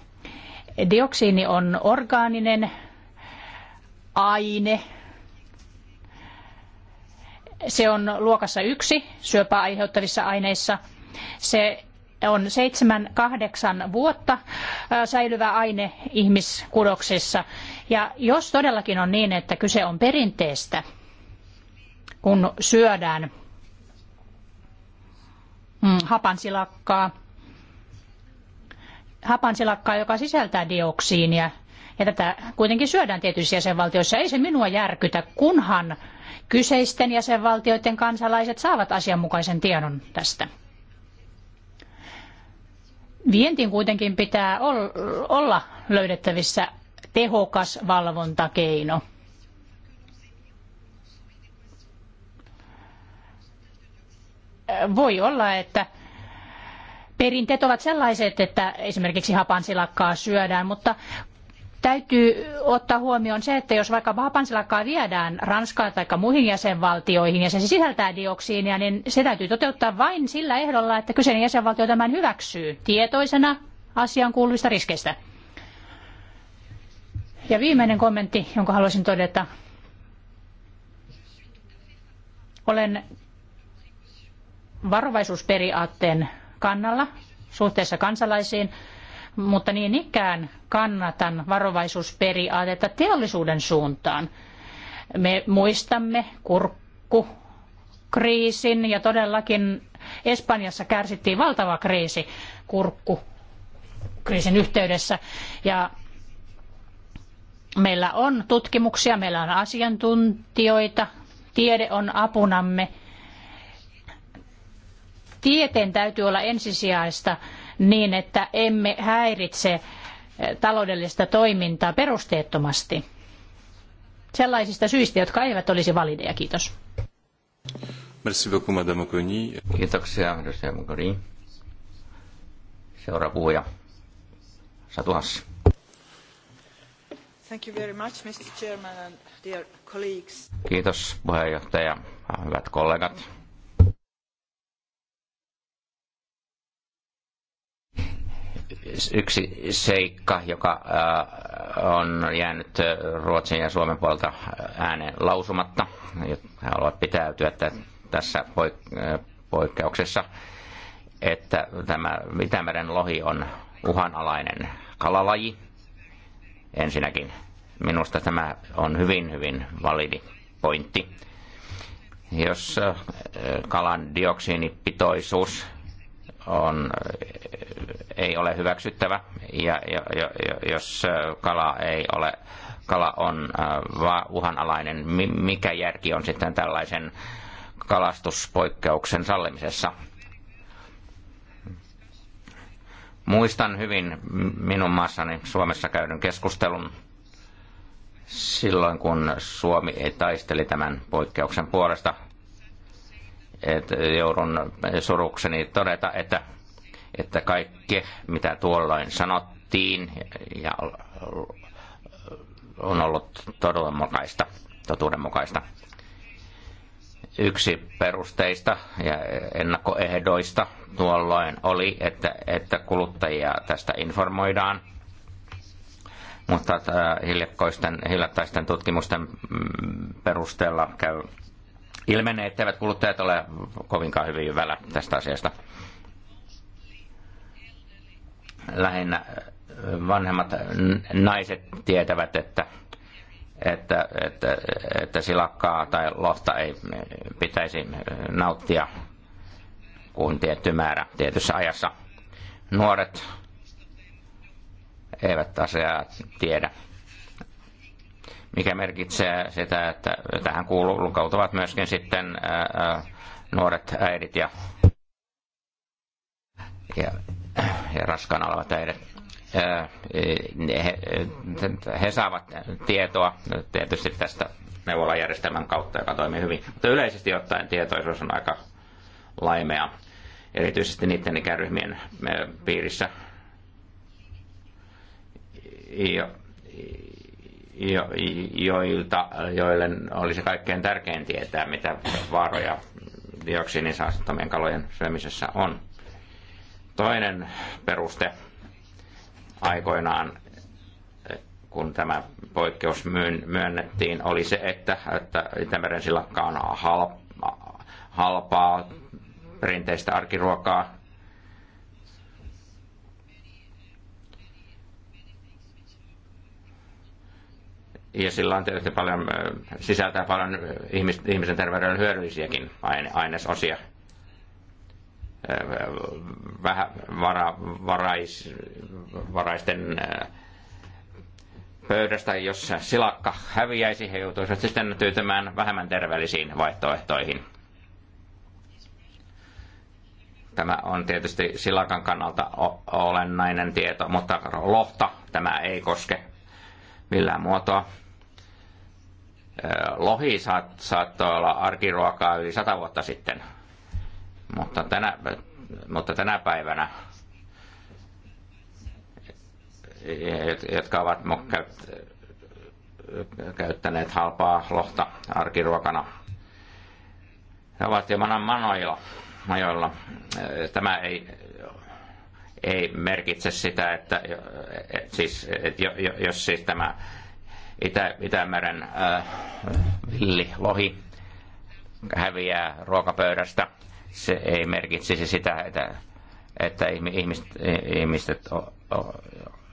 Dioksiini on orgaaninen aine. Se on luokassa yksi syöpää aiheuttavissa aineissa. Se on seitsemän kahdeksan vuotta säilyvä aine ihmiskudoksissa. Ja jos todellakin on niin, että kyse on perinteestä, kun syödään mm, hapansilakkaa, hapansilakkaa, joka sisältää dioksiinia, ja tätä kuitenkin syödään tietyissä jäsenvaltioissa. Ei se minua järkytä, kunhan kyseisten jäsenvaltioiden kansalaiset saavat asianmukaisen tiedon tästä. Vientiin kuitenkin pitää olla löydettävissä tehokas valvontakeino. Voi olla, että perinteet ovat sellaiset, että esimerkiksi hapansilakkaa syödään, mutta täytyy ottaa huomioon se, että jos vaikka vaapansilakkaa viedään Ranskaan tai muihin jäsenvaltioihin ja se sisältää dioksiinia, niin se täytyy toteuttaa vain sillä ehdolla, että kyseinen jäsenvaltio tämän hyväksyy tietoisena asian kuuluvista riskeistä. Ja viimeinen kommentti, jonka haluaisin todeta. Olen varovaisuusperiaatteen kannalla suhteessa kansalaisiin mutta niin ikään kannatan varovaisuusperiaatetta teollisuuden suuntaan. Me muistamme kurkkukriisin ja todellakin Espanjassa kärsittiin valtava kriisi kurkkukriisin yhteydessä ja meillä on tutkimuksia, meillä on asiantuntijoita, tiede on apunamme. Tieteen täytyy olla ensisijaista niin, että emme häiritse eh, taloudellista toimintaa perusteettomasti sellaisista syistä, jotka eivät olisi valideja. Kiitos. Merci beaucoup, Madame Kiitoksia, edustaja Seuraava puhuja, Satu Hassi. Thank you very much, Mr. Chairman and dear colleagues. Kiitos puheenjohtaja, hyvät kollegat yksi seikka, joka äh, on jäänyt äh, Ruotsin ja Suomen puolelta ääneen lausumatta. haluavat pitäytyä tässä äh, poikkeuksessa, että tämä Itämeren lohi on uhanalainen kalalaji ensinnäkin. Minusta tämä on hyvin, hyvin validi pointti. Jos kalan dioksiinipitoisuus on, ei ole hyväksyttävä, ja, ja, ja jos äh, kala ei ole kala on äh, uhanalainen, mikä järki on sitten tällaisen kalastuspoikkeuksen sallimisessa? Muistan hyvin minun maassani Suomessa käydyn keskustelun silloin, kun Suomi taisteli tämän poikkeuksen puolesta – että joudun surukseni todeta, että, että kaikki, mitä tuolloin sanottiin, ja on ollut todenmukaista, totuudenmukaista. Yksi perusteista ja ennakkoehdoista tuolloin oli, että, että kuluttajia tästä informoidaan, mutta äh, hiljattaisten tutkimusten mm, perusteella käy ilmenee, etteivät kuluttajat ole kovinkaan hyvin hyvällä tästä asiasta. Lähinnä äh, vanhemmat naiset tietävät, että, että, että, että silakkaa tai lohta ei pitäisi nauttia kuin tietty määrä tietyssä ajassa. Nuoret eivät asiaa tiedä mikä merkitsee sitä, että tähän kuuluu, lukautuvat myöskin sitten ää, nuoret äidit ja, ja, ja raskaana olevat äidit. E, he, e, he saavat tietoa tietysti tästä neuvolajärjestelmän kautta, joka toimii hyvin. Mutta yleisesti ottaen tietoisuus on aika laimea, erityisesti niiden ikäryhmien piirissä, jo, joilta, joille olisi kaikkein tärkein tietää, mitä vaaroja dioksiinisaastuttamien kalojen syömisessä on. Toinen peruste aikoinaan, kun tämä poikkeus myönnettiin, oli se, että, että Itämeren silakka on halpaa, halpaa perinteistä arkiruokaa, ja sillä on tietysti paljon, sisältää paljon ihmis, ihmisen terveydelle hyödyllisiäkin aine, ainesosia. Vähä vara, varais, varaisten pöydästä, jos silakka häviäisi, he joutuisivat sitten tyytymään vähemmän terveellisiin vaihtoehtoihin. Tämä on tietysti silakan kannalta olennainen tieto, mutta lohta tämä ei koske millään muotoa. Lohi saat, saattoi olla arkiruokaa yli sata vuotta sitten, mutta tänä, mutta tänä päivänä jotka ovat käyttäneet halpaa lohta arkiruokana. He ovat manan manoilla. majoilla. Tämä ei, ei merkitse sitä, että, et siis, et jos siis tämä Itä, Itämeren äh, villi lohi häviää ruokapöydästä. Se ei merkitsisi sitä, että, että ihmiset, ihmiset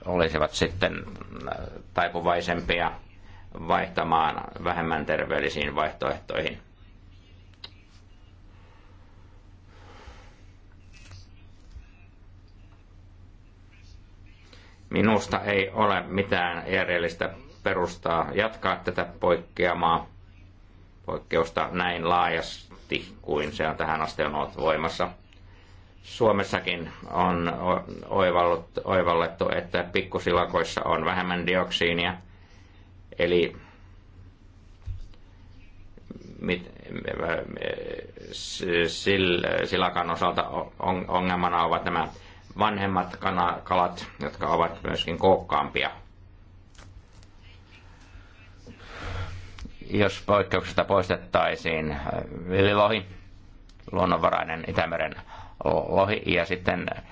olisivat sitten äh, taipuvaisempia vaihtamaan vähemmän terveellisiin vaihtoehtoihin. Minusta ei ole mitään järjellistä perustaa, jatkaa tätä poikkeamaa, poikkeusta näin laajasti kuin se on tähän asti on ollut voimassa. Suomessakin on oivallettu, että pikkusilakoissa on vähemmän dioksiinia, eli mit, silakan osalta ongelmana ovat nämä vanhemmat kalat, jotka ovat myöskin kookkaampia jos poikkeuksesta poistettaisiin äh, villilohi, luonnonvarainen Itämeren lohi, ja sitten äh,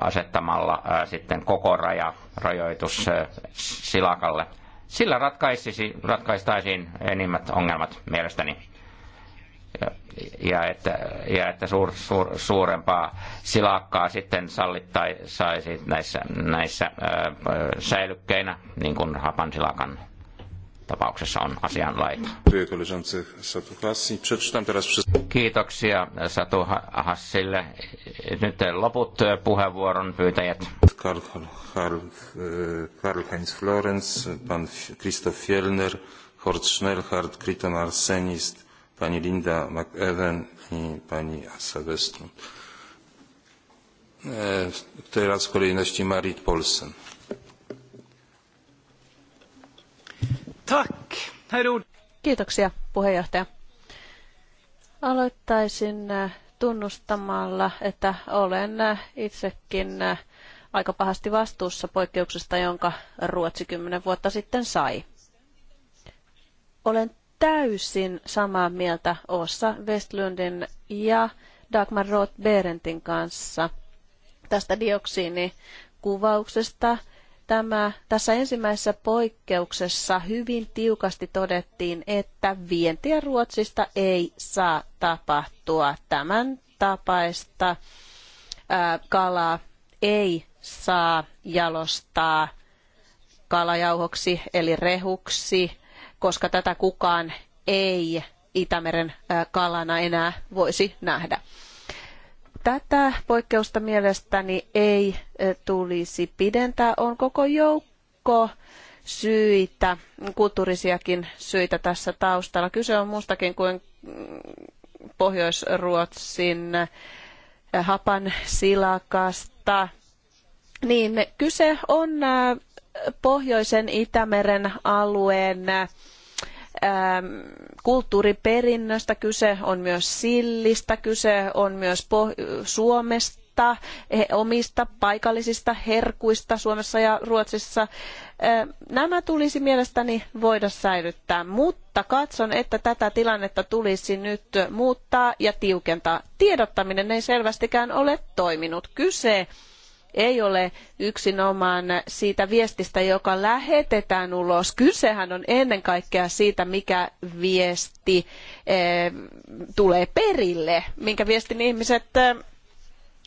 asettamalla äh, sitten koko raja, rajoitus silakalle. Sillä ratkaisisi, ratkaistaisiin enimmät ongelmat mielestäni. Ja, ja että, ja että suur, suur, suurempaa silakkaa sitten sallittaisiin näissä, näissä ää, säilykkeinä, niin kuin hapansilakan tapauksessa on asianlaita. Kiitoksia Satu Hassille. Nyt loput puheenvuoron pyytäjät. Karl, Karl, e, Karl Heinz Florenz, pan Christoph Fjellner, Hort Schnellhardt, Kriton Arsenist, pani Linda McEwen i pani Asa Westlund. E, teraz w kolejności Marit Polsen. Tack, herr Kiitoksia, puheenjohtaja. Aloittaisin äh, tunnustamalla, että olen äh, itsekin äh, aika pahasti vastuussa poikkeuksesta, jonka Ruotsi kymmenen vuotta sitten sai. Olen täysin samaa mieltä Ossa Westlundin ja Dagmar Roth Berentin kanssa tästä dioksiinikuvauksesta – tämä, tässä ensimmäisessä poikkeuksessa hyvin tiukasti todettiin, että vientiä Ruotsista ei saa tapahtua. Tämän tapaista ää, kalaa ei saa jalostaa kalajauhoksi eli rehuksi, koska tätä kukaan ei Itämeren kalana enää voisi nähdä. Tätä poikkeusta mielestäni ei eh, tulisi pidentää. On koko joukko syitä, kulttuurisiakin syitä tässä taustalla. Kyse on muustakin kuin mm, Pohjois-Ruotsin hapan eh, silakasta. Niin kyse on eh, pohjoisen Itämeren alueen Ähm, kulttuuriperinnöstä, kyse on myös sillistä, kyse on myös Suomesta omista paikallisista herkuista Suomessa ja Ruotsissa. Ähm, nämä tulisi mielestäni voida säilyttää, mutta katson, että tätä tilannetta tulisi nyt muuttaa ja tiukentaa. Tiedottaminen ei selvästikään ole toiminut. Kyse ei ole yksinomaan siitä viestistä, joka lähetetään ulos. Kysehän on ennen kaikkea siitä, mikä viesti eh, tulee perille, minkä viestin ihmiset eh,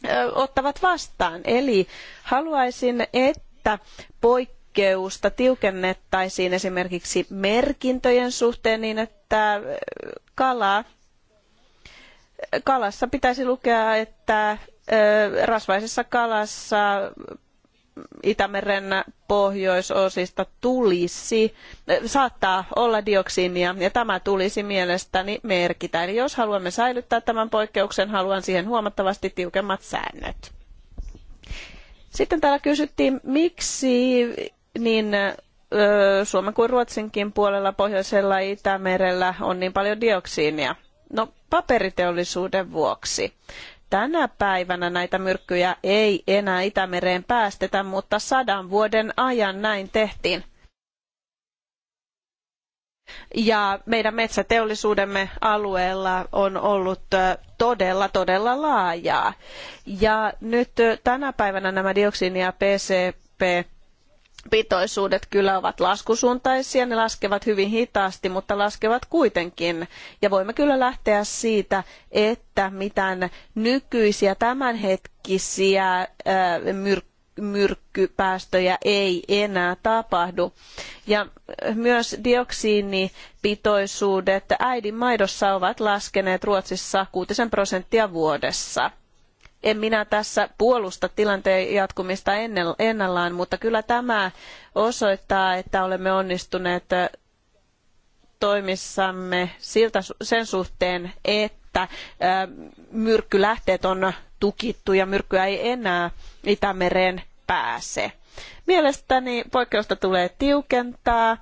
eh, ottavat vastaan. Eli haluaisin, että poikkeusta tiukennettaisiin esimerkiksi merkintöjen suhteen niin, että kalassa pitäisi lukea, että rasvaisessa kalassa Itämeren pohjoisosista tulisi, saattaa olla dioksiinia ja tämä tulisi mielestäni merkitä. Eli jos haluamme säilyttää tämän poikkeuksen, haluan siihen huomattavasti tiukemmat säännöt. Sitten täällä kysyttiin, miksi niin Suomen kuin Ruotsinkin puolella pohjoisella Itämerellä on niin paljon dioksiinia. No paperiteollisuuden vuoksi tänä päivänä näitä myrkkyjä ei enää Itämereen päästetä, mutta sadan vuoden ajan näin tehtiin. Ja meidän metsäteollisuudemme alueella on ollut todella, todella laajaa. Ja nyt tänä päivänä nämä dioksiini- ja PCP pitoisuudet kyllä ovat laskusuuntaisia, ne laskevat hyvin hitaasti, mutta laskevat kuitenkin. Ja voimme kyllä lähteä siitä, että mitään nykyisiä tämänhetkisiä äh, myrkkyjä myrkkypäästöjä ei enää tapahdu. Ja äh, myös dioksiinipitoisuudet äidinmaidossa ovat laskeneet Ruotsissa kuutisen prosenttia vuodessa en minä tässä puolusta tilanteen jatkumista ennallaan, mutta kyllä tämä osoittaa, että olemme onnistuneet toimissamme siltä, sen suhteen, että myrkkylähteet on tukittu ja myrkkyä ei enää Itämereen pääse. Mielestäni poikkeusta tulee tiukentaa.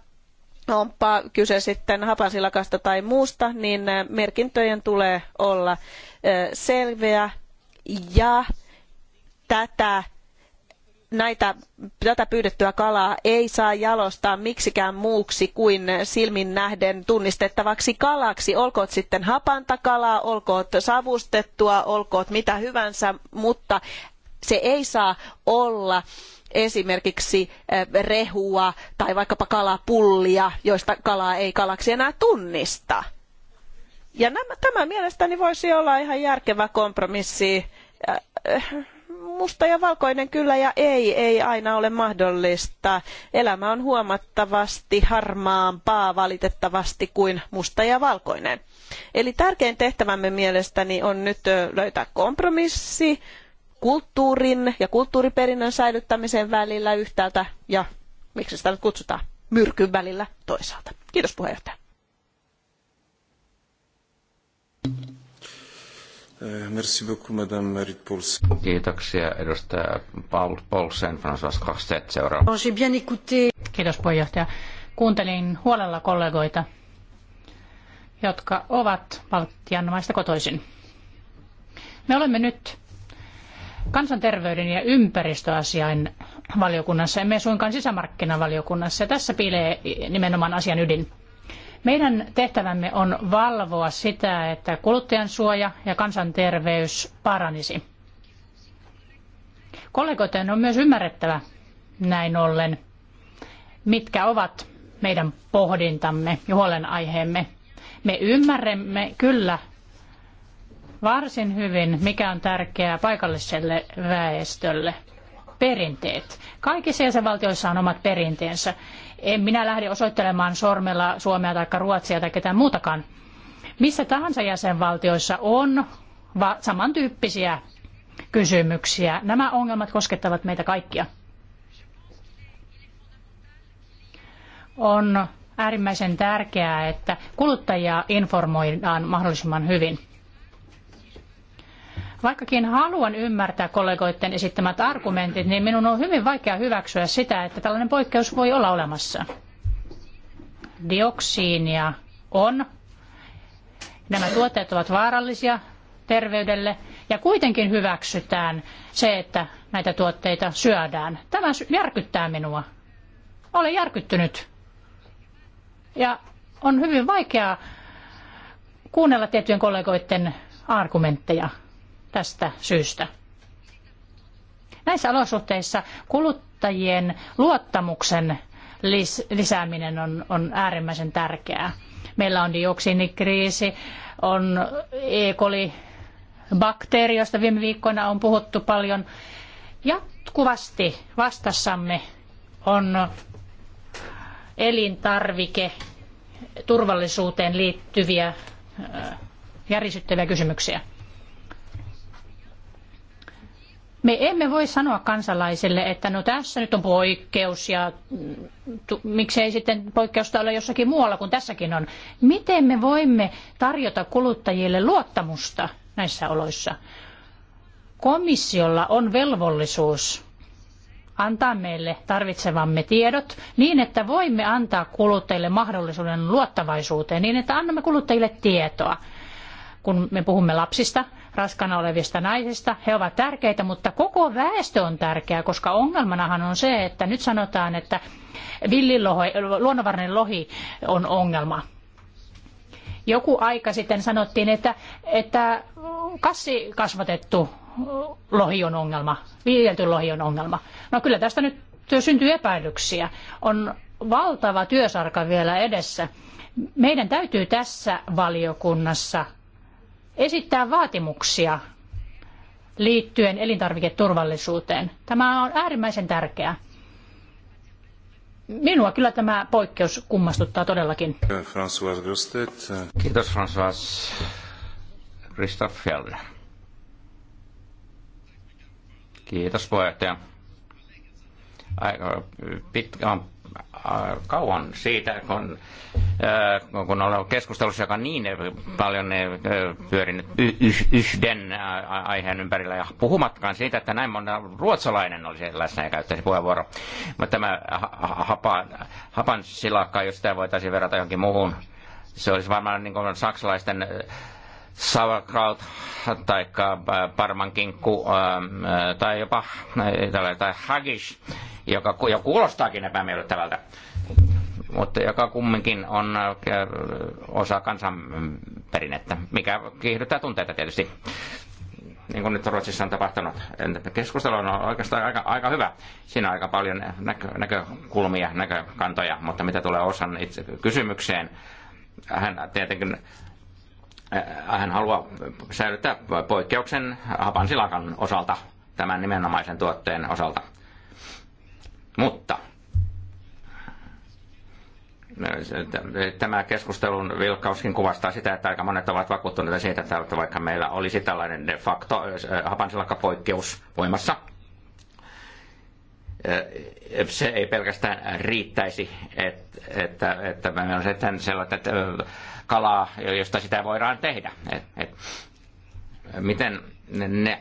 Onpa kyse sitten hapansilakasta tai muusta, niin merkintöjen tulee olla selviä ja tätä näitä, tätä pyydettyä kalaa ei saa jalostaa miksikään muuksi kuin silmin nähden tunnistettavaksi kalaksi. Olkoot sitten hapantakalaa, olkoot savustettua, olkoot mitä hyvänsä, mutta se ei saa olla esimerkiksi eh, rehua tai vaikkapa kalapullia, joista kalaa ei kalaksi enää tunnista. Ja nämä, tämä mielestäni voisi olla ihan järkevä kompromissi musta ja valkoinen kyllä ja ei, ei aina ole mahdollista. Elämä on huomattavasti harmaampaa valitettavasti kuin musta ja valkoinen. Eli tärkein tehtävämme mielestäni on nyt löytää kompromissi kulttuurin ja kulttuuriperinnön säilyttämisen välillä yhtäältä ja miksi sitä nyt kutsutaan myrkyn välillä toisaalta. Kiitos puheenjohtaja. Eh, merci beaucoup, Madame Marit Paulsen. Kiitoksia, edustaja Paul Paulsen, François Costet, seuraava. Kiitos, puheenjohtaja. Kuuntelin huolella kollegoita, jotka ovat Baltian maista kotoisin. Me olemme nyt kansanterveyden ja ympäristöasiain valiokunnassa, emme suinkaan sisämarkkinavaliokunnassa. Ja tässä piilee nimenomaan asian ydin. Meidän tehtävämme on valvoa sitä, että kuluttajan suoja ja kansanterveys paranisi. Kollegoiden on myös ymmärrettävä näin ollen, mitkä ovat meidän pohdintamme ja huolenaiheemme. Me ymmärrämme kyllä varsin hyvin, mikä on tärkeää paikalliselle väestölle. Perinteet. Kaikissa jäsenvaltioissa on omat perinteensä. En minä lähde osoittelemaan sormella Suomea tai Ruotsia tai ketään muutakaan. Missä tahansa jäsenvaltioissa on va- samantyyppisiä kysymyksiä. Nämä ongelmat koskettavat meitä kaikkia. On äärimmäisen tärkeää, että kuluttajia informoidaan mahdollisimman hyvin. Vaikkakin haluan ymmärtää kollegoiden esittämät argumentit, niin minun on hyvin vaikea hyväksyä sitä, että tällainen poikkeus voi olla olemassa. Dioksiinia on. Nämä tuotteet ovat vaarallisia terveydelle ja kuitenkin hyväksytään se, että näitä tuotteita syödään. Tämä järkyttää minua. Olen järkyttynyt. Ja on hyvin vaikeaa kuunnella tiettyjen kollegoiden argumentteja tästä syystä. Näissä olosuhteissa kuluttajien luottamuksen lisääminen on, on äärimmäisen tärkeää. Meillä on dioksiinikriisi, on E. coli bakteeri, josta viime viikkoina on puhuttu paljon. Jatkuvasti vastassamme on elintarvike turvallisuuteen liittyviä järisyttäviä kysymyksiä. Me emme voi sanoa kansalaiselle, että no tässä nyt on poikkeus ja tu, miksei sitten poikkeusta ole jossakin muualla kuin tässäkin on. Miten me voimme tarjota kuluttajille luottamusta näissä oloissa? Komissiolla on velvollisuus antaa meille tarvitsevamme tiedot niin, että voimme antaa kuluttajille mahdollisuuden luottavaisuuteen niin, että annamme kuluttajille tietoa. Kun me puhumme lapsista, raskana olevista naisista. He ovat tärkeitä, mutta koko väestö on tärkeä, koska ongelmanahan on se, että nyt sanotaan, että villilohi, luonnonvarainen lohi on ongelma. Joku aika sitten sanottiin, että, että kassi kasvatettu lohi on ongelma, viljelty lohi on ongelma. No kyllä tästä nyt syntyy epäilyksiä. On valtava työsarka vielä edessä. Meidän täytyy tässä valiokunnassa esittää vaatimuksia liittyen elintarviketurvallisuuteen. Tämä on äärimmäisen tärkeää. Minua kyllä tämä poikkeus kummastuttaa todellakin. François Grostet. Kiitos François. Christophe Fjell. Kiitos puheenjohtaja. Aika pitkä on Äh, kauan siitä, kun, äh, kun olen keskustelussa, joka niin paljon niin, äh, pyörinyt yhden aiheen ympärillä, ja puhumattakaan siitä, että näin monen ruotsalainen olisi läsnä ja käyttäisi puheenvuoro. Mutta tämä hapa, hapan silakka, jos sitä voitaisiin verrata johonkin muuhun, se olisi varmaan niin kuin saksalaisten sauerkraut tai äh, parmankinkku äh, äh, tai jopa tai hagish, joka, jo kuulostaakin epämiellyttävältä, mutta joka kumminkin on osa kansanperinnettä, mikä kiihdyttää tunteita tietysti niin kuin nyt Ruotsissa on tapahtunut. Keskustelu on oikeastaan aika, aika hyvä. Siinä on aika paljon näkö, näkökulmia, näkökantoja, mutta mitä tulee osan itse kysymykseen, hän tietenkin Äh, hän haluaa säilyttää poikkeuksen hapansilakan osalta, tämän nimenomaisen tuotteen osalta. Mutta äh, tämä keskustelun vilkkauskin kuvastaa sitä, että aika monet ovat vakuuttuneita siitä, että vaikka meillä olisi tällainen de facto äh, hapansilakkapoikkeus voimassa, se ei pelkästään riittäisi, että, että, että meillä on sitten että kalaa, josta sitä voidaan tehdä. Et, et, miten ne, ne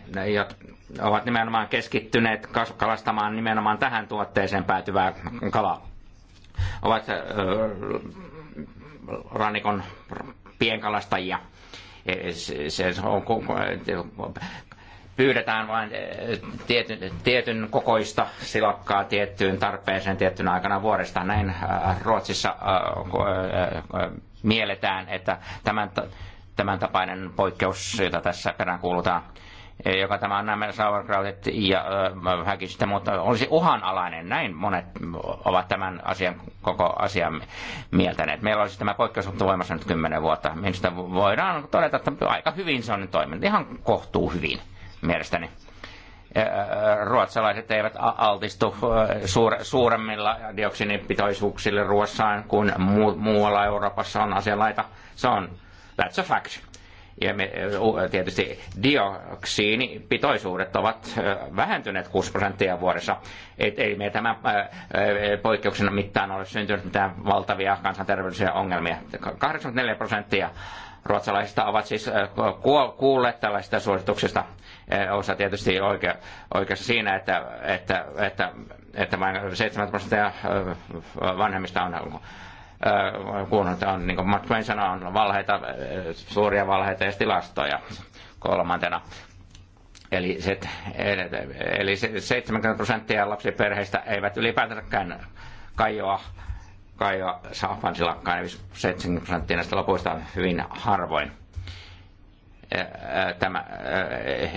ovat nimenomaan keskittyneet kalastamaan nimenomaan tähän tuotteeseen päätyvää kalaa, ovat äh, rannikon pienkalastajia. E, se on, pyydetään vain e, tietyn, tietyn kokoista silakkaa tiettyyn tarpeeseen tiettynä aikana vuodesta. Näin Ruotsissa mielletään, että tämän, tämän tapainen poikkeus, jota tässä peräänkuulutaan, e, joka tämä on nämä sauerkrautit ja äh, häkistä, mutta olisi uhanalainen. Näin monet ovat tämän asian, koko asian mieltäneet. Meillä olisi tämä poikkeus ollut voimassa nyt kymmenen vuotta. Minusta voidaan todeta, että aika hyvin se on nyt toiminut. Ihan kohtuu hyvin mielestäni. Äh, ruotsalaiset eivät altistu äh, suuremmilla dioksinipitoisuuksille Ruossaan kuin muualla Euroopassa on asianlaita. Se on, that's a fact. Ja me, äh, tietysti dioksiinipitoisuudet ovat vähentyneet 6 prosenttia vuodessa. Et, ei me tämän poikkeuksena mittaan ole syntynyt mitään valtavia kansanterveydellisiä ongelmia. 84 prosenttia ruotsalaisista ovat siis kuulleet tällaisista suosituksista. Eh, osa tietysti oikea, oikeassa siinä, että, että, että, että vain 7 prosenttia eh, vanhemmista on eh, kun on, niin kuin Mark Twain sanoi, on valheita, suuria valheita ja tilastoja kolmantena. Eli, se, eli 70 prosenttia lapsiperheistä eivät ylipäätäänkään kajoa, kajoa saapansilakkaan, eli 70 prosenttia näistä lopuista on hyvin harvoin tämä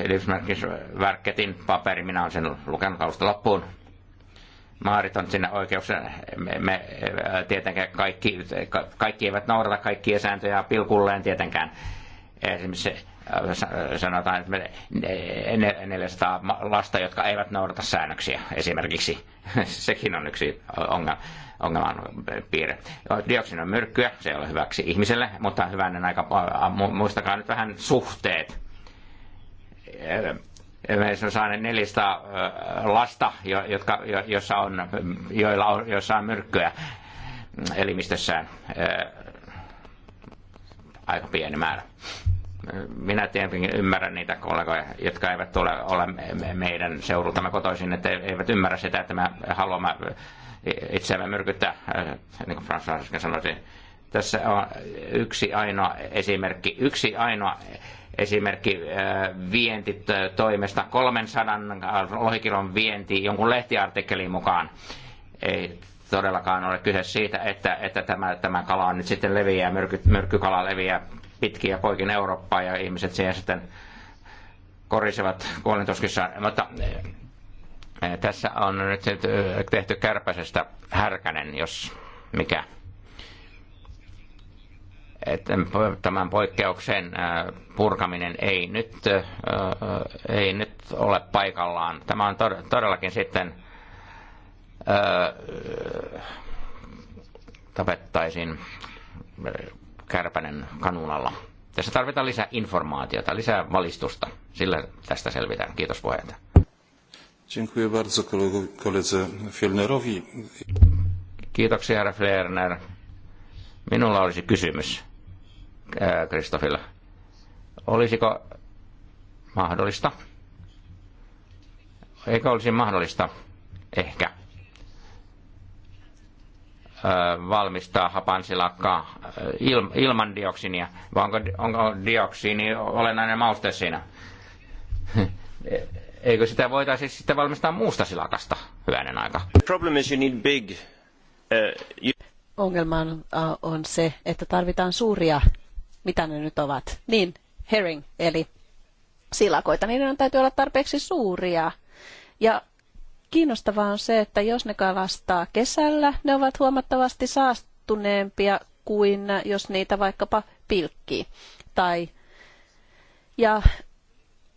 Livsmarkisverketin paperi, minä olen sen lukenut alusta loppuun. Maarit on sinne oikeus, Me, me tietenkään kaikki, ka, kaikki eivät noudata kaikkia sääntöjä pilkulleen tietenkään. Esimerkiksi sanotaan, että me 400 lasta, jotka eivät noudata säännöksiä esimerkiksi. Sekin on yksi ongelma ongelman piirre. Dioksin on myrkkyä, se ei ole hyväksi ihmiselle, mutta hyvänen aika, muistakaa nyt vähän suhteet. Meissä on saaneet 400 lasta, jotka, jossa on, joilla on, jossa on myrkkyä elimistössään. Aika pieni määrä minä tietenkin ymmärrän niitä kollegoja, jotka eivät ole, ole meidän seurultamme kotoisin, että eivät ymmärrä sitä, että me haluamme itseämme myrkyttää, äh, niin kuin Frans äsken sanoi. Tässä on yksi ainoa esimerkki, yksi ainoa esimerkki äh, vientitoimesta, 300 lohikilon vienti jonkun lehtiartikkelin mukaan. Ei todellakaan ole kyse siitä, että, että tämä, tämä kala on nyt sitten leviää, myrky, myrkkykala leviää pitkiä poikin Eurooppaa ja ihmiset siihen sitten korisevat kuolintoskissa. Mutta tässä on nyt tehty kärpäsestä härkänen, jos mikä. Tämän poikkeuksen purkaminen ei nyt, ei nyt ole paikallaan. Tämä on todellakin sitten tapettaisin kärpänen kanunalla. Tässä tarvitaan lisää informaatiota, lisää valistusta. Sillä tästä selvitään. Kiitos puheenjohtaja. Dziękuję bardzo koledze Fjellnerowi. Kiitoksia, herra Fjellner. Minulla olisi kysymys Kristofilla. Olisiko mahdollista? Eikö olisi mahdollista ehkä valmistaa hapansilakkaa ilman dioksinia? Vai onko, onko dioksini olennainen mauste siinä? Eikö sitä voitaisi sitten valmistaa muusta silakasta hyvänen aika? Uh, Ongelma uh, on se, että tarvitaan suuria, mitä ne nyt ovat, niin herring eli silakoita. Niiden ne täytyy olla tarpeeksi suuria. Ja kiinnostavaa on se, että jos ne kalastaa kesällä, ne ovat huomattavasti saastuneempia kuin jos niitä vaikkapa pilkkii. Tai, ja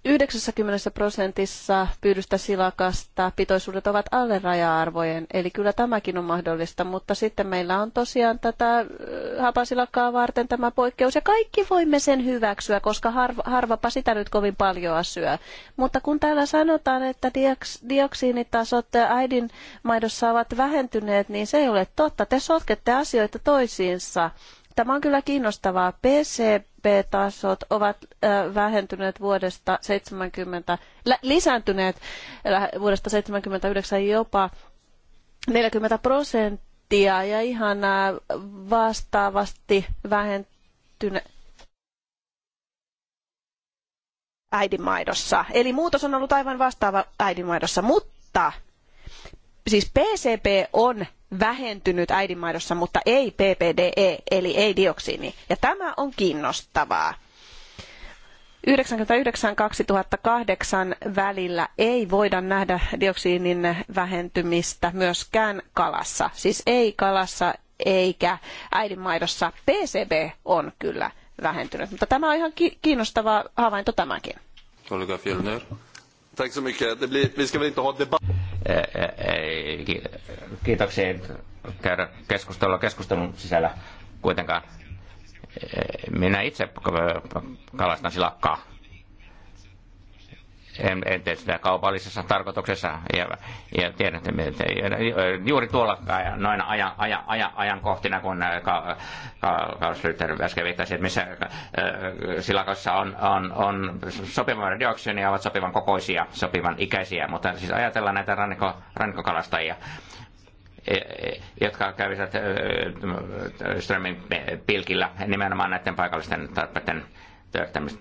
90 prosentissa pyydystä silakasta pitoisuudet ovat alle raja-arvojen, eli kyllä tämäkin on mahdollista, mutta sitten meillä on tosiaan tätä hapasilakkaa varten tämä poikkeus, ja kaikki voimme sen hyväksyä, koska harva, harvapa sitä nyt kovin paljon syö. Mutta kun täällä sanotaan, että dioksiinitasot äidin maidossa ovat vähentyneet, niin se ei ole totta. Te sotkette asioita toisiinsa. Tämä on kyllä kiinnostavaa. PCB BKP-tasot ovat vähentyneet vuodesta 70, lisääntyneet vuodesta 79 jopa 40 prosenttia ja ihan vastaavasti vähentyneet äidinmaidossa. Eli muutos on ollut aivan vastaava äidinmaidossa, mutta siis PCP on vähentynyt äidinmaidossa, mutta ei PPDE, eli ei dioksiini. Ja tämä on kiinnostavaa. 1999-2008 välillä ei voida nähdä dioksiinin vähentymistä myöskään kalassa. Siis ei kalassa eikä äidinmaidossa. PCB on kyllä vähentynyt, mutta tämä on ihan kiinnostava havainto tämäkin. Kollega Fjellner. Tack så mycket. Det blir, vi ska väl inte ha debatt? Kiitoksia. Käydä keskustelua keskustelun sisällä kuitenkaan. Minä itse kalastan silakkaa sitä kaupallisessa tarkoituksessa ja, ja tiedätte, että juuri tuolla noina ajan, ajan, ajan, ajankohtina, kun äh, äh, Carl Schlüter äsken viittasi, että missä ä, äh, on, on, on sopivan dioksinia, ovat sopivan kokoisia, sopivan ikäisiä, mutta siis ajatellaan näitä rannikko, rannikkokalastajia, e, e, jotka kävisivät Strömin pilkillä nimenomaan näiden paikallisten tarpeiden tämmöistä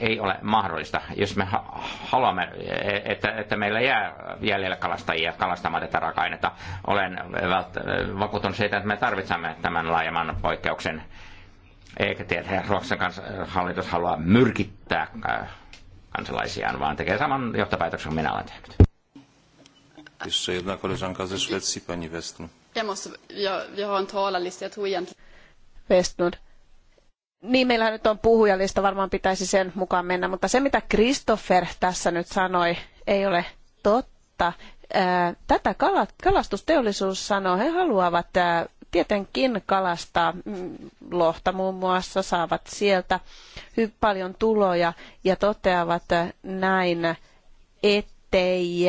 ei ole mahdollista. Jos me haluamme, että, että meillä jää jäljellä kalastajia kalastamaan tätä raaka-ainetta, olen vakuutunut siitä, että me tarvitsemme tämän laajemman poikkeuksen. Eikä tiedä, Ruotsin kans, hallitus haluaa myrkittää kansalaisiaan, vaan tekee saman johtopäätöksen kuin minä olen tehnyt. Vestnud. Niin, meillä nyt on puhujalista, varmaan pitäisi sen mukaan mennä, mutta se mitä Christopher tässä nyt sanoi, ei ole totta. Tätä kalastusteollisuus sanoo, he haluavat tietenkin kalastaa mm, lohta muun muassa, saavat sieltä paljon tuloja ja toteavat näin, ettei,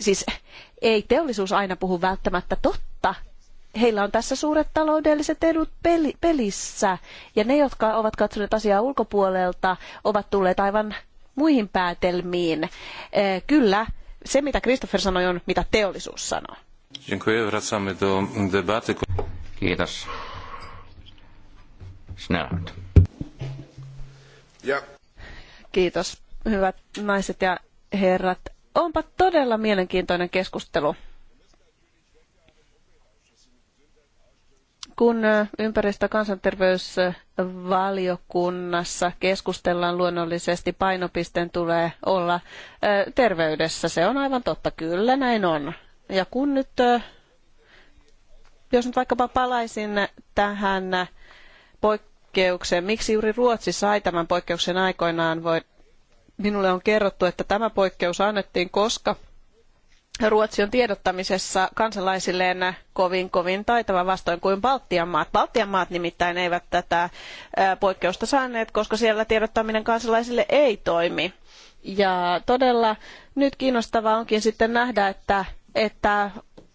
siis ei teollisuus aina puhu välttämättä totta heillä on tässä suuret taloudelliset edut pelissä. Ja ne, jotka ovat katsoneet asiaa ulkopuolelta, ovat tulleet aivan muihin päätelmiin. Kyllä, se mitä Christopher sanoi on, mitä teollisuus sanoo. Kiitos. Snellhardt. Ja. Kiitos, hyvät naiset ja herrat. Onpa todella mielenkiintoinen keskustelu Kun äh, ympäristö- ja kansanterveysvaliokunnassa keskustellaan luonnollisesti, painopisteen tulee olla äh, terveydessä. Se on aivan totta, kyllä näin on. Ja kun nyt, äh, jos nyt vaikkapa palaisin tähän poikkeukseen, miksi juuri Ruotsi sai tämän poikkeuksen aikoinaan, voi, minulle on kerrottu, että tämä poikkeus annettiin, koska – Ruotsi on tiedottamisessa kansalaisilleen kovin kovin taitava vastoin kuin Baltian maat. Baltian maat nimittäin eivät tätä poikkeusta saaneet, koska siellä tiedottaminen kansalaisille ei toimi. Ja todella nyt kiinnostavaa onkin sitten nähdä, että, että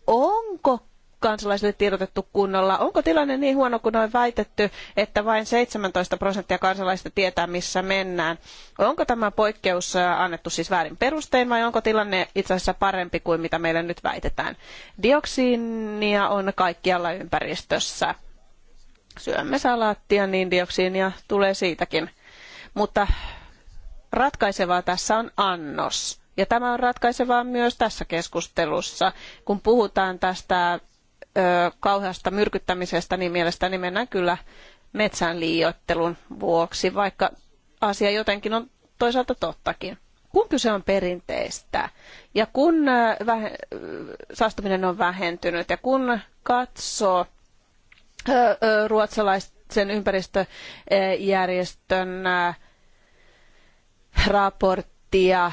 onko kansalaisille tiedotettu kunnolla. Onko tilanne niin huono kuin on väitetty, että vain 17 prosenttia kansalaisista tietää, missä mennään? Onko tämä poikkeus annettu siis väärin perustein vai onko tilanne itse asiassa parempi kuin mitä meille nyt väitetään? Dioksiinia on kaikkialla ympäristössä. Syömme salaattia, niin dioksiinia tulee siitäkin. Mutta ratkaisevaa tässä on annos. Ja tämä on ratkaisevaa myös tässä keskustelussa, kun puhutaan tästä kauheasta myrkyttämisestä, niin mielestäni mennään kyllä metsän liioittelun vuoksi, vaikka asia jotenkin on toisaalta tottakin. Kun kyse on perinteistä ja kun saastuminen on vähentynyt ja kun katsoo ruotsalaisen ympäristöjärjestön raporttia,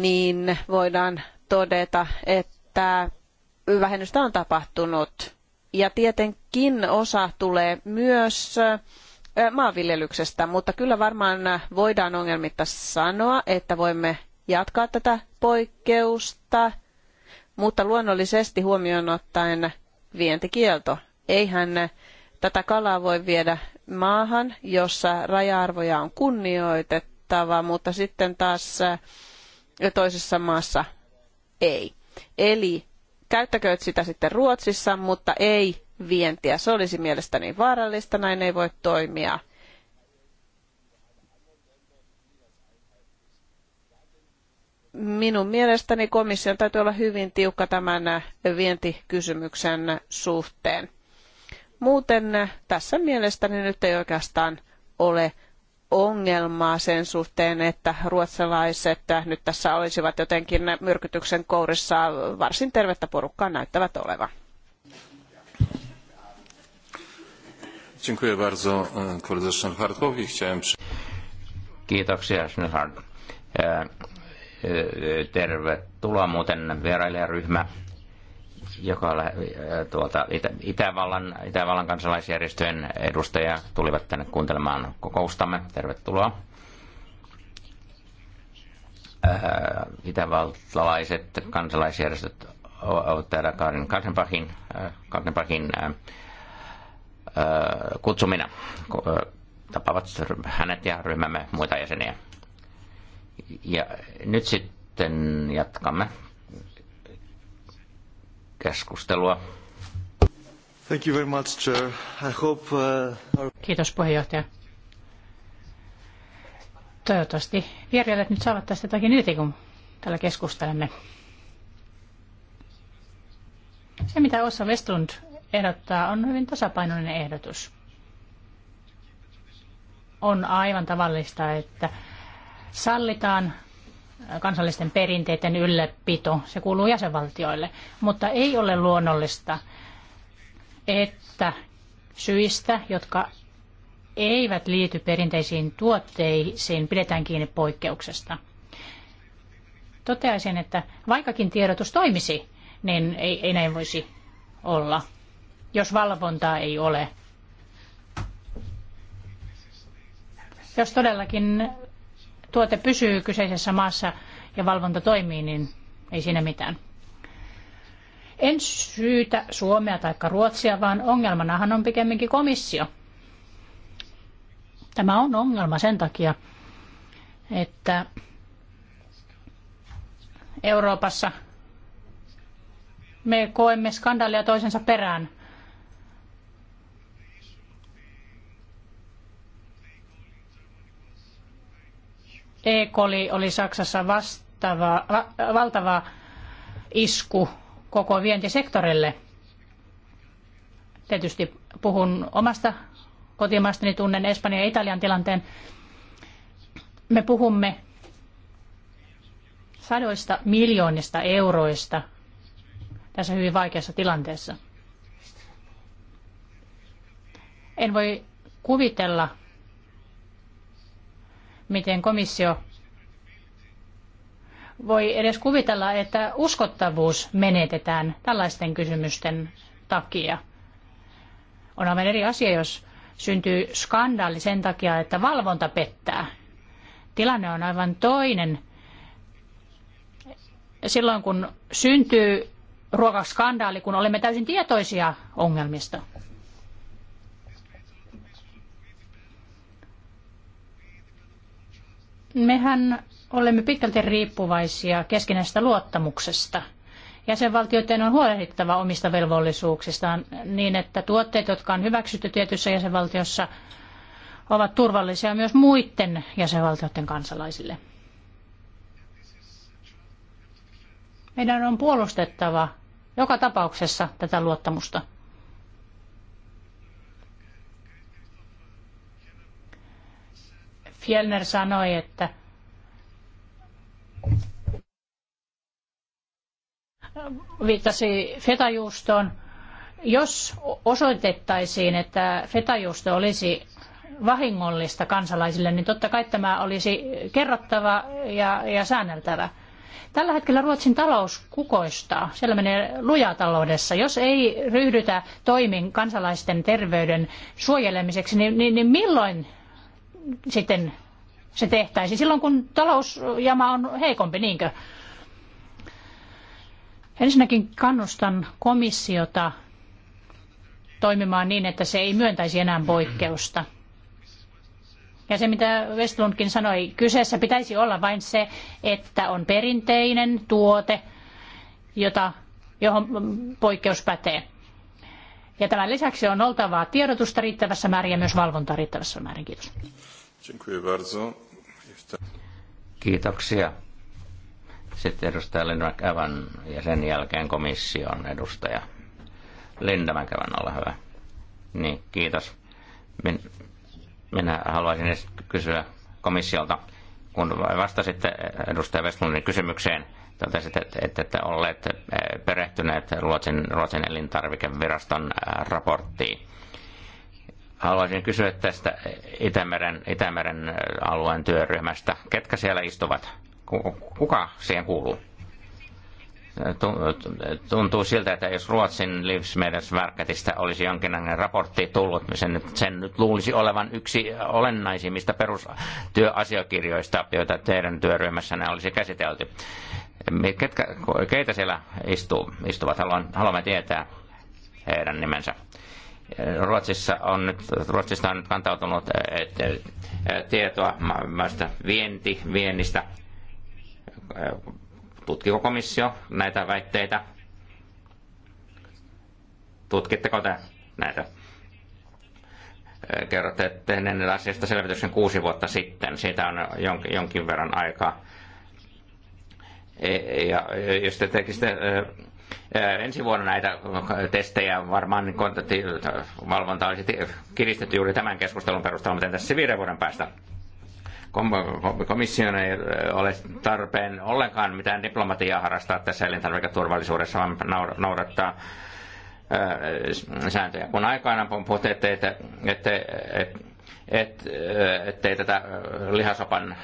niin voidaan todeta, että vähennystä on tapahtunut. Ja tietenkin osa tulee myös maanviljelyksestä, mutta kyllä varmaan voidaan ongelmitta sanoa, että voimme jatkaa tätä poikkeusta, mutta luonnollisesti huomioon ottaen vientikielto. Eihän tätä kalaa voi viedä maahan, jossa raja-arvoja on kunnioitettava, mutta sitten taas toisessa maassa ei. Eli Käyttäkööt sitä sitten Ruotsissa, mutta ei vientiä. Se olisi mielestäni vaarallista, näin ei voi toimia. minun mielestäni komission täytyy olla hyvin tiukka tämän vientikysymyksen suhteen. Muuten tässä mielestäni nyt ei oikeastaan ole ongelmaa sen suhteen, että ruotsalaiset nyt tässä olisivat jotenkin myrkytyksen kourissa. Varsin tervettä porukkaa näyttävät olevan. Kiitoksia Tervetuloa muuten vierailijaryhmä joka tuota, Itä, Itävallan, Itävallan kansalaisjärjestöjen edustajia tulivat tänne kuuntelemaan kokoustamme. Tervetuloa. Itävaltalaiset kansalaisjärjestöt ovat täällä Karin äh, äh, kutsumina. Tapaavat hänet ja ryhmämme muita jäseniä. Ja nyt sitten jatkamme keskustelua. Thank you very much, Chair. I hope, uh, our... Kiitos puheenjohtaja. Toivottavasti vierailijat nyt saavat tästä jotakin irti, kun täällä keskustelemme. Se, mitä Ossa Westlund ehdottaa, on hyvin tasapainoinen ehdotus. On aivan tavallista, että sallitaan kansallisten perinteiden ylläpito, se kuuluu jäsenvaltioille, mutta ei ole luonnollista, että syistä, jotka eivät liity perinteisiin tuotteisiin, pidetään kiinni poikkeuksesta. Toteaisin, että vaikkakin tiedotus toimisi, niin ei, ei näin voisi olla, jos valvontaa ei ole. Jos todellakin tuote pysyy kyseisessä maassa ja valvonta toimii, niin ei siinä mitään. En syytä Suomea tai Ruotsia, vaan ongelmanahan on pikemminkin komissio. Tämä on ongelma sen takia, että Euroopassa me koemme skandaalia toisensa perään. E. coli oli Saksassa va, valtava isku koko vientisektorille. Tietysti puhun omasta kotimaastani, tunnen Espanjan ja Italian tilanteen. Me puhumme sadoista miljoonista euroista tässä hyvin vaikeassa tilanteessa. En voi kuvitella, miten komissio voi edes kuvitella, että uskottavuus menetetään tällaisten kysymysten takia. On aivan eri asia, jos syntyy skandaali sen takia, että valvonta pettää. Tilanne on aivan toinen. Silloin kun syntyy ruokaskandaali, kun olemme täysin tietoisia ongelmista. Mehän olemme pitkälti riippuvaisia keskinäisestä luottamuksesta. Jäsenvaltioiden on huolehdittava omista velvollisuuksistaan niin, että tuotteet, jotka on hyväksytty tietyssä jäsenvaltiossa, ovat turvallisia myös muiden jäsenvaltioiden kansalaisille. Meidän on puolustettava joka tapauksessa tätä luottamusta. Fjellner sanoi, että viittasi fetajuustoon. Jos osoitettaisiin, että fetajuusto olisi vahingollista kansalaisille, niin totta kai tämä olisi kerrottava ja, ja säänneltävä. Tällä hetkellä Ruotsin talous kukoistaa. Siellä menee lujaa taloudessa. Jos ei ryhdytä toimin kansalaisten terveyden suojelemiseksi, niin, niin, niin milloin sitten se tehtäisiin silloin, kun talousjama on heikompi, niinkö? Ensinnäkin kannustan komissiota toimimaan niin, että se ei myöntäisi enää poikkeusta. Ja se, mitä Westlundkin sanoi, kyseessä pitäisi olla vain se, että on perinteinen tuote, jota, johon poikkeus pätee. Ja tämän lisäksi on oltava tiedotusta riittävässä määrin ja myös valvontaa riittävässä määrin. Kiitos. Kiitoksia. Sitten edustaja Linda McEvan ja sen jälkeen komission edustaja. Linda McEvan, ole hyvä. Niin, kiitos. Min, minä haluaisin kysyä komissiolta, kun vastasitte eh, edustaja Westlundin kysymykseen – totesit, että ette olleet eh, perehtyneet Ruotsin, Ruotsin elintarvikeviraston eh, raporttiin. Haluaisin kysyä tästä Itämeren, Itämeren eh, alueen työryhmästä. Ketkä siellä istuvat? Kuka siihen kuuluu? Tuntuu siltä, että jos Ruotsin Livsmedelsverketistä olisi jonkinlainen raportti tullut, niin sen, sen nyt luulisi olevan yksi olennaisimmista perustyöasiakirjoista, joita teidän työryhmässänne olisi käsitelty ketkä, keitä siellä istuu, istuvat, haluan, haluamme tietää heidän nimensä. Ruotsissa on nyt, Ruotsista on nyt kantautunut et, eh, et, eh, et, eh, tietoa maasta vienti, viennistä. Tutkiko komissio näitä väitteitä? Tutkitteko te näitä? Kerrotte tehneet asiasta selvityksen kuusi vuotta sitten. Siitä on jonkin, jonkin verran aikaa ja jos te tekisitte ensi vuonna näitä testejä, varmaan valvonta olisi kiristetty juuri tämän keskustelun perusteella, miten tässä viiden vuoden päästä komission ei ole tarpeen ollenkaan mitään diplomatiaa harrastaa tässä elintarviketurvallisuudessa, vaan noudattaa sääntöjä. Kun aikanaan puhuttiin, että, että, että, että, että, ettei tätä lihasopan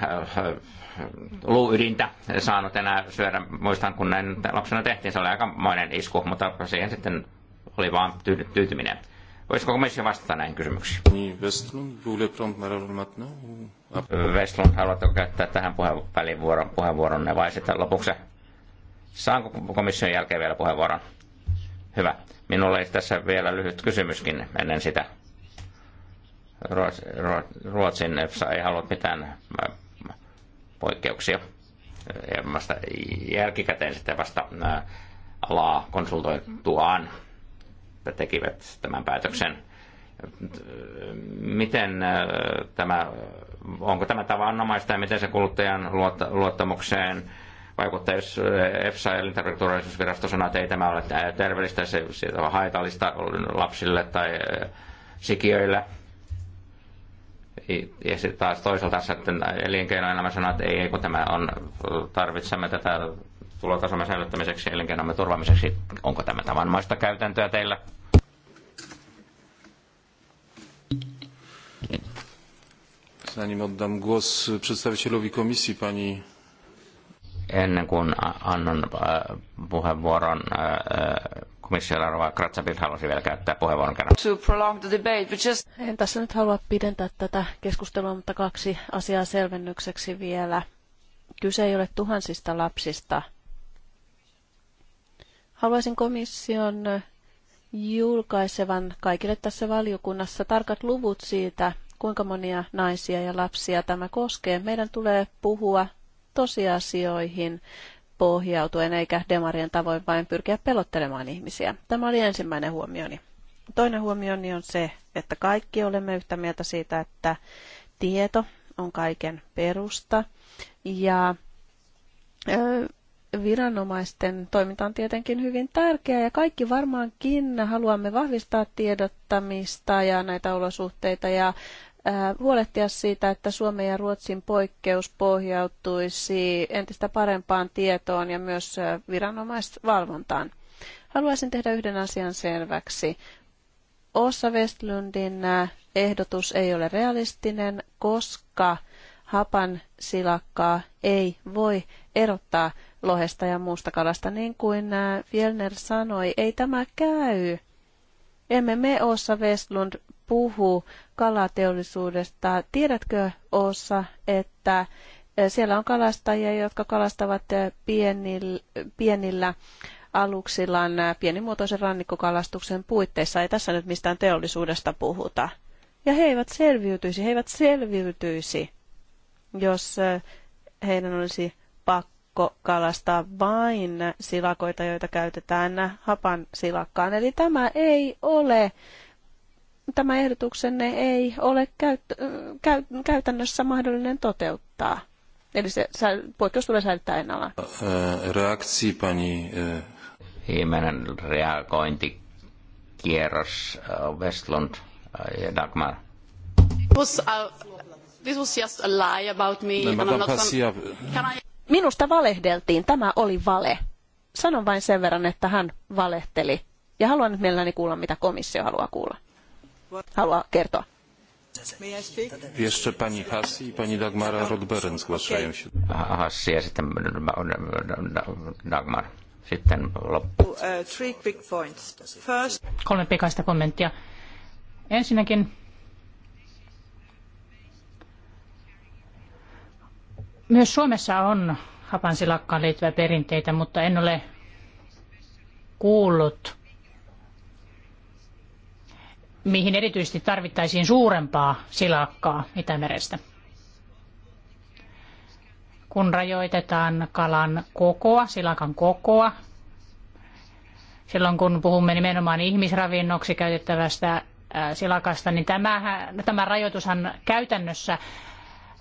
luuydintä saanut enää syödä. Muistan, kun näin lapsena tehtiin, se oli aikamoinen isku, mutta siihen sitten oli vaan tyy- tyytyminen. Voisiko komissio vastata näihin kysymyksiin? Niin, Westlund, Gulebrand, no, Westlund, haluatteko käyttää tähän puheenvuoron, puheenvuoronne vai sitten lopuksi? Saanko komission jälkeen vielä puheenvuoron? Hyvä. Minulla olisi tässä vielä lyhyt kysymyskin ennen sitä. Ruotsin EFSA ei halua mitään poikkeuksia. sitä jälkikäteen sitten vasta alaa konsultoituaan tekivät tämän päätöksen. Miten tämä, onko tämä tavanomaista ja miten se kuluttajan luottamukseen vaikuttaa, jos EFSA, elintarviketurvallisuusvirasto, sanoo, että ei tämä ole terveellistä, se, se on haitallista lapsille tai sikiöille – ja sitten taas toisaalta sitten elinkeinoelämä sanoo, että ei, kun tämä on, tarvitsemme tätä tulotasomme säilyttämiseksi ja elinkeinomme turvamiseksi? Onko tämä tavanmaista käytäntöä teillä? Zanim oddam głos przedstawicielowi komisji, pani... Ennen kuin annan puheenvuoron komissiolla Rova Kratsabil halusi vielä käyttää puheenvuoron En tässä nyt halua pidentää tätä keskustelua, mutta kaksi asiaa selvennykseksi vielä. Kyse ei ole tuhansista lapsista. Haluaisin komission julkaisevan kaikille tässä valiokunnassa tarkat luvut siitä, kuinka monia naisia ja lapsia tämä koskee. Meidän tulee puhua tosiasioihin pohjautuen eikä demarien tavoin vain pyrkiä pelottelemaan ihmisiä. Tämä oli ensimmäinen huomioni. Toinen huomioni on se, että kaikki olemme yhtä mieltä siitä, että tieto on kaiken perusta ja viranomaisten toiminta on tietenkin hyvin tärkeää ja kaikki varmaankin haluamme vahvistaa tiedottamista ja näitä olosuhteita ja Äh, huolehtia siitä, että Suomen ja Ruotsin poikkeus pohjautuisi entistä parempaan tietoon ja myös äh, viranomaisvalvontaan. Haluaisin tehdä yhden asian selväksi. Osa Westlundin äh, ehdotus ei ole realistinen, koska hapan silakkaa ei voi erottaa lohesta ja muusta kalasta. Niin kuin Fjellner sanoi, ei tämä käy. Emme me Ossa Westlund Puhuu kalateollisuudesta. Tiedätkö osa, että eh, siellä on kalastajia, jotka kalastavat eh, pienillä, pienillä aluksillaan eh, pienimuotoisen rannikkokalastuksen puitteissa. Ei tässä nyt mistään teollisuudesta puhuta. Ja he eivät selviytyisi, he eivät selviytyisi, jos heidän olisi pakko kalastaa vain silakoita, joita käytetään hapan silakkaan. Eli tämä ei ole tämä ehdotuksenne ei ole käytännössä mahdollinen toteuttaa. Eli se poikkeus tulee säilyttää ennallaan. Reaktsi pani... Viimeinen reagointikierros Westlund ja Dagmar. this was just a lie about me. Minusta valehdeltiin. Tämä oli vale. Sanon vain sen verran, että hän valehteli. Ja haluan nyt mielelläni kuulla, mitä komissio haluaa kuulla haluaa kertoa. Jeszcze pani Hassi i pani Dagmara Rodberen zgłaszają się. Hassi ja sitten Dagmar. Sitten loppu. Uh, Kolme pikaista kommenttia. Ensinnäkin myös Suomessa on hapansilakkaan liittyviä perinteitä, mutta en ole kuullut mihin erityisesti tarvittaisiin suurempaa silakkaa Itämerestä. Kun rajoitetaan kalan kokoa, silakan kokoa, silloin kun puhumme nimenomaan ihmisravinnoksi käytettävästä äh, silakasta, niin tämähän, tämä rajoitushan käytännössä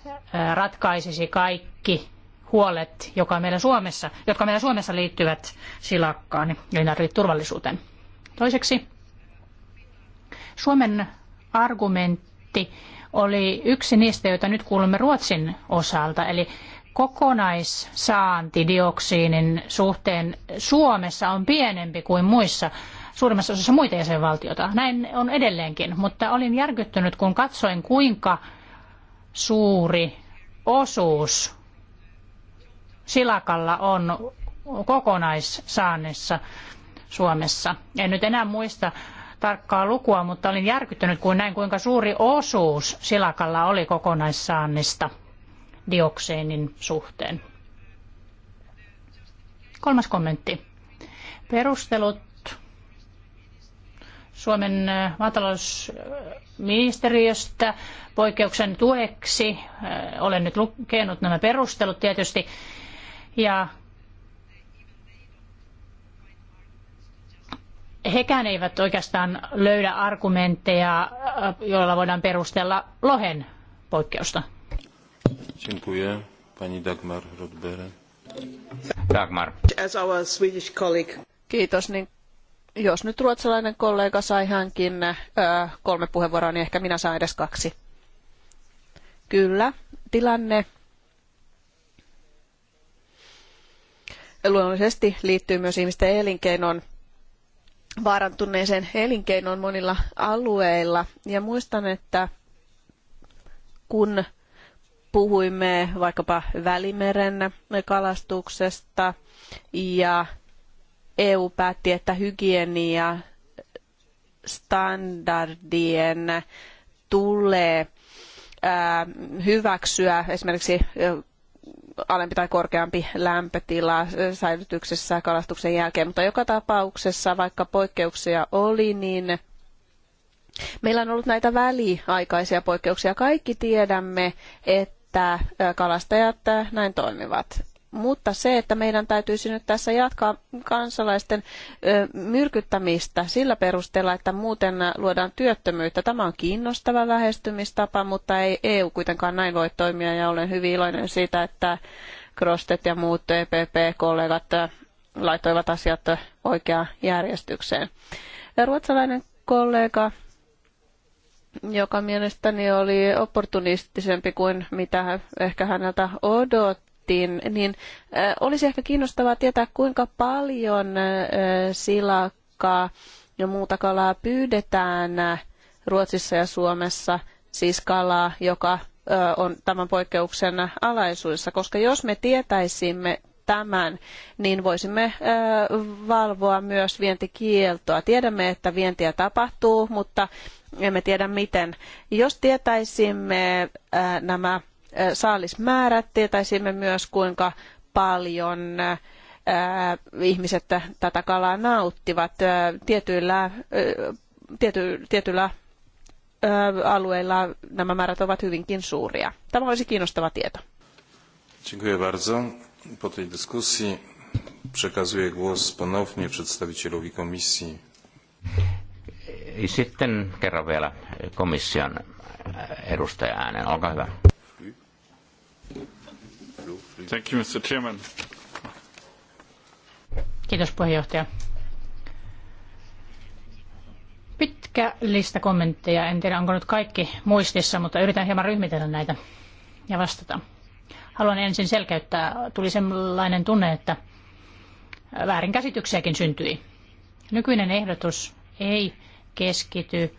äh, ratkaisisi kaikki huolet, joka meillä Suomessa, jotka meillä Suomessa liittyvät silakkaan, eli turvallisuuteen. Toiseksi Suomen argumentti oli yksi niistä, joita nyt kuulemme Ruotsin osalta, eli kokonaissaanti dioksiinin suhteen Suomessa on pienempi kuin muissa suurimmassa osassa muita jäsenvaltioita. Näin on edelleenkin, mutta olin järkyttynyt, kun katsoin kuinka suuri osuus silakalla on kokonaissaannissa Suomessa. En nyt enää muista tarkkaa lukua, mutta olin järkyttynyt, kun näin kuinka suuri osuus silakalla oli kokonaissaannista diokseenin suhteen. Kolmas kommentti. Perustelut Suomen äh, maatalousministeriöstä poikkeuksen tueksi. Äh, olen nyt lukenut nämä perustelut tietysti. Ja hekään eivät oikeastaan löydä argumentteja, äh, joilla voidaan perustella lohen poikkeusta. Dziękuję. Pani Dagmar Rodberen. Dagmar. As our Swedish colleague. Kiitos. Niin jos nyt ruotsalainen kollega sai hänkin äh, kolme puheenvuoroa, niin ehkä minä saan edes kaksi. Kyllä, tilanne luonnollisesti liittyy myös ihmisten elinkeinon vaarantuneeseen elinkeinoon monilla alueilla. Ja muistan, että kun puhuimme vaikkapa Välimeren kalastuksesta ja EU päätti, että hygienia standardien tulee hyväksyä esimerkiksi alempi tai korkeampi lämpötila säilytyksessä kalastuksen jälkeen, mutta joka tapauksessa, vaikka poikkeuksia oli, niin meillä on ollut näitä väliaikaisia poikkeuksia. Kaikki tiedämme, että kalastajat näin toimivat. Mutta se, että meidän täytyisi nyt tässä jatkaa kansalaisten myrkyttämistä sillä perusteella, että muuten luodaan työttömyyttä, tämä on kiinnostava lähestymistapa, mutta ei EU kuitenkaan näin voi toimia ja olen hyvin iloinen siitä, että Krostet ja muut EPP-kollegat laitoivat asiat oikeaan järjestykseen. Ja ruotsalainen kollega joka mielestäni oli opportunistisempi kuin mitä ehkä häneltä odotti mainittiin, niin olisi ehkä kiinnostavaa tietää, kuinka paljon silakkaa ja muuta kalaa pyydetään Ruotsissa ja Suomessa, siis kalaa, joka on tämän poikkeuksen alaisuudessa, koska jos me tietäisimme tämän, niin voisimme valvoa myös vientikieltoa. Tiedämme, että vientiä tapahtuu, mutta emme tiedä miten. Jos tietäisimme nämä saalismäärät, tietäisimme myös kuinka paljon ihmiset tätä kalaa nauttivat tietyillä, tiety, tietyillä alueilla nämä määrät ovat hyvinkin suuria. Tämä olisi kiinnostava tieto. Dziękuję bardzo. Po tej dyskusji przekazuję głos ponownie przedstawicielowi komisji. Sitten kerran vielä komission edustaja äänen. Olkaa hyvä. Thank you, Mr. Chairman. Kiitos puheenjohtaja. Pitkä lista kommentteja. En tiedä, onko nyt kaikki muistissa, mutta yritän hieman ryhmitellä näitä ja vastata. Haluan ensin selkeyttää. Tuli sellainen tunne, että väärinkäsityksiäkin syntyi. Nykyinen ehdotus ei keskity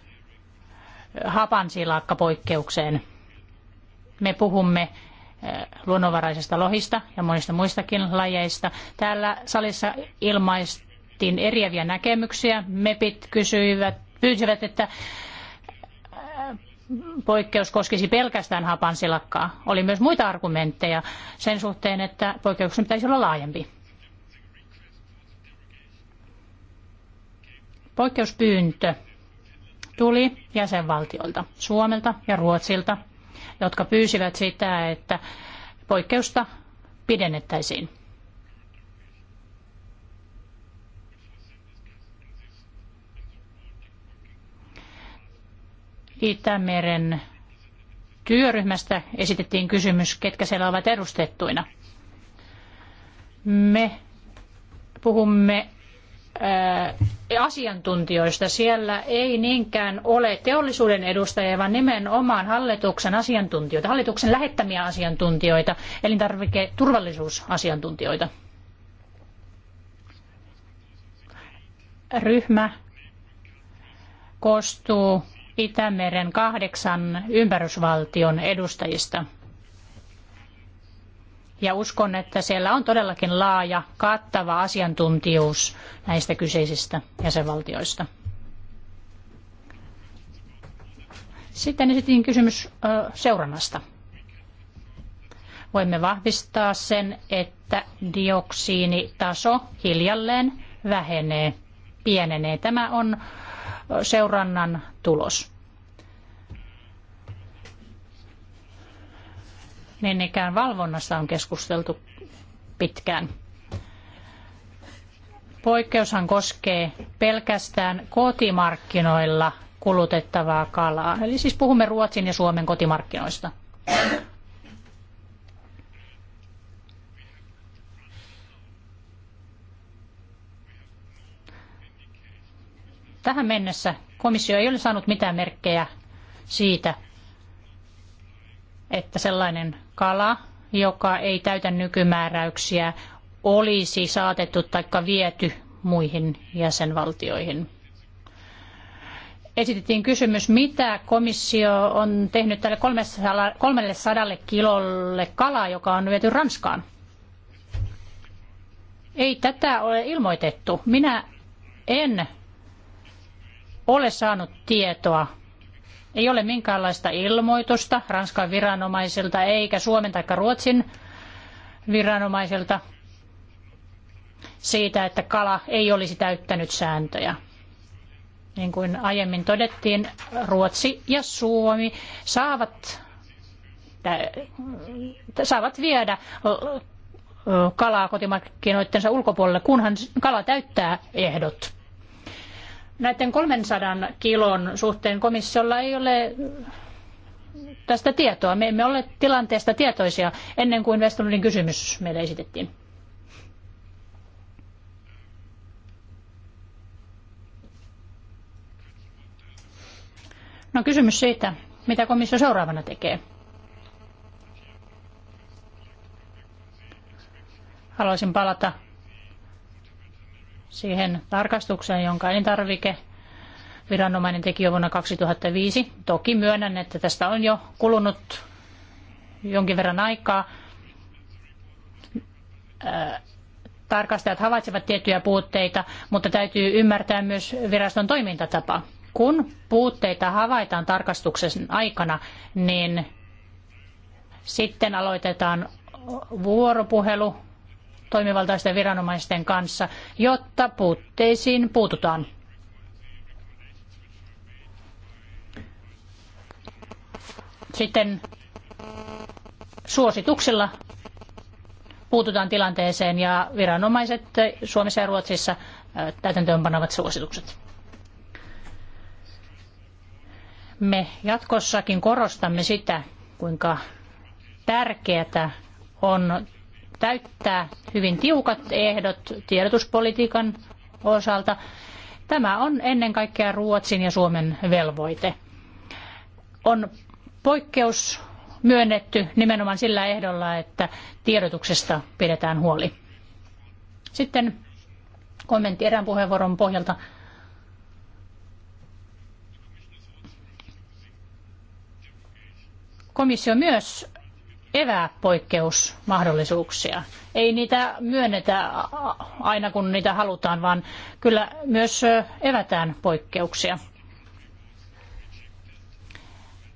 poikkeukseen. Me puhumme Eh, luonnonvaraisesta lohista ja monista muistakin lajeista. Täällä salissa ilmaistiin eriäviä näkemyksiä. MEPit kysyivät, pyysivät, että eh, poikkeus koskisi pelkästään hapansilakkaa. Oli myös muita argumentteja sen suhteen, että poikkeuksen pitäisi olla laajempi. Poikkeuspyyntö tuli jäsenvaltiolta, Suomelta ja Ruotsilta – jotka pyysivät sitä, että poikkeusta pidennettäisiin. Itämeren työryhmästä esitettiin kysymys, ketkä siellä ovat edustettuina. Me puhumme asiantuntijoista. Siellä ei niinkään ole teollisuuden edustajia, vaan nimenomaan hallituksen asiantuntijoita, hallituksen lähettämiä asiantuntijoita, elintarviketurvallisuusasiantuntijoita. Ryhmä koostuu Itämeren kahdeksan ympärysvaltion edustajista. Ja uskon, että siellä on todellakin laaja, kattava asiantuntijuus näistä kyseisistä jäsenvaltioista. Sitten esitin kysymys seurannasta. Voimme vahvistaa sen, että dioksiinitaso hiljalleen vähenee, pienenee. Tämä on seurannan tulos. niin ikään valvonnasta on keskusteltu pitkään. Poikkeushan koskee pelkästään kotimarkkinoilla kulutettavaa kalaa. Eli siis puhumme Ruotsin ja Suomen kotimarkkinoista. Tähän mennessä komissio ei ole saanut mitään merkkejä siitä, että sellainen kala, joka ei täytä nykymääräyksiä, olisi saatettu tai viety muihin jäsenvaltioihin. Esitettiin kysymys, mitä komissio on tehnyt tälle 300 kilolle kalaa, joka on viety Ranskaan. Ei tätä ole ilmoitettu. Minä en ole saanut tietoa ei ole minkäänlaista ilmoitusta Ranskan viranomaisilta eikä Suomen tai Ruotsin viranomaisilta siitä, että kala ei olisi täyttänyt sääntöjä. Niin kuin aiemmin todettiin, Ruotsi ja Suomi saavat, saavat viedä kalaa kotimarkkinoittensa ulkopuolelle, kunhan kala täyttää ehdot. Näiden 300 kilon suhteen komissiolla ei ole tästä tietoa. Me emme ole tilanteesta tietoisia ennen kuin Westlundin kysymys meille esitettiin. No kysymys siitä, mitä komissio seuraavana tekee. Haluaisin palata siihen tarkastukseen, jonka elintarvike viranomainen teki jo vuonna 2005. Toki myönnän, että tästä on jo kulunut jonkin verran aikaa. Tarkastajat havaitsevat tiettyjä puutteita, mutta täytyy ymmärtää myös viraston toimintatapa. Kun puutteita havaitaan tarkastuksen aikana, niin sitten aloitetaan vuoropuhelu toimivaltaisten viranomaisten kanssa, jotta puutteisiin puututaan. Sitten suosituksilla puututaan tilanteeseen ja viranomaiset Suomessa ja Ruotsissa täytäntöönpanovat suositukset. Me jatkossakin korostamme sitä, kuinka tärkeätä on täyttää hyvin tiukat ehdot tiedotuspolitiikan osalta. Tämä on ennen kaikkea Ruotsin ja Suomen velvoite. On poikkeus myönnetty nimenomaan sillä ehdolla, että tiedotuksesta pidetään huoli. Sitten kommentti erään puheenvuoron pohjalta. Komissio myös evää poikkeusmahdollisuuksia. Ei niitä myönnetä aina kun niitä halutaan, vaan kyllä myös evätään poikkeuksia.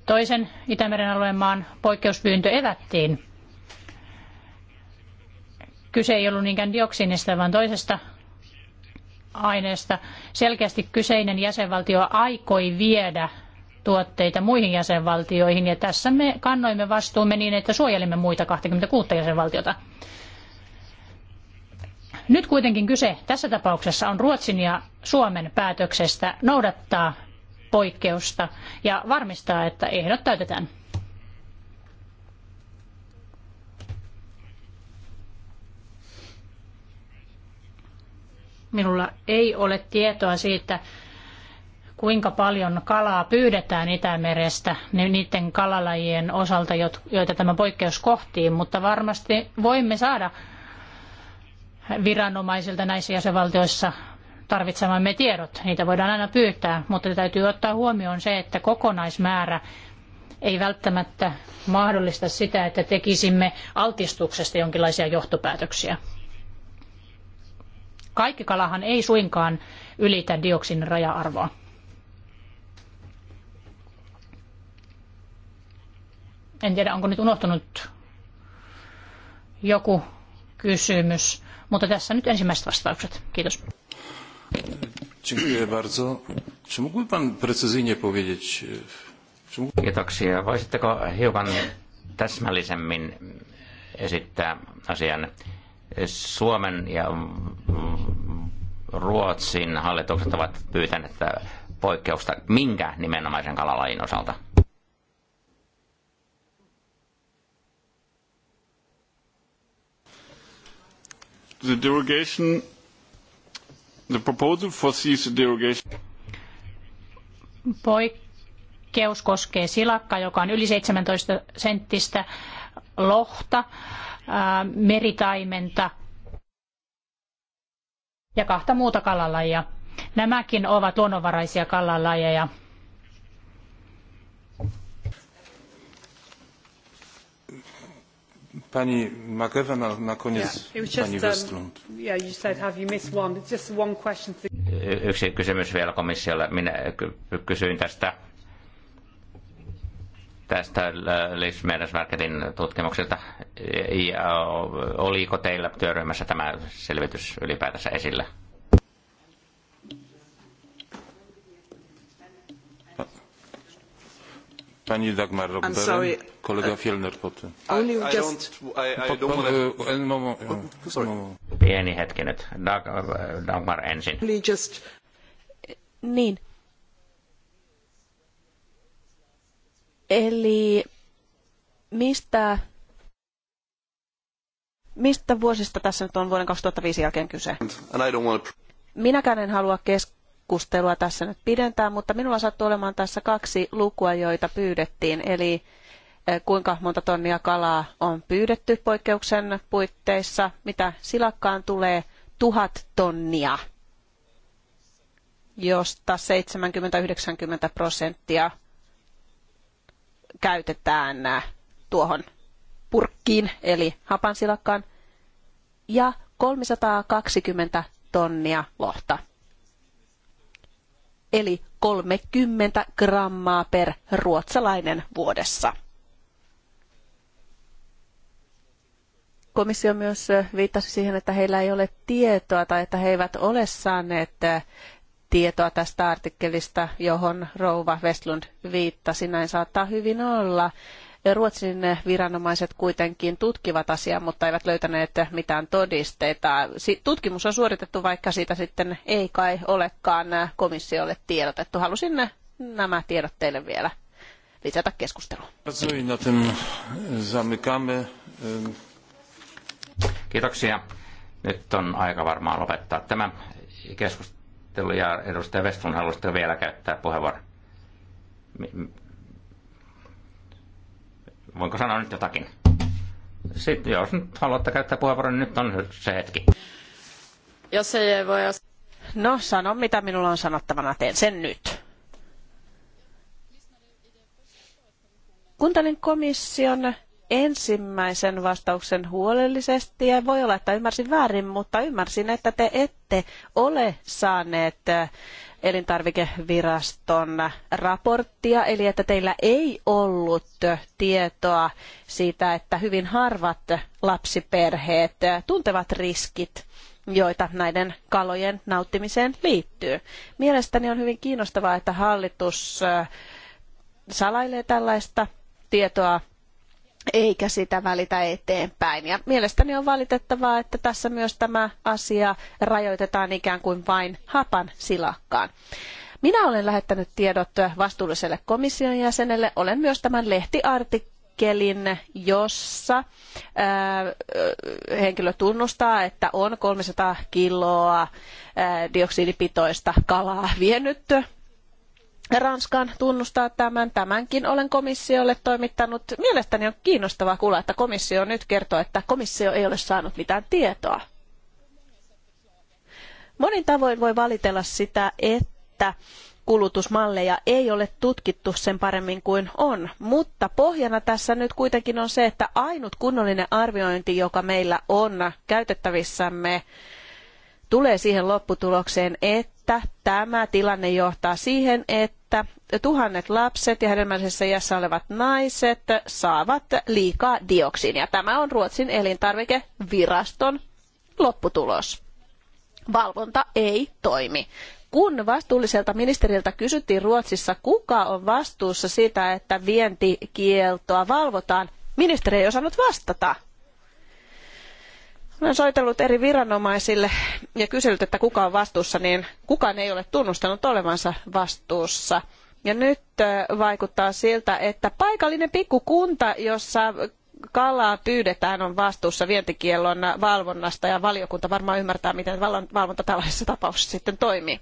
Toisen Itämeren alueen maan poikkeuspyyntö evättiin. Kyse ei ollut niinkään dioksiinista, vaan toisesta aineesta. Selkeästi kyseinen jäsenvaltio aikoi viedä tuotteita muihin jäsenvaltioihin ja tässä me kannoimme vastuumme niin, että suojelimme muita 26 jäsenvaltiota. Nyt kuitenkin kyse tässä tapauksessa on Ruotsin ja Suomen päätöksestä noudattaa poikkeusta ja varmistaa, että ehdot täytetään. Minulla ei ole tietoa siitä, kuinka paljon kalaa pyydetään Itämerestä niiden kalalajien osalta, joita tämä poikkeus kohtii, mutta varmasti voimme saada viranomaisilta näissä jäsenvaltioissa tarvitsemamme tiedot. Niitä voidaan aina pyytää, mutta täytyy ottaa huomioon se, että kokonaismäärä ei välttämättä mahdollista sitä, että tekisimme altistuksesta jonkinlaisia johtopäätöksiä. Kaikki kalahan ei suinkaan ylitä dioksin raja-arvoa. En tiedä, onko nyt unohtunut joku kysymys, mutta tässä nyt ensimmäiset vastaukset. Kiitos. Dziękuję bardzo. Czy mógłby pan precyzyjnie powiedzieć... E, Kiitoksia. Voisitteko hiukan täsmällisemmin esittää asian Suomen ja Ruotsin hallitukset ovat pyytäneet poikkeusta minkä nimenomaisen kalalajin osalta? The derogation, the proposal foresees a derogation. Poikkeus koskee silakkaa, joka on yli 17 senttistä lohta, meritaimenta ja kahta muuta kalalajia. Nämäkin ovat luonnonvaraisia kalalajeja Pani McEwen, na koniec yeah, Pani um, Westlund. Um, yeah, you said have you missed one. Just Yksi kysymys vielä komissiolle. Minä kysyin tästä tästä äh, Lismeresmarketin tutkimuksesta. oliko teillä työryhmässä tämä selvitys ylipäätänsä esillä? Pani Dagmar Robberen, kolega uh, potem. Only just... Pieni hetki nyt. Dag, äh, Dagmar ensin. Only just... Niin. Eli mistä, mistä vuosista tässä nyt on vuoden 2005 jälkeen kyse? Minäkään en halua kes- keskustelua tässä nyt pidentää, mutta minulla sattuu olemaan tässä kaksi lukua, joita pyydettiin, eli eh, kuinka monta tonnia kalaa on pyydetty poikkeuksen puitteissa, mitä silakkaan tulee tuhat tonnia, josta 70-90 prosenttia käytetään eh, tuohon purkkiin, eli hapansilakkaan, ja 320 tonnia lohta eli 30 grammaa per ruotsalainen vuodessa. Komissio myös viittasi siihen, että heillä ei ole tietoa tai että he eivät ole saaneet eh, tietoa tästä artikkelista, johon rouva Westlund viittasi. Näin saattaa hyvin olla. Ruotsin viranomaiset kuitenkin tutkivat asiaa, mutta eivät löytäneet mitään todisteita. Tutkimus on suoritettu, vaikka siitä sitten ei kai olekaan komissiolle tiedotettu. Halusin nämä tiedot teille vielä lisätä keskusteluun. Kiitoksia. Nyt on aika varmaan lopettaa tämä keskustelu ja edustaja Westlund haluaisitko vielä käyttää puheenvuoron? Voinko sanoa nyt jotakin? Sitten jos nyt haluatte käyttää puheenvuoron, niin nyt on se hetki. Jos ei voi... No, sano mitä minulla on sanottavana, teen sen nyt. Kuntalin komission ensimmäisen vastauksen huolellisesti ja voi olla, että ymmärsin väärin, mutta ymmärsin, että te ette ole saaneet äh, elintarvikeviraston raporttia, eli että teillä ei ollut äh, tietoa siitä, että hyvin harvat lapsiperheet äh, tuntevat riskit joita näiden kalojen nauttimiseen liittyy. Mielestäni on hyvin kiinnostavaa, että hallitus salailee tällaista tietoa eikä sitä välitä eteenpäin. Ja mielestäni on valitettavaa, että tässä myös tämä asia rajoitetaan ikään kuin vain hapan silakkaan. Minä olen lähettänyt tiedot vastuulliselle komission jäsenelle. Olen myös tämän lehtiartikkelin jossa äh, henkilö tunnustaa, että on 300 kiloa ää, äh, dioksidipitoista kalaa vienyt Ranskan tunnustaa tämän. Tämänkin olen komissiolle toimittanut. Mielestäni on kiinnostavaa kuulla, että komissio nyt kertoo, että komissio ei ole saanut mitään tietoa. Monin tavoin voi valitella sitä, että kulutusmalleja ei ole tutkittu sen paremmin kuin on, mutta pohjana tässä nyt kuitenkin on se, että ainut kunnollinen arviointi, joka meillä on käytettävissämme, tulee siihen lopputulokseen, että tämä tilanne johtaa siihen, että että tuhannet lapset ja hedelmällisessä iässä olevat naiset saavat liikaa dioksiinia. Tämä on Ruotsin elintarvikeviraston lopputulos. Valvonta ei toimi. Kun vastuulliselta ministeriltä kysyttiin Ruotsissa, kuka on vastuussa siitä, että vientikieltoa valvotaan, ministeri ei osannut vastata. Olen soitellut eri viranomaisille ja kysellyt, että kuka on vastuussa, niin kukaan ei ole tunnustanut olevansa vastuussa. Ja nyt vaikuttaa siltä, että paikallinen pikkukunta, jossa kalaa pyydetään, on vastuussa vientikiellon valvonnasta ja valiokunta varmaan ymmärtää, miten valvonta tällaisessa tapauksessa sitten toimii.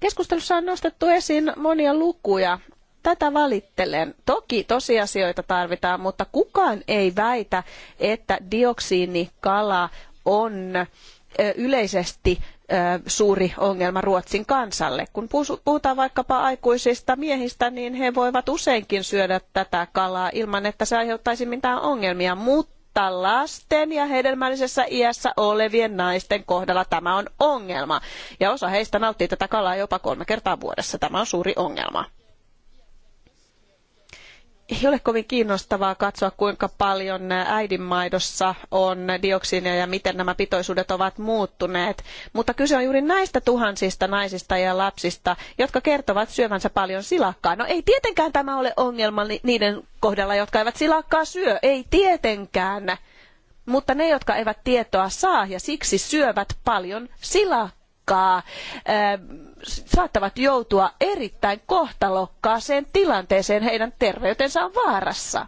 Keskustelussa on nostettu esiin monia lukuja. Tätä valittelen. Toki tosiasioita tarvitaan, mutta kukaan ei väitä, että dioksiinikala on yleisesti suuri ongelma Ruotsin kansalle. Kun puhutaan vaikkapa aikuisista miehistä, niin he voivat useinkin syödä tätä kalaa ilman, että se aiheuttaisi mitään ongelmia, mutta lasten ja hedelmällisessä iässä olevien naisten kohdalla tämä on ongelma. Ja osa heistä nauttii tätä kalaa jopa kolme kertaa vuodessa. Tämä on suuri ongelma ei ole kovin kiinnostavaa katsoa, kuinka paljon äidinmaidossa on dioksiinia ja miten nämä pitoisuudet ovat muuttuneet. Mutta kyse on juuri näistä tuhansista naisista ja lapsista, jotka kertovat syövänsä paljon silakkaa. No ei tietenkään tämä ole ongelma niiden kohdalla, jotka eivät silakkaa syö. Ei tietenkään. Mutta ne, jotka eivät tietoa saa ja siksi syövät paljon silakkaa uhkaa, saattavat joutua erittäin kohtalokkaaseen tilanteeseen. Heidän terveytensä on vaarassa.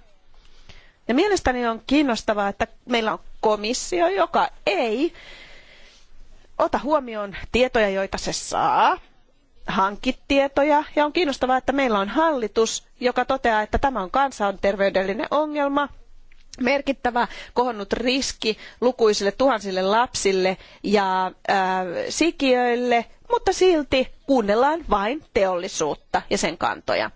Ja mielestäni on kiinnostavaa, että meillä on komissio, joka ei ota huomioon tietoja, joita se saa, hankitietoja. Ja on kiinnostavaa, että meillä on hallitus, joka toteaa, että tämä on kansanterveydellinen ongelma, merkittävä kohonnut riski lukuisille tuhansille lapsille ja ää, sikiöille, mutta silti kuunnellaan vain teollisuutta ja sen kantoja.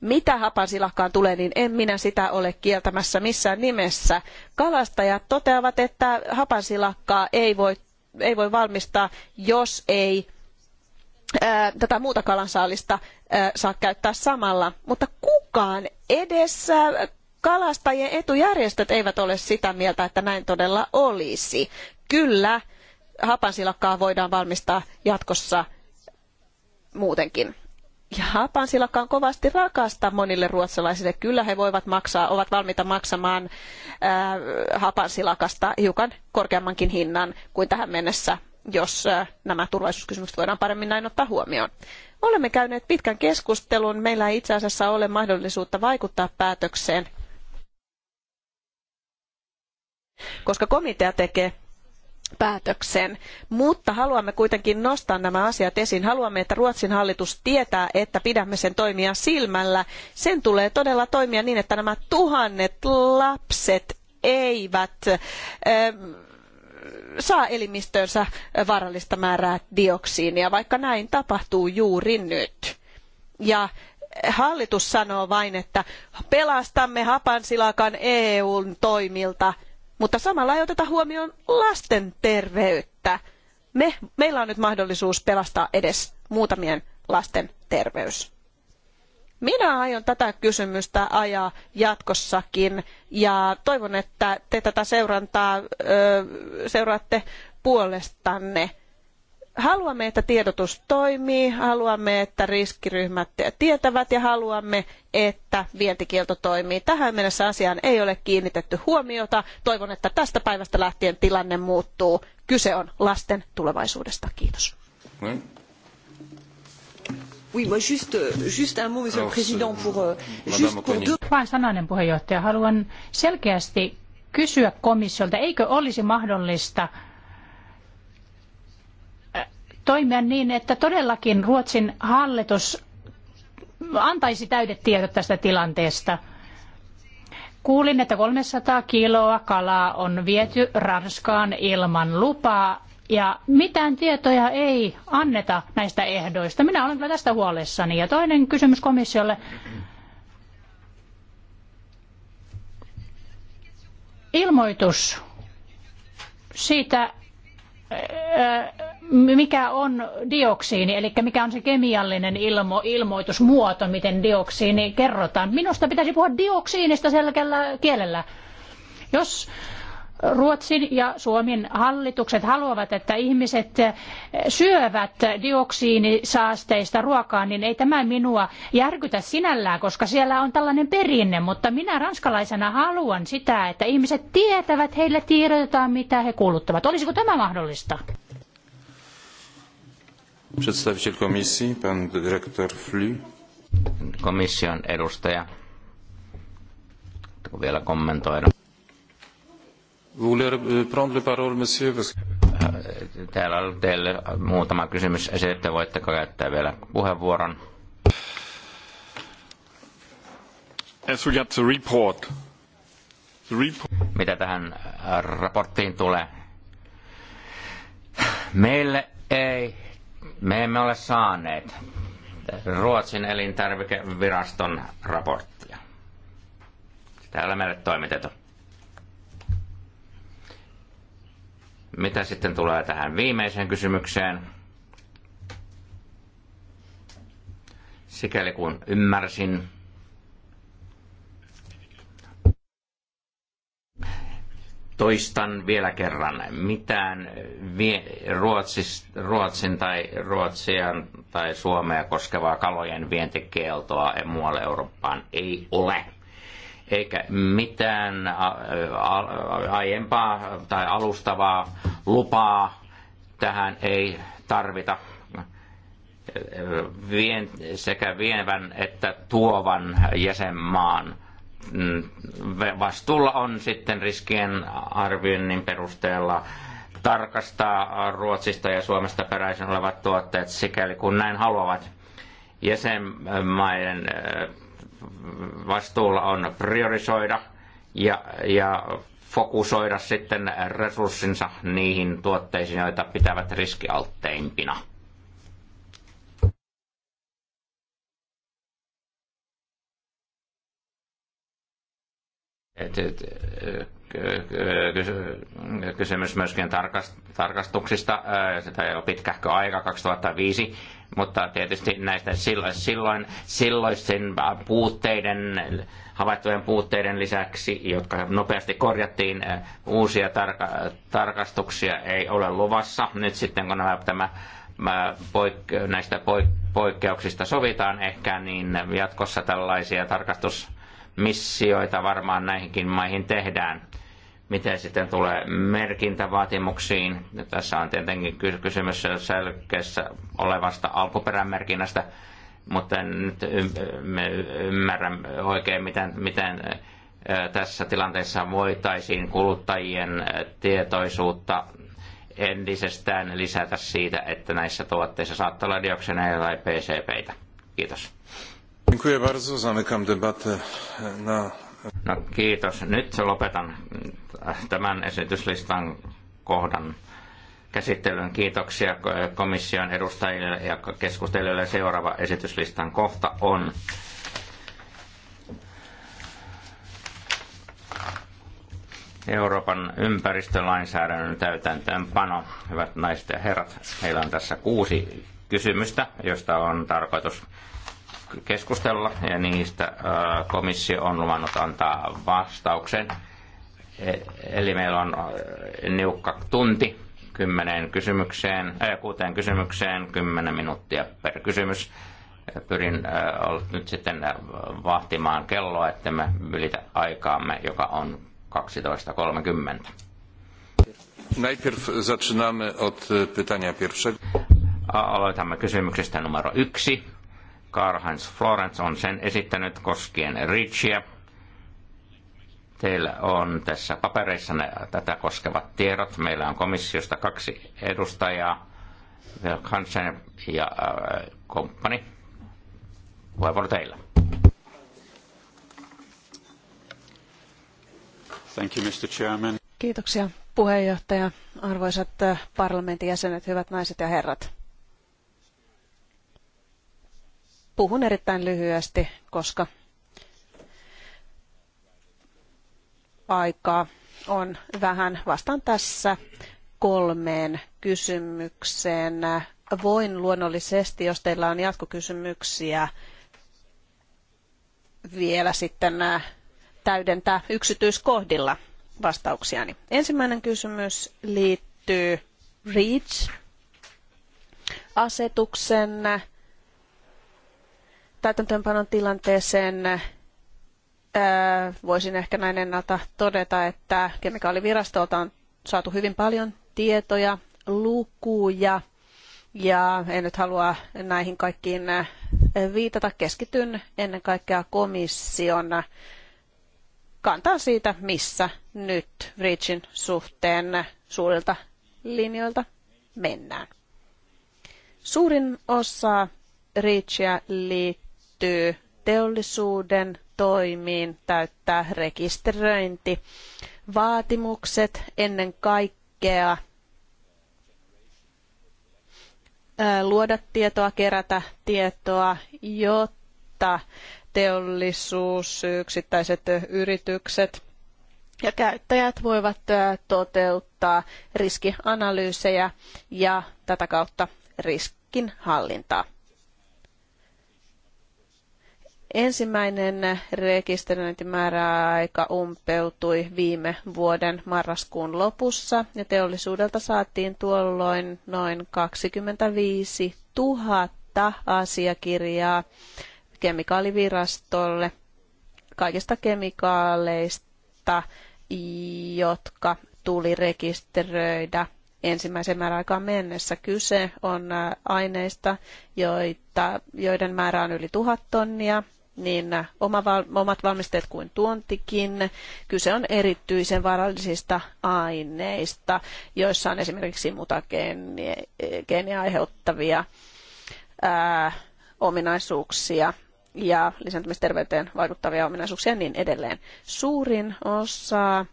Mitä hapansilakkaan tulee, niin en minä sitä ole kieltämässä missään nimessä. Kalastajat toteavat, että hapansilakkaa ei voi, ei voi valmistaa, jos ei ää, tätä muuta kalansaalista ää, saa käyttää samalla. Mutta kukaan edessä kalastajien etujärjestöt eivät ole sitä mieltä, että näin todella olisi. Kyllä, hapansilakkaa voidaan valmistaa jatkossa muutenkin. Ja hapansilakka on kovasti rakasta monille ruotsalaisille. Kyllä he voivat maksaa, ovat valmiita maksamaan ää, äh, hapansilakasta hiukan korkeammankin hinnan kuin tähän mennessä, jos ää, äh, nämä turvallisuuskysymykset voidaan paremmin näin ottaa huomioon. Olemme käyneet pitkän keskustelun. Meillä ei itse asiassa ole mahdollisuutta vaikuttaa päätökseen koska komitea tekee päätöksen. Mutta haluamme kuitenkin nostaa nämä asiat esiin. Haluamme, että Ruotsin hallitus tietää, että pidämme sen toimia silmällä. Sen tulee todella toimia niin, että nämä tuhannet lapset eivät ähm, saa elimistöönsä vaarallista määrää dioksiinia, vaikka näin tapahtuu juuri nyt. Ja hallitus sanoo vain, että pelastamme hapansilakan EUn toimilta mutta samalla ei oteta huomioon lasten terveyttä. Me, meillä on nyt mahdollisuus pelastaa edes muutamien lasten terveys. Minä aion tätä kysymystä ajaa jatkossakin ja toivon, että te tätä seurantaa ö, seuraatte puolestanne haluamme, että tiedotus toimii, haluamme, että riskiryhmät tietävät ja haluamme, että vientikielto toimii. Tähän mennessä asiaan ei ole kiinnitetty huomiota. Toivon, että tästä päivästä lähtien tilanne muuttuu. Kyse on lasten tulevaisuudesta. Kiitos. Vain sananen puheenjohtaja. Haluan selkeästi kysyä komissiolta, eikö olisi mahdollista toimia niin, että todellakin Ruotsin hallitus antaisi täydet tiedot tästä tilanteesta. Kuulin, että 300 kiloa kalaa on viety Ranskaan ilman lupaa ja mitään tietoja ei anneta näistä ehdoista. Minä olen kyllä tästä huolissani. Ja toinen kysymys komissiolle. Ilmoitus siitä, mikä on dioksiini, eli mikä on se kemiallinen ilmo, ilmoitusmuoto, miten dioksiini kerrotaan. Minusta pitäisi puhua dioksiinista selkeällä kielellä. Jos Ruotsin ja Suomen hallitukset haluavat, että ihmiset syövät dioksiinisaasteista ruokaa, niin ei tämä minua järkytä sinällään, koska siellä on tällainen perinne, mutta minä ranskalaisena haluan sitä, että ihmiset tietävät, heille tiedotetaan, mitä he kuluttavat. Olisiko tämä mahdollista? Komission edustaja. Vielä kommentoida voulez euh, prendre la parole, monsieur? Äh, täällä on teille muutama kysymys esitetty. Voitteko käyttää vielä puheenvuoron? As regards the report, the report. Mitä tähän äh, raporttiin tulee? Meille ei, me emme ole saaneet Ruotsin elintarvikeviraston raporttia. Täällä meille toimitettu Mitä sitten tulee tähän viimeiseen kysymykseen? Sikäli kun ymmärsin, toistan vielä kerran, mitään Ruotsis, Ruotsin tai Ruotsian tai Suomea koskevaa kalojen vientikieltoa ja muualle Eurooppaan ei ole eikä mitään aiempaa tai alustavaa lupaa tähän ei tarvita sekä vienvän että tuovan jäsenmaan mm, vastuulla on sitten riskien arvioinnin perusteella tarkastaa Ruotsista ja Suomesta peräisin olevat tuotteet sikäli kun näin haluavat. Jäsenmaiden vastuulla on priorisoida ja, ja fokusoida sitten resurssinsa niihin tuotteisiin, joita pitävät riskialtteimpina. Et, et, kysymys myöskin tarkastuksista, sitä jo pitkähkö aika 2005 mutta tietysti näistä silloin, silloin, silloisten äh, puutteiden, havaittujen puutteiden lisäksi, jotka nopeasti korjattiin, äh, uusia tarka- tarkastuksia ei ole luvassa. Nyt sitten kun nämä, tämä äh, poik- näistä poik- poikkeuksista sovitaan ehkä, niin jatkossa tällaisia tarkastusmissioita varmaan näihinkin maihin tehdään Miten sitten tulee merkintävaatimuksiin? Tässä on tietenkin kysymys selkeässä olevasta alkuperämerkinnästä, mutta en nyt ymmärrä oikein, miten, miten tässä tilanteessa voitaisiin kuluttajien tietoisuutta entisestään lisätä siitä, että näissä tuotteissa saattaa olla dioksineja tai PCPitä. Kiitos. Dziękuję bardzo. Zamykam debatę na No kiitos. Nyt lopetan tämän esityslistan kohdan käsittelyn. Kiitoksia komission edustajille ja keskustelijoille. Seuraava esityslistan kohta on Euroopan ympäristölainsäädännön täytäntöönpano. Hyvät naiset ja herrat, meillä on tässä kuusi kysymystä, josta on tarkoitus keskustella ja niistä komissio on luvannut antaa vastauksen. E, eli meillä on niukka tunti kymmeneen kysymykseen, äh, kuuteen kysymykseen, kymmenen minuuttia per kysymys. Pyrin äh, nyt sitten vahtimaan kelloa, että me ylitä aikaamme, joka on 12.30. Najpierw zaczynamy od pytania pierwszego. Aloitamme kysymyksestä numero yksi Karl-Heinz Florence on sen esittänyt koskien Richia. Teillä on tässä papereissa tätä koskevat tiedot. Meillä on komissiosta kaksi edustajaa, Hansen ja äh, Puheenvuoro teillä. Thank you, Mr. Chairman. Kiitoksia puheenjohtaja, arvoisat äh, parlamentin jäsenet, hyvät naiset ja herrat. Puhun erittäin lyhyesti, koska aikaa on vähän. Vastaan tässä kolmeen kysymykseen. Voin luonnollisesti, jos teillä on jatkokysymyksiä, vielä sitten äh, täydentää yksityiskohdilla vastauksiani. Ensimmäinen kysymys liittyy REACH-asetuksen täytäntöönpanon tilanteeseen äh, voisin ehkä näin ennalta todeta, että kemikaalivirastolta on saatu hyvin paljon tietoja, lukuja ja en nyt halua näihin kaikkiin äh, viitata. Keskityn ennen kaikkea komission kantaa siitä, missä nyt Reachin suhteen suurilta linjoilta mennään. Suurin osa Reachia liittyy liittyy teollisuuden toimiin täyttää rekisteröinti. Vaatimukset ennen kaikkea luoda tietoa, kerätä tietoa, jotta teollisuus, yksittäiset yritykset ja käyttäjät voivat toteuttaa riskianalyysejä ja tätä kautta riskinhallintaa. Ensimmäinen rekisteröintimääräaika umpeutui viime vuoden marraskuun lopussa ja teollisuudelta saatiin tuolloin noin 25 000 asiakirjaa kemikaalivirastolle kaikista kemikaaleista, jotka tuli rekisteröidä ensimmäisen määräaikaan mennessä. Kyse on aineista, joita, joiden määrä on yli tuhat tonnia niin äh, omat valmisteet kuin tuontikin. Kyse on erityisen vaarallisista aineista, joissa on esimerkiksi mutageenia aiheuttavia ää, ominaisuuksia ja lisääntymisterveyteen vaikuttavia ominaisuuksia ja niin edelleen. Suurin osa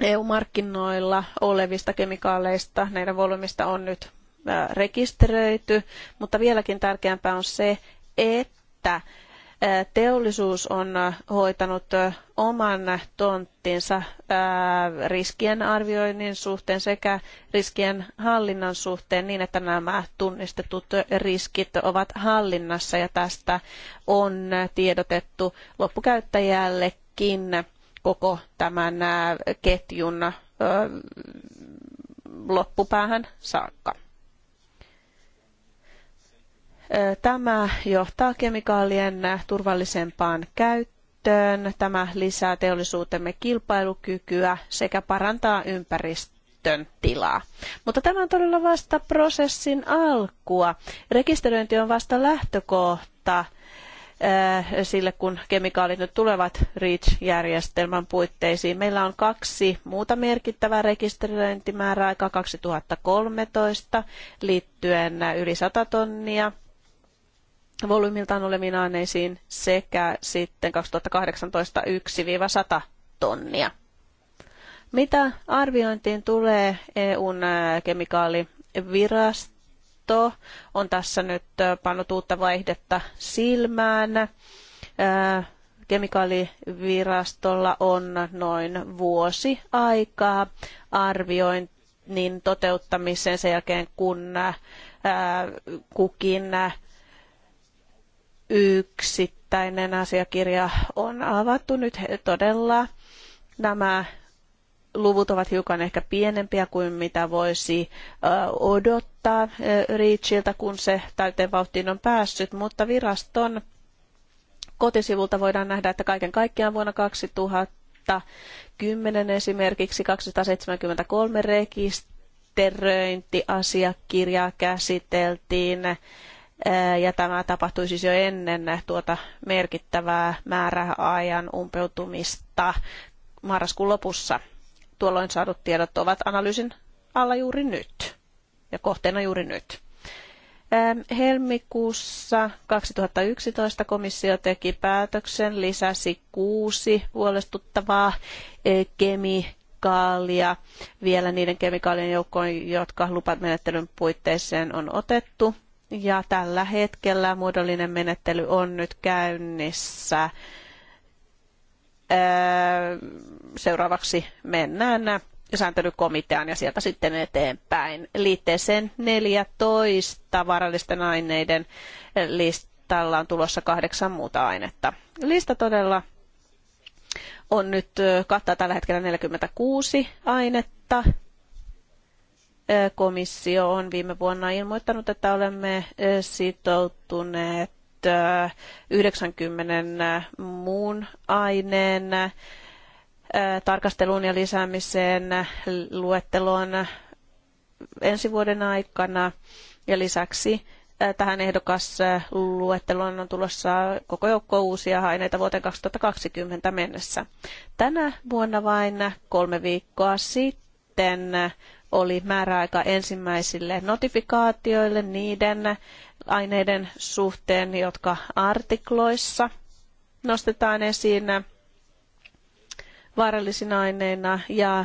EU-markkinoilla olevista kemikaaleista, näiden volyymista on nyt rekisteröity, mutta vieläkin tärkeämpää on se, että teollisuus on äh, hoitanut äh, oman tonttinsa äh, riskien arvioinnin suhteen sekä riskien hallinnan suhteen niin, että nämä tunnistetut riskit ovat hallinnassa ja tästä on tiedotettu loppukäyttäjällekin koko tämän ketjun loppupäähän saakka. Tämä johtaa kemikaalien turvallisempaan käyttöön. Tämä lisää teollisuutemme kilpailukykyä sekä parantaa ympäristön tilaa. Mutta tämä on todella vasta prosessin alkua. Rekisteröinti on vasta lähtökohta sille, kun kemikaalit nyt tulevat REACH-järjestelmän puitteisiin. Meillä on kaksi muuta merkittävää rekisteröintimääräaikaa 2013 liittyen yli 100 tonnia volyymiltaan oleviin aineisiin sekä sitten 2018 1-100 tonnia. Mitä arviointiin tulee EUn kemikaalivirasto? On tässä nyt pannut uutta vaihdetta silmään. Kemikaalivirastolla on noin vuosi aikaa arvioinnin toteuttamiseen sen jälkeen, kun kukin yksittäinen asiakirja on avattu nyt todella. Nämä luvut ovat hiukan ehkä pienempiä kuin mitä voisi odottaa Reachiltä, kun se täyteen vauhtiin on päässyt, mutta viraston kotisivulta voidaan nähdä, että kaiken kaikkiaan vuonna 2010 esimerkiksi 273 rekisteröintiasiakirjaa käsiteltiin ja tämä tapahtui siis jo ennen tuota merkittävää määräajan umpeutumista marraskuun lopussa. Tuolloin saadut tiedot ovat analyysin alla juuri nyt ja kohteena juuri nyt. Helmikuussa 2011 komissio teki päätöksen, lisäsi kuusi huolestuttavaa kemikaalia vielä niiden kemikaalien joukkoon, jotka lupamenettelyn puitteiseen on otettu. Ja tällä hetkellä muodollinen menettely on nyt käynnissä. Öö, seuraavaksi mennään sääntelykomitean ja sieltä sitten eteenpäin. Liitteeseen 14 vaarallisten aineiden listalla on tulossa kahdeksan muuta ainetta. Lista todella on nyt kattaa tällä hetkellä 46 ainetta komissio on viime vuonna ilmoittanut, että olemme sitoutuneet 90 muun aineen tarkasteluun ja lisäämiseen luetteloon ensi vuoden aikana. Ja lisäksi tähän ehdokasluetteloon on tulossa koko joukko uusia aineita vuoteen 2020 mennessä. Tänä vuonna vain kolme viikkoa sitten oli määräaika ensimmäisille notifikaatioille niiden aineiden suhteen, jotka artikloissa nostetaan esiin vaarallisina aineina ja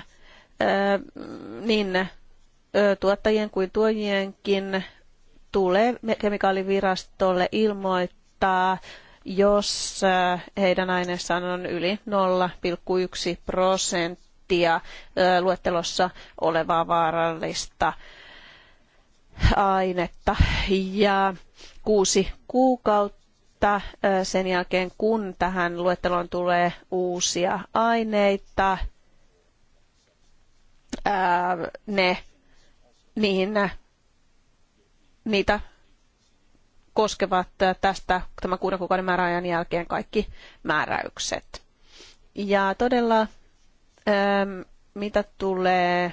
niin tuottajien kuin tuojienkin tulee kemikaalivirastolle ilmoittaa, jos heidän aineessaan on yli 0,1 prosenttia prosenttia luettelossa olevaa vaarallista ainetta ja kuusi kuukautta sen jälkeen, kun tähän luetteloon tulee uusia aineita, ne, niihin niitä koskevat tästä tämän kuuden kuukauden määräajan jälkeen kaikki määräykset. Ja todella Ähm, mitä tulee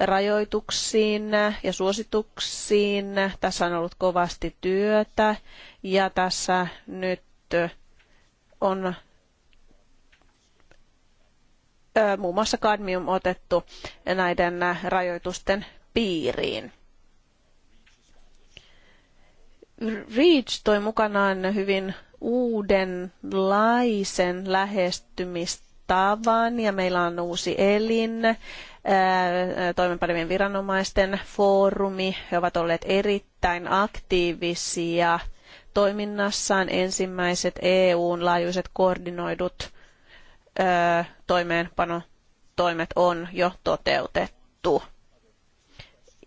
rajoituksiin ja suosituksiin. Tässä on ollut kovasti työtä ja tässä nyt äh, on äh, muun muassa kadmium otettu näiden äh, rajoitusten piiriin. REACH toi mukanaan hyvin uudenlaisen lähestymistä tavan ja meillä on uusi elin, toimenpäivien viranomaisten foorumi. He ovat olleet erittäin aktiivisia toiminnassaan ensimmäiset EUn laajuiset koordinoidut toimeenpanotoimet on jo toteutettu.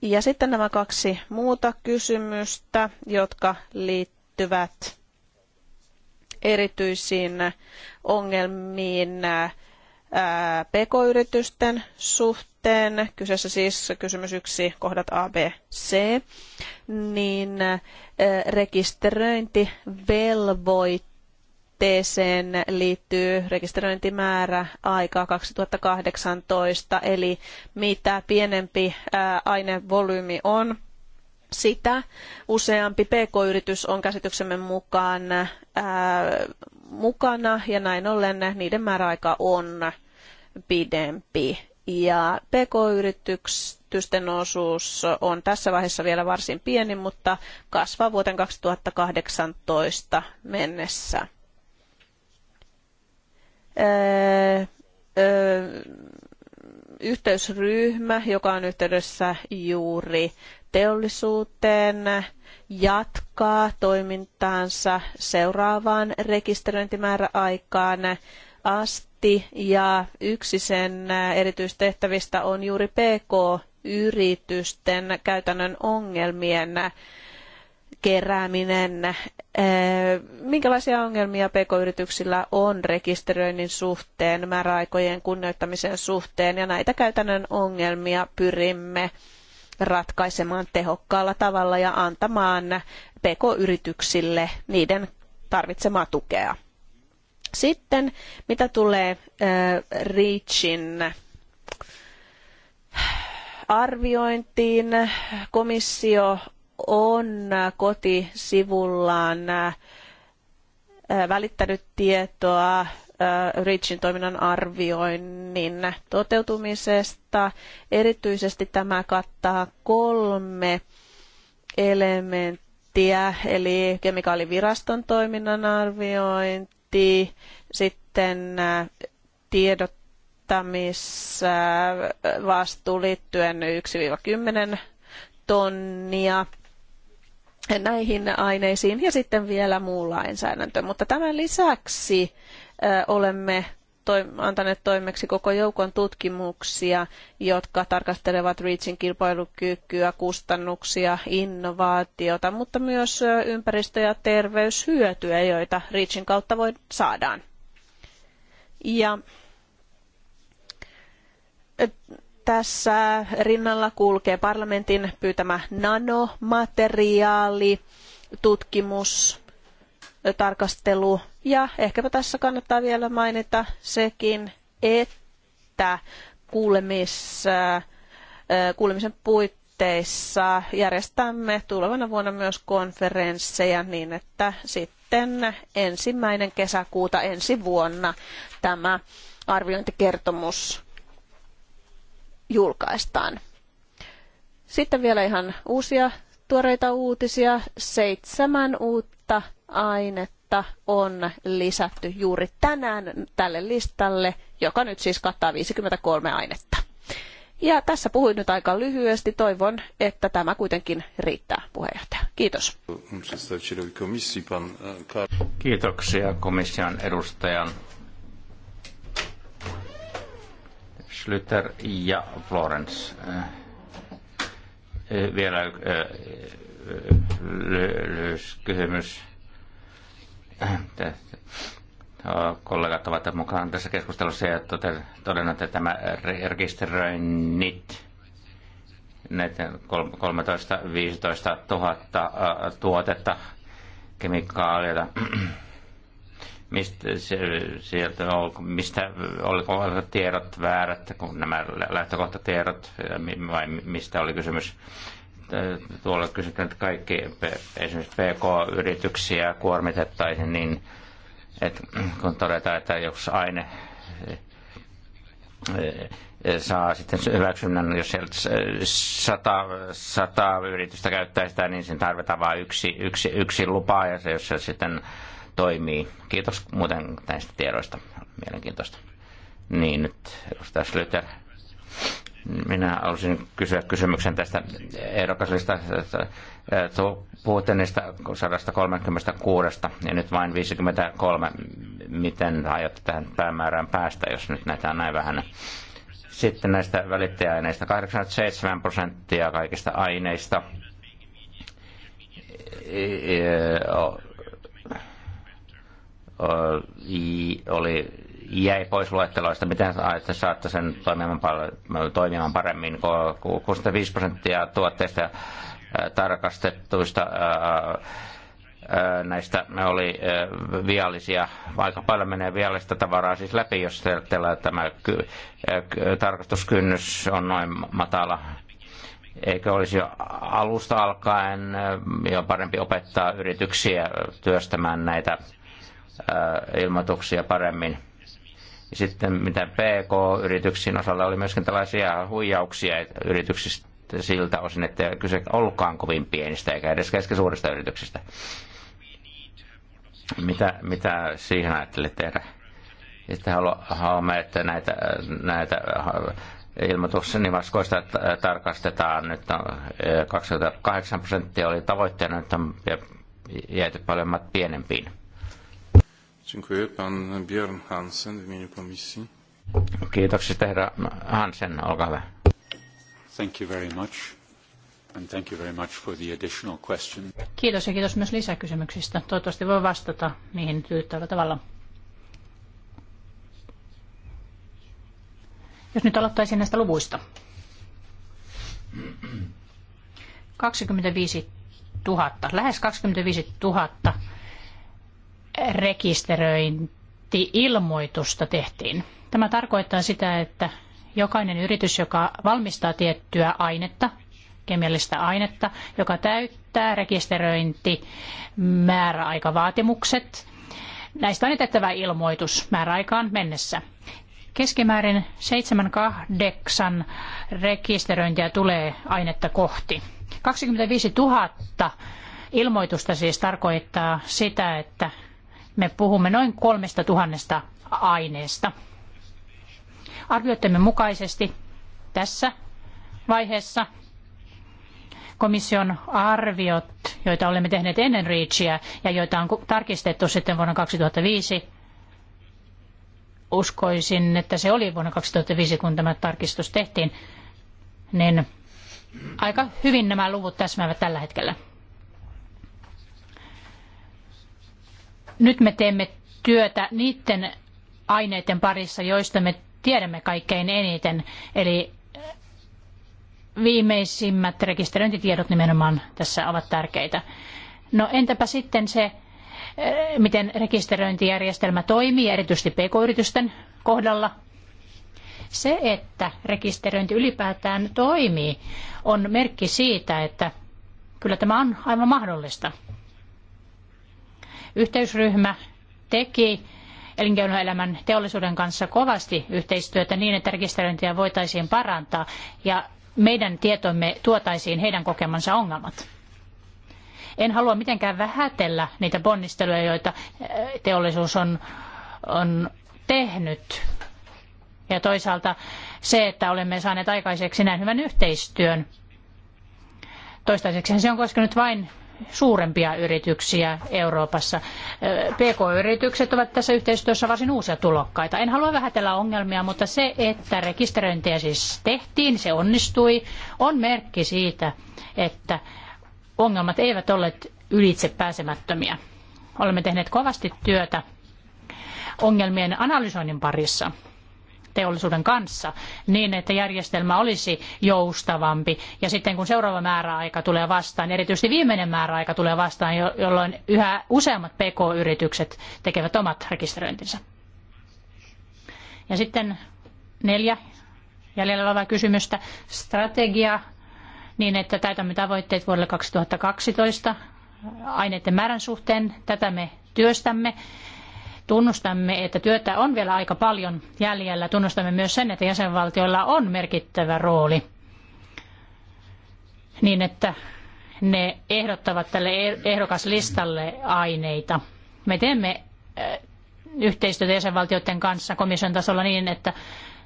Ja sitten nämä kaksi muuta kysymystä, jotka liittyvät erityisiin ongelmiin äh, pk-yritysten suhteen, kyseessä siis kysymys yksi kohdat A, B, C, niin äh, rekisteröintivelvoitteeseen liittyy rekisteröintimäärä aika 2018, eli mitä pienempi äh, ainevolyymi on, sitä useampi pk-yritys on käsityksemme mukaan ää, äh, mukana ja näin ollen niiden määräaika on pidempi. Ja pk-yritysten osuus on tässä vaiheessa vielä varsin pieni, mutta kasvaa vuoteen 2018 mennessä. Äh, äh, yhteysryhmä, joka on yhteydessä juuri teollisuuteen jatkaa toimintaansa seuraavaan rekisteröintimääräaikaan asti ja yksi sen erityistehtävistä on juuri PK-yritysten käytännön ongelmien kerääminen. Minkälaisia ongelmia PK-yrityksillä on rekisteröinnin suhteen, määräaikojen kunnioittamisen suhteen ja näitä käytännön ongelmia pyrimme ratkaisemaan tehokkaalla tavalla ja antamaan PK-yrityksille niiden tarvitsemaa tukea. Sitten mitä tulee äh, REACHin arviointiin, komissio on kotisivullaan välittänyt tietoa Äh, REACHin toiminnan arvioinnin toteutumisesta. Erityisesti tämä kattaa kolme elementtiä, eli kemikaaliviraston toiminnan arviointi, sitten äh, tiedottamisvastuu liittyen 1-10 tonnia näihin aineisiin ja sitten vielä muu lainsäädäntö. Mutta tämän lisäksi olemme antaneet toimeksi koko joukon tutkimuksia, jotka tarkastelevat REACHin kilpailukykyä, kustannuksia, innovaatiota, mutta myös ympäristö- ja terveyshyötyjä, joita REACHin kautta voi saadaan. Ja tässä rinnalla kulkee parlamentin pyytämä nanomateriaali, tutkimus, tarkastelu ja ehkäpä tässä kannattaa vielä mainita sekin, että kuulemis, äh, äh, kuulemisen puitteissa järjestämme tulevana vuonna myös konferensseja niin, että sitten ensimmäinen kesäkuuta ensi vuonna tämä arviointikertomus julkaistaan. Sitten vielä ihan uusia tuoreita uutisia. Seitsemän uutta ainetta aihetta on lisätty juuri tänään tälle listalle, joka nyt siis kattaa 53 ainetta. Ja tässä puhuin nyt aika lyhyesti. Toivon, että tämä kuitenkin riittää puheenjohtaja. Kiitos. Kiitoksia komission edustajan Schlüter ja Florence. Äh, äh, vielä äh, lyhyt kysymys kollegat ovat mukaan tässä keskustelussa ja todennut, että tämä rekisteröinnit näiden 13 15 000 tuotetta kemikaaleja mistä, se, sieltä, mistä oliko tiedot väärät, kun nämä lähtökohtatiedot, vai mistä oli kysymys tuolla kysytään, että kaikki esimerkiksi PK-yrityksiä kuormitettaisiin niin, että kun todetaan, että jos aine eh, saa sitten hyväksynnän, jos sieltä sata, sata yritystä käyttää sitä, niin sen tarvitaan vain yksi, yksi, yksi lupa ja se, jos se sitten toimii. Kiitos muuten näistä tiedoista. Mielenkiintoista. Niin nyt edustaja Slyter. Minä olisin kysyä kysymyksen tästä ehdokaslista. Puhutte niistä 136 ja nyt vain 53. Miten aiotte tähän päämäärään päästä, jos nyt näitä on näin vähän? Sitten näistä välittäjäaineista 87 prosenttia kaikista aineista oli jäi pois luetteloista, miten saatte sen toimimaan, toimimaan paremmin, kun 65 prosenttia tuotteista äh, tarkastettuista äh, äh, näistä oli viallisia, aika paljon menee viallista tavaraa siis läpi, jos teillä tämä tarkastuskynnys on noin matala. Eikö olisi jo alusta alkaen jo parempi opettaa yrityksiä työstämään näitä ilmoituksia paremmin? Sitten mitä PK-yrityksiin osalla oli myöskin tällaisia huijauksia yrityksistä siltä osin, että kyse olkaan kovin pienistä eikä edes keskisuurista yrityksistä. Mitä, mitä siihen ajattelit tehdä? Sitten haluamme, että näitä, näitä äh, ilmoitukseni vaskoista tarkastetaan nyt 28 äh, prosenttia oli tavoitteena, nyt on jäyty paljon pienempiin. Dziękuję. Pan Björn Hansen w imieniu komisji. Kiitoksista herra Hansen, olkaa Thank you very much. And thank you very much for the additional question. Kiitos ja kiitos myös lisäkysymyksistä. Toivottavasti voi vastata niihin tyydyttävällä tavalla. Jos nyt aloittaisin näistä luvuista. 25 000, lähes 25 000 rekisteröinti-ilmoitusta tehtiin. Tämä tarkoittaa sitä, että jokainen yritys, joka valmistaa tiettyä ainetta, kemiallista ainetta, joka täyttää rekisteröinti määräaikavaatimukset. Näistä on jätettävä ilmoitus määräaikaan mennessä. Keskimäärin 7-8 rekisteröintiä tulee ainetta kohti. 25 000 ilmoitusta siis tarkoittaa sitä, että me puhumme noin kolmesta tuhannesta aineesta. Arvioittemme mukaisesti tässä vaiheessa komission arviot, joita olemme tehneet ennen REACHia ja joita on tarkistettu sitten vuonna 2005, uskoisin, että se oli vuonna 2005, kun tämä tarkistus tehtiin, niin aika hyvin nämä luvut täsmäävät tällä hetkellä. Nyt me teemme työtä niiden aineiden parissa, joista me tiedämme kaikkein eniten, eli eh, viimeisimmät rekisteröintitiedot nimenomaan tässä ovat tärkeitä. No entäpä sitten se, eh, miten rekisteröintijärjestelmä toimii, erityisesti pk-yritysten kohdalla? Se, että rekisteröinti ylipäätään toimii, on merkki siitä, että kyllä tämä on aivan mahdollista. Yhteysryhmä teki elinkeinoelämän teollisuuden kanssa kovasti yhteistyötä niin, että rekisteröintiä voitaisiin parantaa ja meidän tietomme tuotaisiin heidän kokemansa ongelmat. En halua mitenkään vähätellä niitä ponnisteluja, joita eh, teollisuus on, on tehnyt. Ja toisaalta se, että olemme saaneet aikaiseksi näin hyvän yhteistyön. Toistaiseksi se on koskenut vain suurempia yrityksiä Euroopassa. PK-yritykset ovat tässä yhteistyössä varsin uusia tulokkaita. En halua vähätellä ongelmia, mutta se, että rekisteröintiä siis tehtiin, se onnistui, on merkki siitä, että ongelmat eivät olleet ylitse pääsemättömiä. Olemme tehneet kovasti työtä ongelmien analysoinnin parissa teollisuuden kanssa niin, että järjestelmä olisi joustavampi. Ja sitten kun seuraava määräaika tulee vastaan, niin erityisesti viimeinen määräaika tulee vastaan, jolloin yhä useammat PK-yritykset tekevät omat rekisteröintinsä. Ja sitten neljä jäljellä olevaa kysymystä. Strategia niin, että täytämme tavoitteet vuodelle 2012 aineiden määrän suhteen. Tätä me työstämme Tunnustamme, että työtä on vielä aika paljon jäljellä. Tunnustamme myös sen, että jäsenvaltioilla on merkittävä rooli niin, että ne ehdottavat tälle ehdokaslistalle aineita. Me teemme eh, yhteistyötä jäsenvaltioiden kanssa komission tasolla niin, että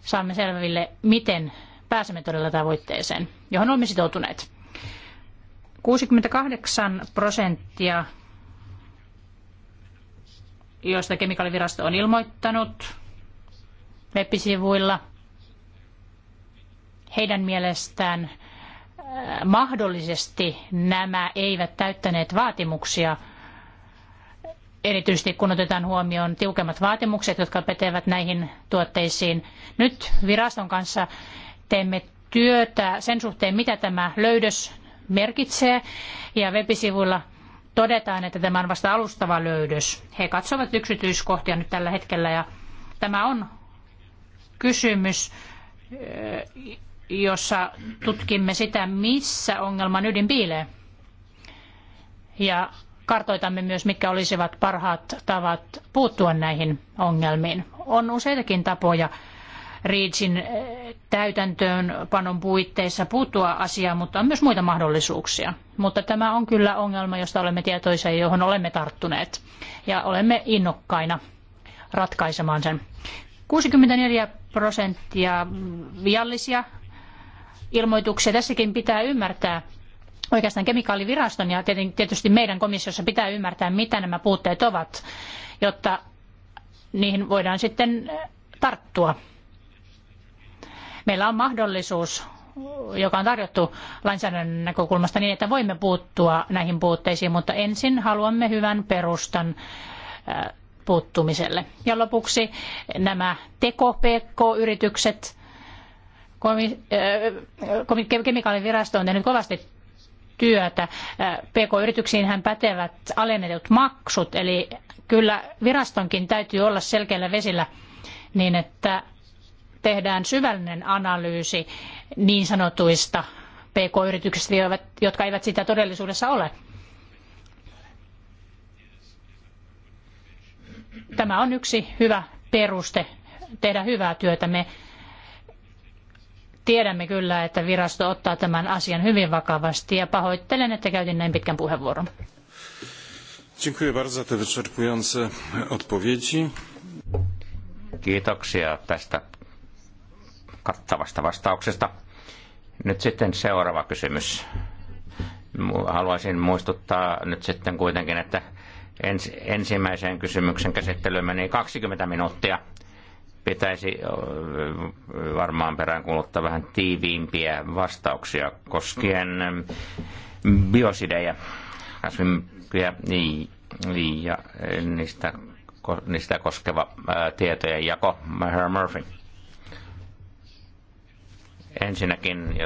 saamme selville, miten pääsemme todella tavoitteeseen, johon olemme sitoutuneet. 68 prosenttia joista kemikaalivirasto on ilmoittanut web-sivuilla. Heidän mielestään äh, mahdollisesti nämä eivät täyttäneet vaatimuksia, erityisesti kun otetaan huomioon tiukemmat vaatimukset, jotka pätevät näihin tuotteisiin. Nyt viraston kanssa teemme työtä sen suhteen, mitä tämä löydös merkitsee, ja webisivuilla todetaan, että tämä on vasta alustava löydös. He katsovat yksityiskohtia nyt tällä hetkellä ja tämä on kysymys, eh, jossa tutkimme sitä, missä ongelman ydin piilee. Ja kartoitamme myös, mitkä olisivat parhaat tavat puuttua näihin ongelmiin. On useitakin tapoja Reachin eh, täytäntöönpanon puitteissa puuttua asiaan, mutta on myös muita mahdollisuuksia. Mutta tämä on kyllä ongelma, josta olemme tietoisia ja johon olemme tarttuneet. Ja olemme innokkaina ratkaisemaan sen. 64 prosenttia viallisia ilmoituksia. Tässäkin pitää ymmärtää, oikeastaan kemikaaliviraston ja tietysti meidän komissiossa pitää ymmärtää, mitä nämä puutteet ovat, jotta niihin voidaan sitten tarttua. Meillä on mahdollisuus joka on tarjottu lainsäädännön näkökulmasta niin, että voimme puuttua näihin puutteisiin, mutta ensin haluamme hyvän perustan äh, puuttumiselle. Ja lopuksi nämä teko-PK-yritykset. Äh, Kemikaalivirasto on tehnyt kovasti työtä. Äh, PK-yrityksiin hän pätevät alennetut maksut, eli kyllä virastonkin täytyy olla selkeillä vesillä niin, että tehdään syvällinen analyysi niin sanotuista pk-yrityksistä, jotka eivät sitä todellisuudessa ole. Tämä on yksi hyvä peruste tehdä hyvää työtä. Me tiedämme kyllä, että virasto ottaa tämän asian hyvin vakavasti ja pahoittelen, että käytin näin pitkän puheenvuoron. Dziękuję bardzo za te wyczerpujące odpowiedzi. Kiitoksia tästä kattavasta vastauksesta. Nyt sitten seuraava kysymys. Haluaisin muistuttaa nyt sitten kuitenkin, että ens, ensimmäiseen kysymyksen käsittelyyn meni 20 minuuttia. Pitäisi varmaan peräänkuuluttaa vähän tiiviimpiä vastauksia koskien mm, biosidejä, kasvimpiä ja niistä, niistä koskeva tietojen jako. Herra Murphy. Ensinnäkin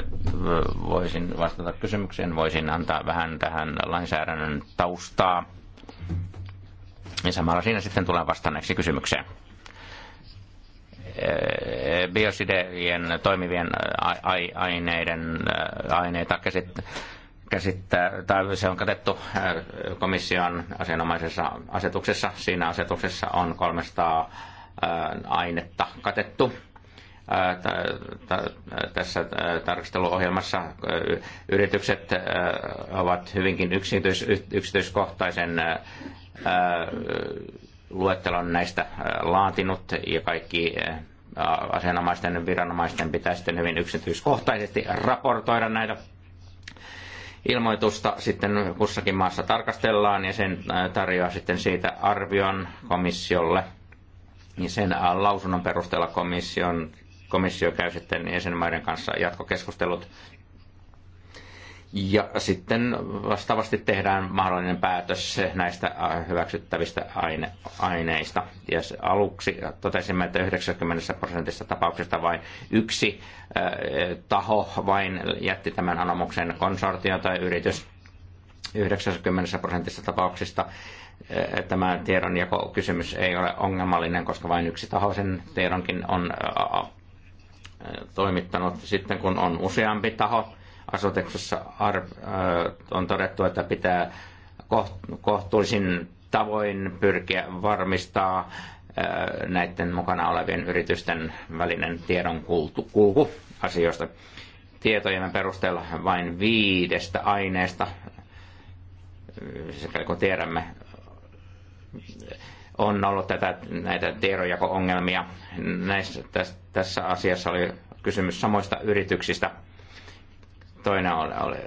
voisin vastata kysymykseen, voisin antaa vähän tähän lainsäädännön taustaa. Ja samalla siinä sitten tulee vastanneeksi kysymykseen. Biosidejen toimivien aineiden, aineita käsittää, tai se on katettu komission asianomaisessa asetuksessa. Siinä asetuksessa on 300 ainetta katettu tässä tarkasteluohjelmassa yritykset ovat hyvinkin yksityis- yksityiskohtaisen luettelon näistä laatinut ja kaikki asianomaisten viranomaisten pitää sitten hyvin yksityiskohtaisesti raportoida näitä ilmoitusta sitten kussakin maassa tarkastellaan ja sen tarjoaa sitten siitä arvion komissiolle. Ja sen lausunnon perusteella komission komissio käy sitten jäsenmaiden kanssa jatkokeskustelut. Ja sitten vastaavasti tehdään mahdollinen päätös näistä hyväksyttävistä aine- aineista. Ja aluksi totesimme, että 90 prosentissa tapauksista vain yksi taho vain jätti tämän anomuksen konsortio tai yritys. 90 prosentissa tapauksista tämä tiedonjakokysymys ei ole ongelmallinen, koska vain yksi taho sen tiedonkin on Eh, toimittanut. Sitten kun on useampi taho, asetuksessa eh, on todettu, että pitää kohtuullisin tavoin pyrkiä varmistaa eh, näiden mukana olevien yritysten välinen tiedon kulku asioista. Tietojemme perusteella vain viidestä aineesta, siis sekä kun tiedämme, on ollut tätä, näitä tiedonjako-ongelmia. Näissä, tässä, tässä asiassa oli kysymys samoista yrityksistä. Toinen oli, oli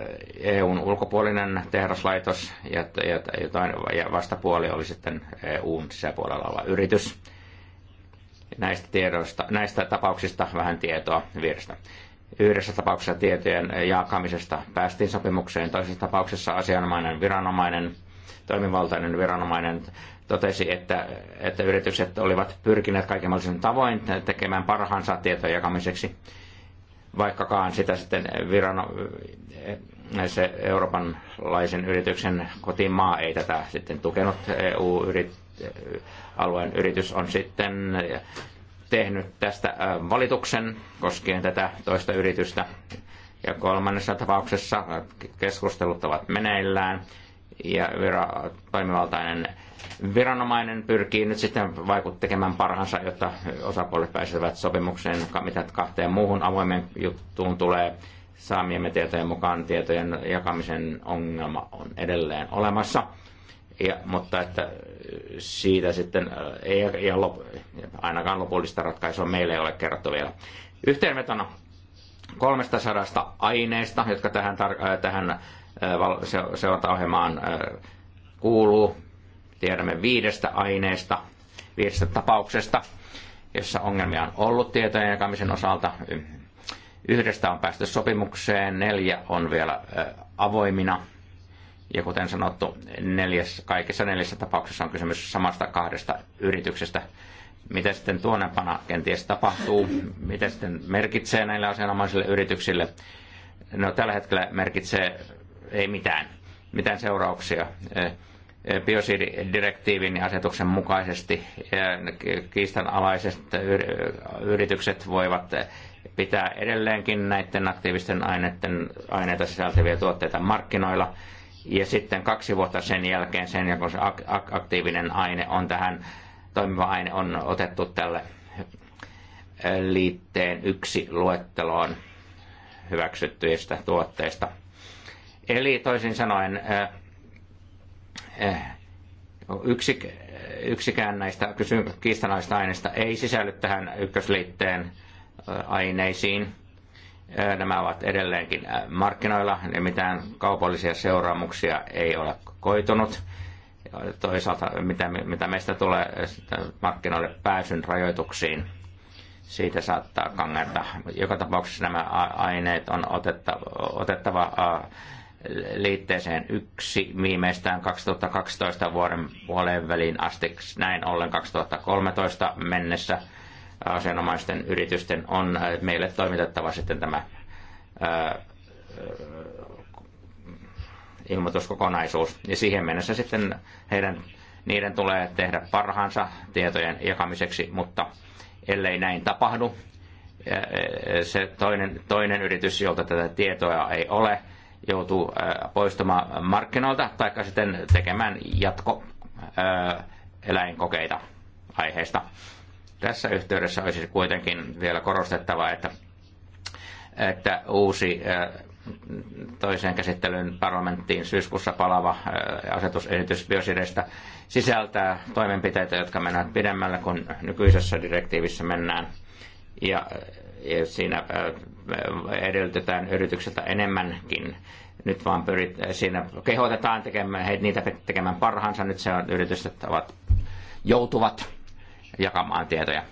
EUn ulkopuolinen tehdaslaitos ja, ja, ja, toinen, ja vastapuoli oli sitten EUn sisäpuolella oleva yritys. Näistä, tiedoista, näistä tapauksista vähän tietoa vierestä. Yhdessä tapauksessa tietojen jakamisesta päästiin sopimukseen, toisessa tapauksessa asianomainen viranomainen, toimivaltainen viranomainen totesi, että, että yritykset olivat pyrkineet kaikenlaisen tavoin tekemään parhaansa tietojen jakamiseksi, vaikkakaan sitä sitten viran, se laisen yrityksen kotimaa ei tätä sitten tukenut. EU-alueen yritys on sitten tehnyt tästä valituksen koskien tätä toista yritystä. Ja kolmannessa tapauksessa keskustelut ovat meneillään ja vira, toimivaltainen viranomainen pyrkii nyt sitten vaikut tekemään parhaansa, jotta osapuolet pääsevät sopimukseen, mitä kahteen muuhun avoimen juttuun tulee. Saamiemme tietojen mukaan tietojen jakamisen ongelma on edelleen olemassa. Ja, mutta että siitä sitten äh, ei, ei lop, ainakaan lopullista ratkaisua meille ei ole kerrottu vielä. Yhteenvetona 300 aineesta, jotka tähän, äh, tähän äh, seurantaohjelmaan kuuluu, Tiedämme viidestä aineesta, viidestä tapauksesta, jossa ongelmia on ollut tietojen jakamisen osalta. Yhdestä on päästy sopimukseen, neljä on vielä avoimina. Ja kuten sanottu, neljäs, kaikissa neljässä tapauksessa on kysymys samasta kahdesta yrityksestä. Mitä sitten tuonnepana kenties tapahtuu, mitä sitten merkitsee näille asianomaisille yrityksille. No tällä hetkellä merkitsee ei mitään, mitään seurauksia biosidirektiivin ja asetuksen mukaisesti kiistanalaiset yritykset voivat pitää edelleenkin näiden aktiivisten aineiden, aineita sisältäviä tuotteita markkinoilla. Ja sitten kaksi vuotta sen jälkeen, sen jälkeen kun se aktiivinen aine on tähän, toimiva aine on otettu tälle liitteen yksi luetteloon hyväksyttyistä tuotteista. Eli toisin sanoen Eh, yksi, yksikään näistä kiistanaisista aineista ei sisälly tähän ykkösliitteen eh, aineisiin. Eh, nämä ovat edelleenkin markkinoilla, niin mitään kaupallisia seuraamuksia ei ole koitunut. Toisaalta mitä, mitä meistä tulee markkinoille pääsyn rajoituksiin, siitä saattaa kangerta. Joka tapauksessa nämä aineet on otettava, otettava liitteeseen yksi viimeistään 2012 vuoden puoleen väliin asti. Näin ollen 2013 mennessä asianomaisten yritysten on meille toimitettava sitten tämä ää, ilmoituskokonaisuus. Ja siihen mennessä sitten heidän, niiden tulee tehdä parhaansa tietojen jakamiseksi, mutta ellei näin tapahdu, se toinen, toinen yritys, jolta tätä tietoa ei ole, joutuu poistumaan markkinoilta tai sitten tekemään jatko eläinkokeita aiheesta. Tässä yhteydessä olisi kuitenkin vielä korostettava, että, että uusi toiseen käsittelyyn parlamenttiin syyskuussa palava asetusesitys biosidestä sisältää toimenpiteitä, jotka mennään pidemmälle kuin nykyisessä direktiivissä mennään. Ja siinä äh, edellytetään yritykseltä enemmänkin. Nyt vaan pyrit, siinä kehotetaan tekemään, he, niitä tekemään parhaansa. Nyt se on yritykset ovat, joutuvat jakamaan tietoja.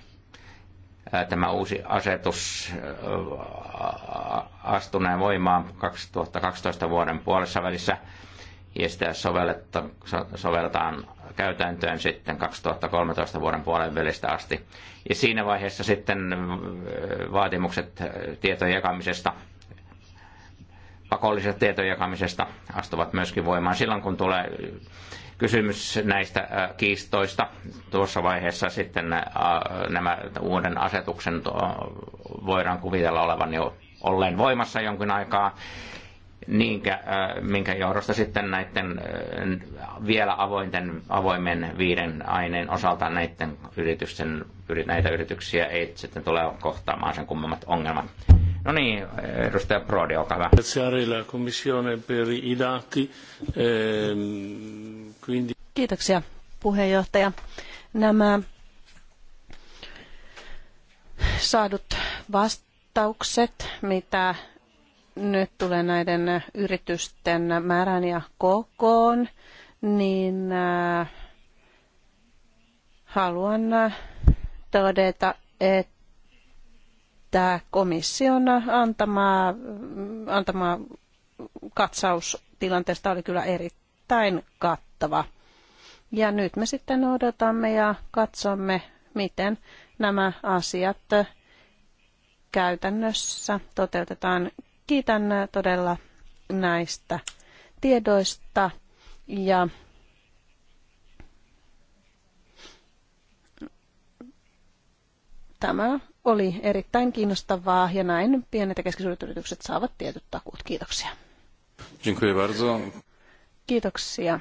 Äh, tämä uusi asetus äh, astuneen voimaan 2012 vuoden puolessa välissä ja sitä sovelletaan käytäntöön sitten 2013 vuoden puolen välistä asti. Ja siinä vaiheessa sitten äh, vaatimukset äh, tietojen jakamisesta, pakollisesta tietojen jakamisesta astuvat myöskin voimaan silloin, kun tulee kysymys näistä äh, kiistoista. Tuossa vaiheessa sitten nämä uuden asetuksen voidaan kuvitella olevan jo olleen voimassa jonkin aikaa niinkä, minkä johdosta sitten näiden vielä avointen, avoimen viiden aineen osalta näiden yritysten, näitä yrityksiä ei sitten tule kohtaamaan sen kummemmat ongelmat. No niin, edustaja Prodi, olkaa hyvä. Ehm, Kiitoksia puheenjohtaja. Nämä saadut vastaukset, mitä nyt tulee näiden yritysten määrään ja kokoon, niin äh, haluan äh, todeta, että komission antama, mm, antama katsaus tilanteesta oli kyllä erittäin kattava. Ja nyt me sitten odotamme ja katsomme, miten nämä asiat käytännössä toteutetaan kiitän äh, todella näistä tiedoista ja tämä oli erittäin kiinnostavaa ja näin pienet ja keskisuuret yritykset saavat tietyt takuut. Kiitoksia. Kiitoksia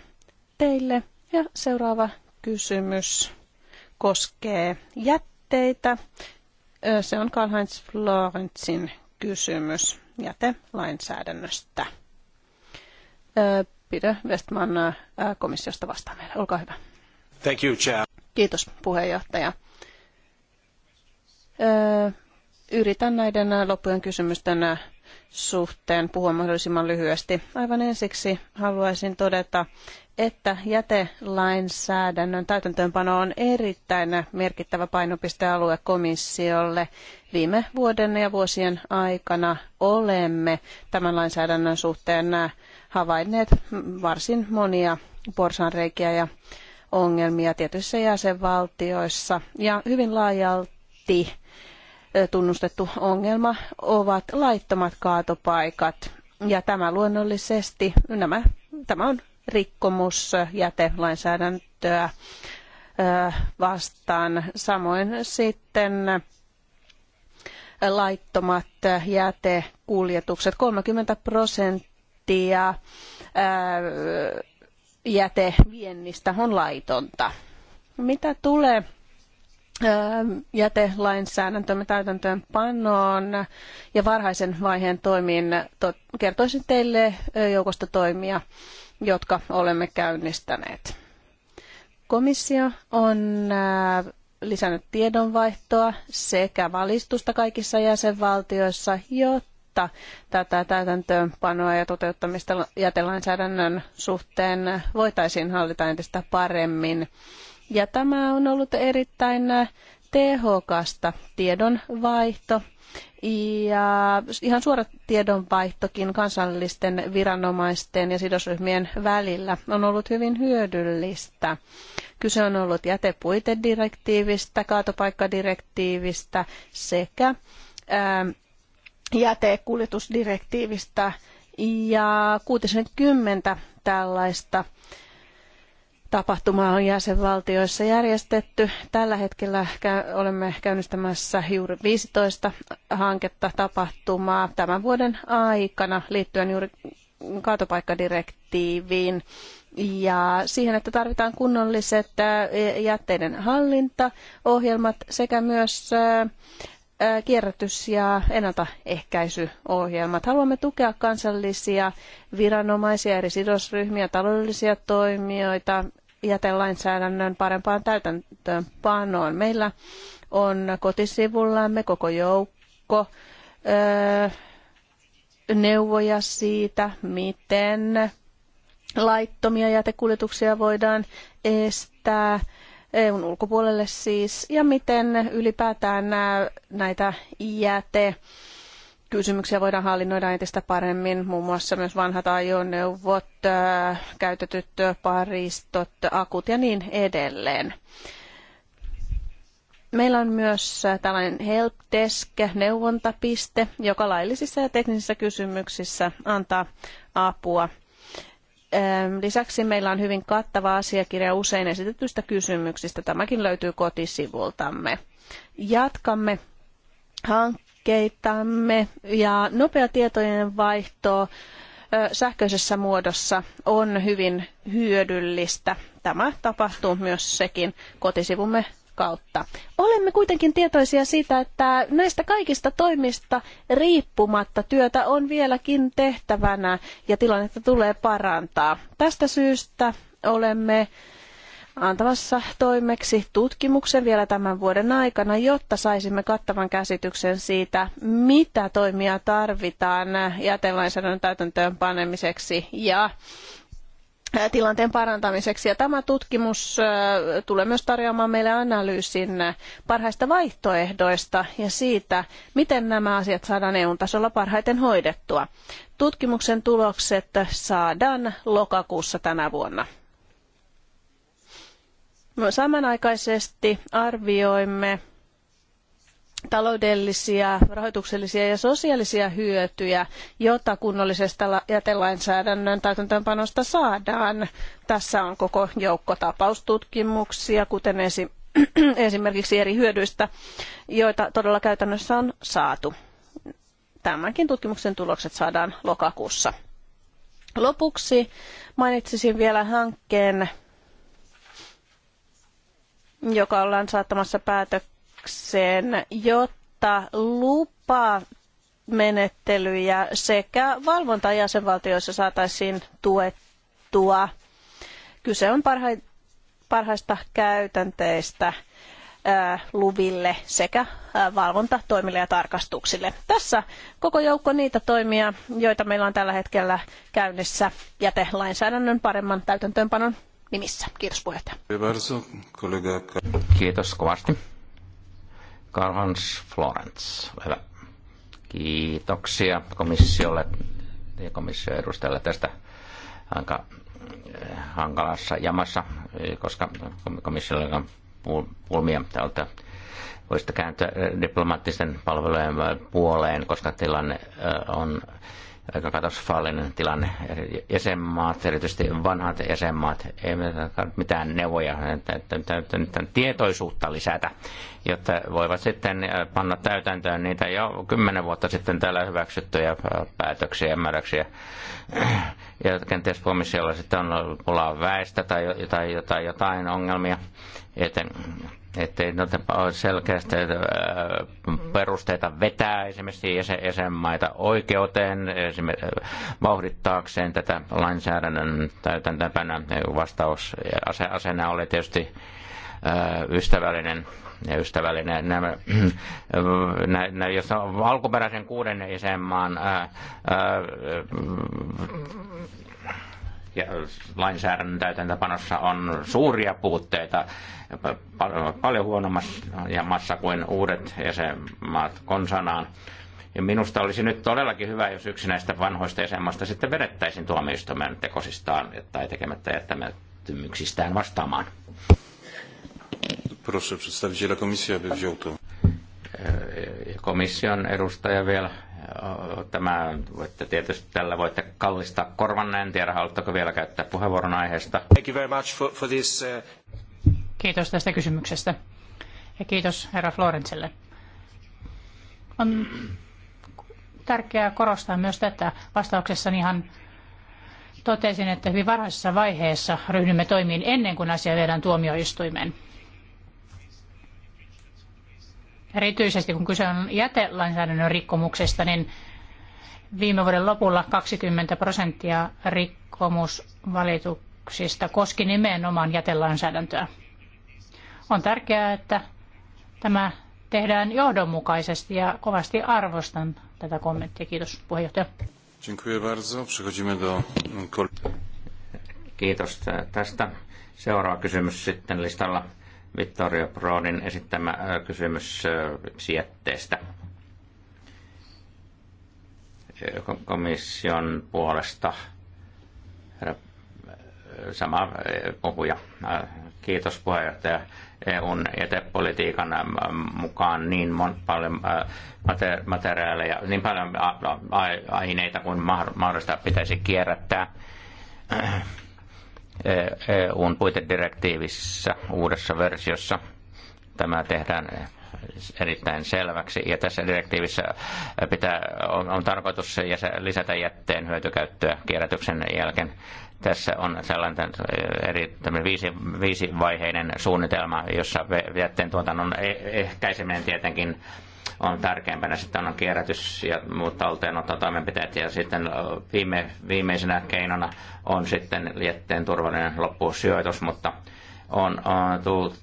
teille. Ja seuraava kysymys koskee jätteitä. Se on Karl-Heinz Florentzin kysymys jätelainsäädännöstä. Pidä Westman komissiosta vastaa meille. Olkaa hyvä. Thank you, Chair. Kiitos puheenjohtaja. Yritän näiden loppujen kysymysten suhteen puhua mahdollisimman lyhyesti. Aivan ensiksi haluaisin todeta, että jätelainsäädännön täytäntöönpano on erittäin merkittävä painopistealue komissiolle. Viime vuoden ja vuosien aikana olemme tämän lainsäädännön suhteen havainneet varsin monia porsanreikiä ja ongelmia tietyissä jäsenvaltioissa ja hyvin laajalti tunnustettu ongelma ovat laittomat kaatopaikat. Ja tämä luonnollisesti, nämä, tämä on rikkomus jätelainsäädäntöä vastaan. Samoin sitten laittomat jätekuljetukset. 30 prosenttia jäteviennistä on laitonta. Mitä tulee Öö, jätelainsäädäntömme täytäntöönpanoon ja varhaisen vaiheen toimiin kertoisin teille joukosta toimia, jotka olemme käynnistäneet. Komissio on lisännyt tiedonvaihtoa sekä valistusta kaikissa jäsenvaltioissa, jotta tätä täytäntöönpanoa ja toteuttamista jätelainsäädännön suhteen voitaisiin hallita entistä paremmin ja tämä on ollut erittäin äh, tehokasta tiedonvaihto ja ihan suora tiedonvaihtokin kansallisten viranomaisten ja sidosryhmien välillä on ollut hyvin hyödyllistä. Kyse on ollut jätepuitedirektiivistä, kaatopaikkadirektiivistä sekä ää, ähm, jätekuljetusdirektiivistä ja 60 tällaista Tapahtuma on jäsenvaltioissa järjestetty. Tällä hetkellä olemme käynnistämässä juuri 15 hanketta tapahtumaa tämän vuoden aikana liittyen juuri kaatopaikkadirektiiviin ja siihen, että tarvitaan kunnolliset jätteiden hallintaohjelmat sekä myös kierrätys- ja ennaltaehkäisyohjelmat. Haluamme tukea kansallisia viranomaisia, eri sidosryhmiä, taloudellisia toimijoita jätelainsäädännön parempaan täytäntöönpanoon. Meillä on kotisivullamme koko joukko öö, neuvoja siitä, miten laittomia jätekuljetuksia voidaan estää EUn ulkopuolelle siis, ja miten ylipäätään näitä jäte kysymyksiä voidaan hallinnoida entistä paremmin, muun muassa myös vanhat ajoneuvot, käytetyt paristot, akut ja niin edelleen. Meillä on myös tällainen helpdesk, neuvontapiste, joka laillisissa ja teknisissä kysymyksissä antaa apua. Lisäksi meillä on hyvin kattava asiakirja usein esitetyistä kysymyksistä. Tämäkin löytyy kotisivultamme. Jatkamme hankkeen hankkeitamme ja nopea tietojen vaihto sähköisessä muodossa on hyvin hyödyllistä. Tämä tapahtuu myös sekin kotisivumme kautta. Olemme kuitenkin tietoisia siitä, että näistä kaikista toimista riippumatta työtä on vieläkin tehtävänä ja tilannetta tulee parantaa. Tästä syystä olemme antamassa toimeksi tutkimuksen vielä tämän vuoden aikana, jotta saisimme kattavan käsityksen siitä, mitä toimia tarvitaan jätelainsäädännön täytäntöön panemiseksi ja tilanteen parantamiseksi. Ja tämä tutkimus tulee myös tarjoamaan meille analyysin parhaista vaihtoehdoista ja siitä, miten nämä asiat saadaan EU-tasolla parhaiten hoidettua. Tutkimuksen tulokset saadaan lokakuussa tänä vuonna. Samanaikaisesti arvioimme taloudellisia, rahoituksellisia ja sosiaalisia hyötyjä, joita kunnollisesta jätelainsäädännön täytäntöönpanosta saadaan. Tässä on koko joukko tapaustutkimuksia, kuten esimerkiksi eri hyödyistä, joita todella käytännössä on saatu. Tämänkin tutkimuksen tulokset saadaan lokakuussa. Lopuksi mainitsisin vielä hankkeen, joka ollaan saattamassa päätökseen, jotta lupa menettelyjä sekä valvonta jäsenvaltioissa saataisiin tuettua. Kyse on parha- parhaista käytänteistä luville sekä valvontatoimille ja tarkastuksille. Tässä koko joukko niitä toimia, joita meillä on tällä hetkellä käynnissä jätelainsäädännön paremman täytäntöönpanon nimissä. Kiitos puheenjohtaja. Kiitos kovasti. Karhans Florence, hyvä. Kiitoksia komissiolle ja komission edustajalle tästä aika hankalassa jamassa, koska komissiolla on pulmia täältä. voisitte kääntyä eh, diplomaattisten palvelujen puoleen, koska tilanne eh, on katastrofaalinen tilanne. Jäsenmaat, erityisesti vanhat jäsenmaat, ei mitään neuvoja, että, että, että, että tietoisuutta lisätä, jotta voivat sitten panna täytäntöön niitä jo kymmenen vuotta sitten täällä hyväksyttyjä päätöksiä ja määräyksiä. Ja kenties komissiolla sitten on pulaa väestä tai, jotain, jotain, jotain ongelmia. eten ettei ole selkeästi äh, perusteita vetää esimerkiksi jäsen, jäsenmaita oikeuteen vauhdittaakseen tätä lainsäädännön täytäntöpänä. Vastaus asena oli tietysti äh, ystävällinen ja ystävällinen. Nämä, äh, nä, nä, jos on alkuperäisen kuuden jäsenmaan ää, ää, lainsäädännön täytäntöpanossa on suuria puutteita, paljon huonommassa kuin uudet jäsenmaat konsanaan. Ja minusta olisi nyt todellakin hyvä, jos yksi näistä vanhoista jäsenmaista sitten vedettäisiin tuomioistuimen tekosistaan tai tekemättä jättämättömyyksistään vastaamaan. Proszę przedstawiciela Komission edustaja vielä Tämä, voitte tietysti tällä voitte kallistaa korvanne. En tiedä, haluatteko vielä käyttää puheenvuoron aiheesta. Thank you very much for, for this, uh... Kiitos tästä kysymyksestä. Ja kiitos herra Florentselle. On tärkeää korostaa myös tätä. Vastauksessani ihan totesin, että hyvin varhaisessa vaiheessa ryhdymme toimiin ennen kuin asia viedään tuomioistuimeen erityisesti kun kyse on jätelainsäädännön rikkomuksesta, niin viime vuoden lopulla 20 prosenttia rikkomusvalituksista koski nimenomaan jätelainsäädäntöä. On tärkeää, että tämä tehdään johdonmukaisesti ja kovasti arvostan tätä kommenttia. Kiitos puheenjohtaja. Kiitos tästä. Seuraava kysymys sitten listalla. Vittorio Prodin esittämä kysymys sietteestä. Komission puolesta sama puhuja. Kiitos puheenjohtaja. EUn jätepolitiikan mukaan niin mon, paljon materiaaleja, niin paljon aineita kuin mahdollista pitäisi kierrättää EUn e puitedirektiivissä uudessa versiossa. Tämä tehdään erittäin selväksi. Ja tässä direktiivissä pitää, on, on tarkoitus lisätä jätteen hyötykäyttöä kierrätyksen jälkeen. Tässä on sellainen e, eri, viisi, viisivaiheinen suunnitelma, jossa jätteen tuotannon e-, ehkäiseminen tietenkin on tärkeimpänä. Sitten on kierrätys ja muut talteenottotoimenpiteet ja sitten viime, viimeisenä keinona on sitten jätteen turvallinen loppusijoitus, mutta on, on tullut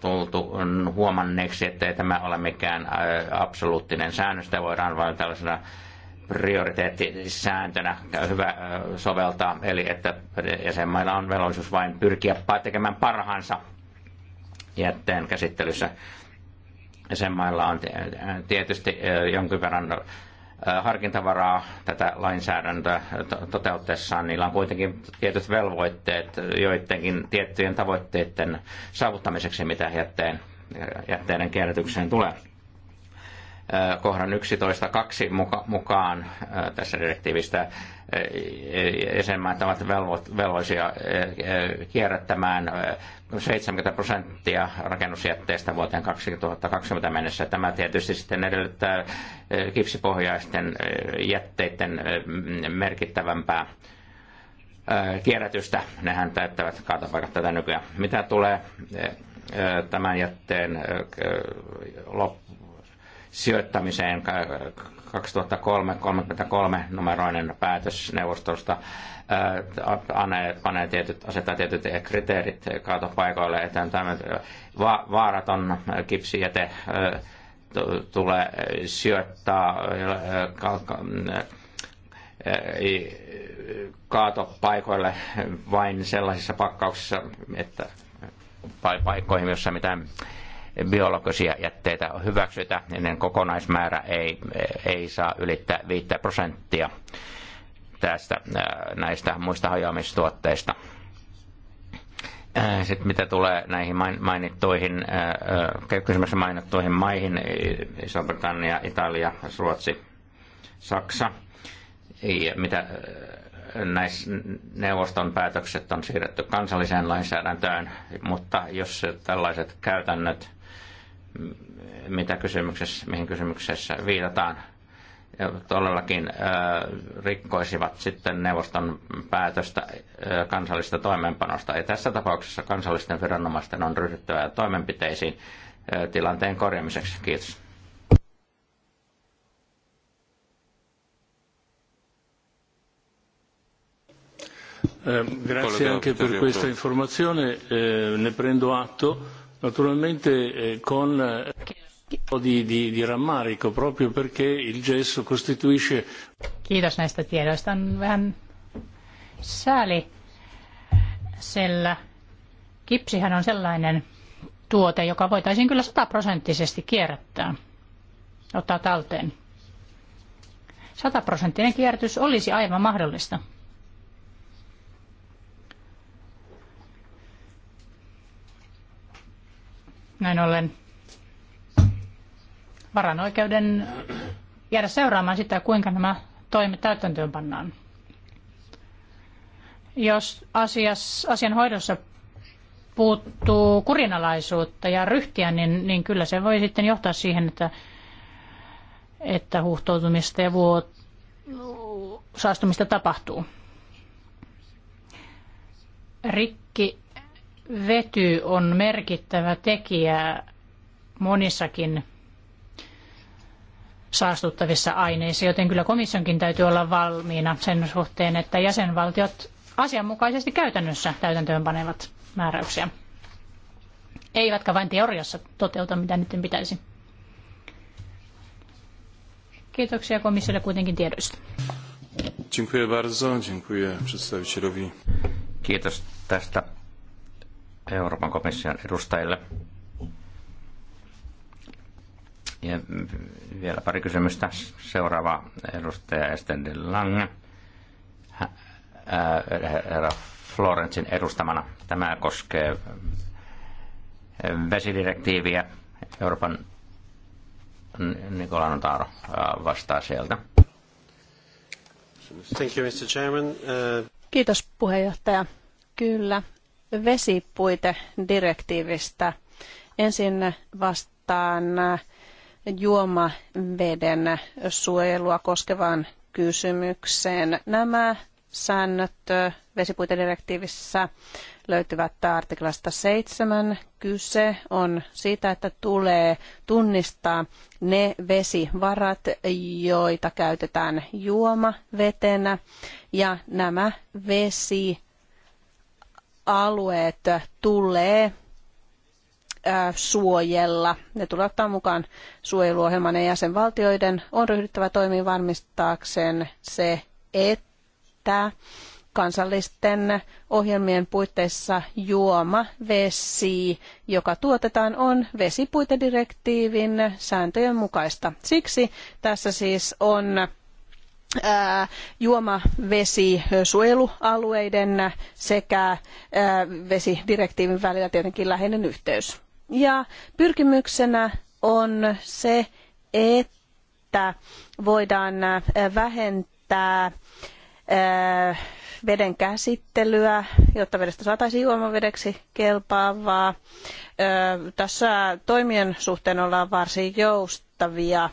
tultu huomanneeksi, että ei tämä ole mikään absoluuttinen säännös, sitä voidaan vain tällaisena prioriteettisääntönä hyvä soveltaa, eli että jäsenmailla on velvollisuus vain pyrkiä tekemään parhaansa jätteen käsittelyssä jäsenmailla on tietysti jonkin verran harkintavaraa tätä lainsäädäntöä toteutessaan. Niillä on kuitenkin tietyt velvoitteet joidenkin tiettyjen tavoitteiden saavuttamiseksi, mitä jätteen, jätteiden kierrätykseen tulee kohdan 11.2 mukaan tässä direktiivistä e, jäsenmaat ovat velvoisia kierrättämään 70 prosenttia rakennusjätteestä vuoteen 2020 mennessä. Tämä tietysti sitten edellyttää kipsipohjaisten jätteiden merkittävämpää kierrätystä. Nehän täyttävät kaatopaikat tätä nykyään. Mitä tulee tämän jätteen sijoittamiseen 2003-33 numeroinen päätös neuvostosta äh, panee tietyt, asettaa tietyt kriteerit kaatopaikoille, että tämä vaaraton kipsijäte äh, tulee sijoittaa äh, kaatopaikoille vain sellaisissa pakkauksissa, että paikkoihin, jossa mitään biologisia jätteitä hyväksytä, niin kokonaismäärä ei, ei saa ylittää 5 prosenttia tästä, näistä muista hajoamistuotteista. Sitten mitä tulee näihin mainittuihin, kysymässä mainittuihin maihin, Iso-Britannia, Italia, Ruotsi, Saksa, ja mitä näissä neuvoston päätökset on siirretty kansalliseen lainsäädäntöön, mutta jos tällaiset käytännöt mitä kysymyksessä, mihin kysymyksessä viitataan, todellakin rikkoisivat sitten neuvoston päätöstä kansallista toimeenpanosta. Ja tässä tapauksessa kansallisten viranomaisten on ryhdyttävä toimenpiteisiin tilanteen korjaamiseksi. Kiitos. Ehm, grazie anche per questa informazione, ehm, ne prendo atto. Naturalmente eh, con un eh, po' di, di, di rammarico proprio perché il gesso costituisce... Kiitos näistä tiedoista. On vähän sääli, sillä kipsihän on sellainen tuote, joka voitaisiin kyllä sataprosenttisesti kierrättää, ottaa talteen. Sataprosenttinen kierrätys olisi aivan mahdollista. Näin ollen varan oikeuden jäädä seuraamaan sitä, kuinka nämä toimet täytäntöön pannaan. Jos asias, asian hoidossa puuttuu kurinalaisuutta ja ryhtiä, niin, niin kyllä se voi sitten johtaa siihen, että, että huhtoutumista ja vuot, saastumista tapahtuu. Rikki vety on merkittävä tekijä monissakin saastuttavissa aineissa, joten kyllä komissionkin täytyy olla valmiina sen suhteen, että jäsenvaltiot asianmukaisesti käytännössä täytäntöönpanevat määräyksiä. Eivätkä vain teoriassa toteuta, mitä niiden pitäisi. Kiitoksia komissiolle kuitenkin tiedoista. Dziękuję bardzo, dziękuję Kiitos tästä Euroopan komission edustajille. Ja vielä pari kysymystä. Seuraava edustaja Esten Lange, äh, herra Florentsin edustamana. Tämä koskee vesidirektiiviä. Euroopan Nikola Notaro äh, vastaa sieltä. Thank you, Mr. Chairman. Äh, Kiitos puheenjohtaja. Kyllä, vesipuitedirektiivistä. Ensin vastaan juomaveden suojelua koskevaan kysymykseen. Nämä säännöt vesipuitedirektiivissä löytyvät artiklasta 7. Kyse on siitä, että tulee tunnistaa ne vesivarat, joita käytetään juomavetenä ja nämä vesi alueet tulee suojella. Ne tulee ottaa mukaan suojeluohjelman ja jäsenvaltioiden on ryhdyttävä toimiin varmistaakseen se, että kansallisten ohjelmien puitteissa juoma vesi, joka tuotetaan, on vesipuitedirektiivin sääntöjen mukaista. Siksi tässä siis on juomavesisuojelualueiden sekä vesidirektiivin välillä tietenkin läheinen yhteys. Ja pyrkimyksenä on se, että voidaan vähentää veden käsittelyä, jotta vedestä saataisiin juomavedeksi kelpaavaa. Tässä toimien suhteen ollaan varsin joustavia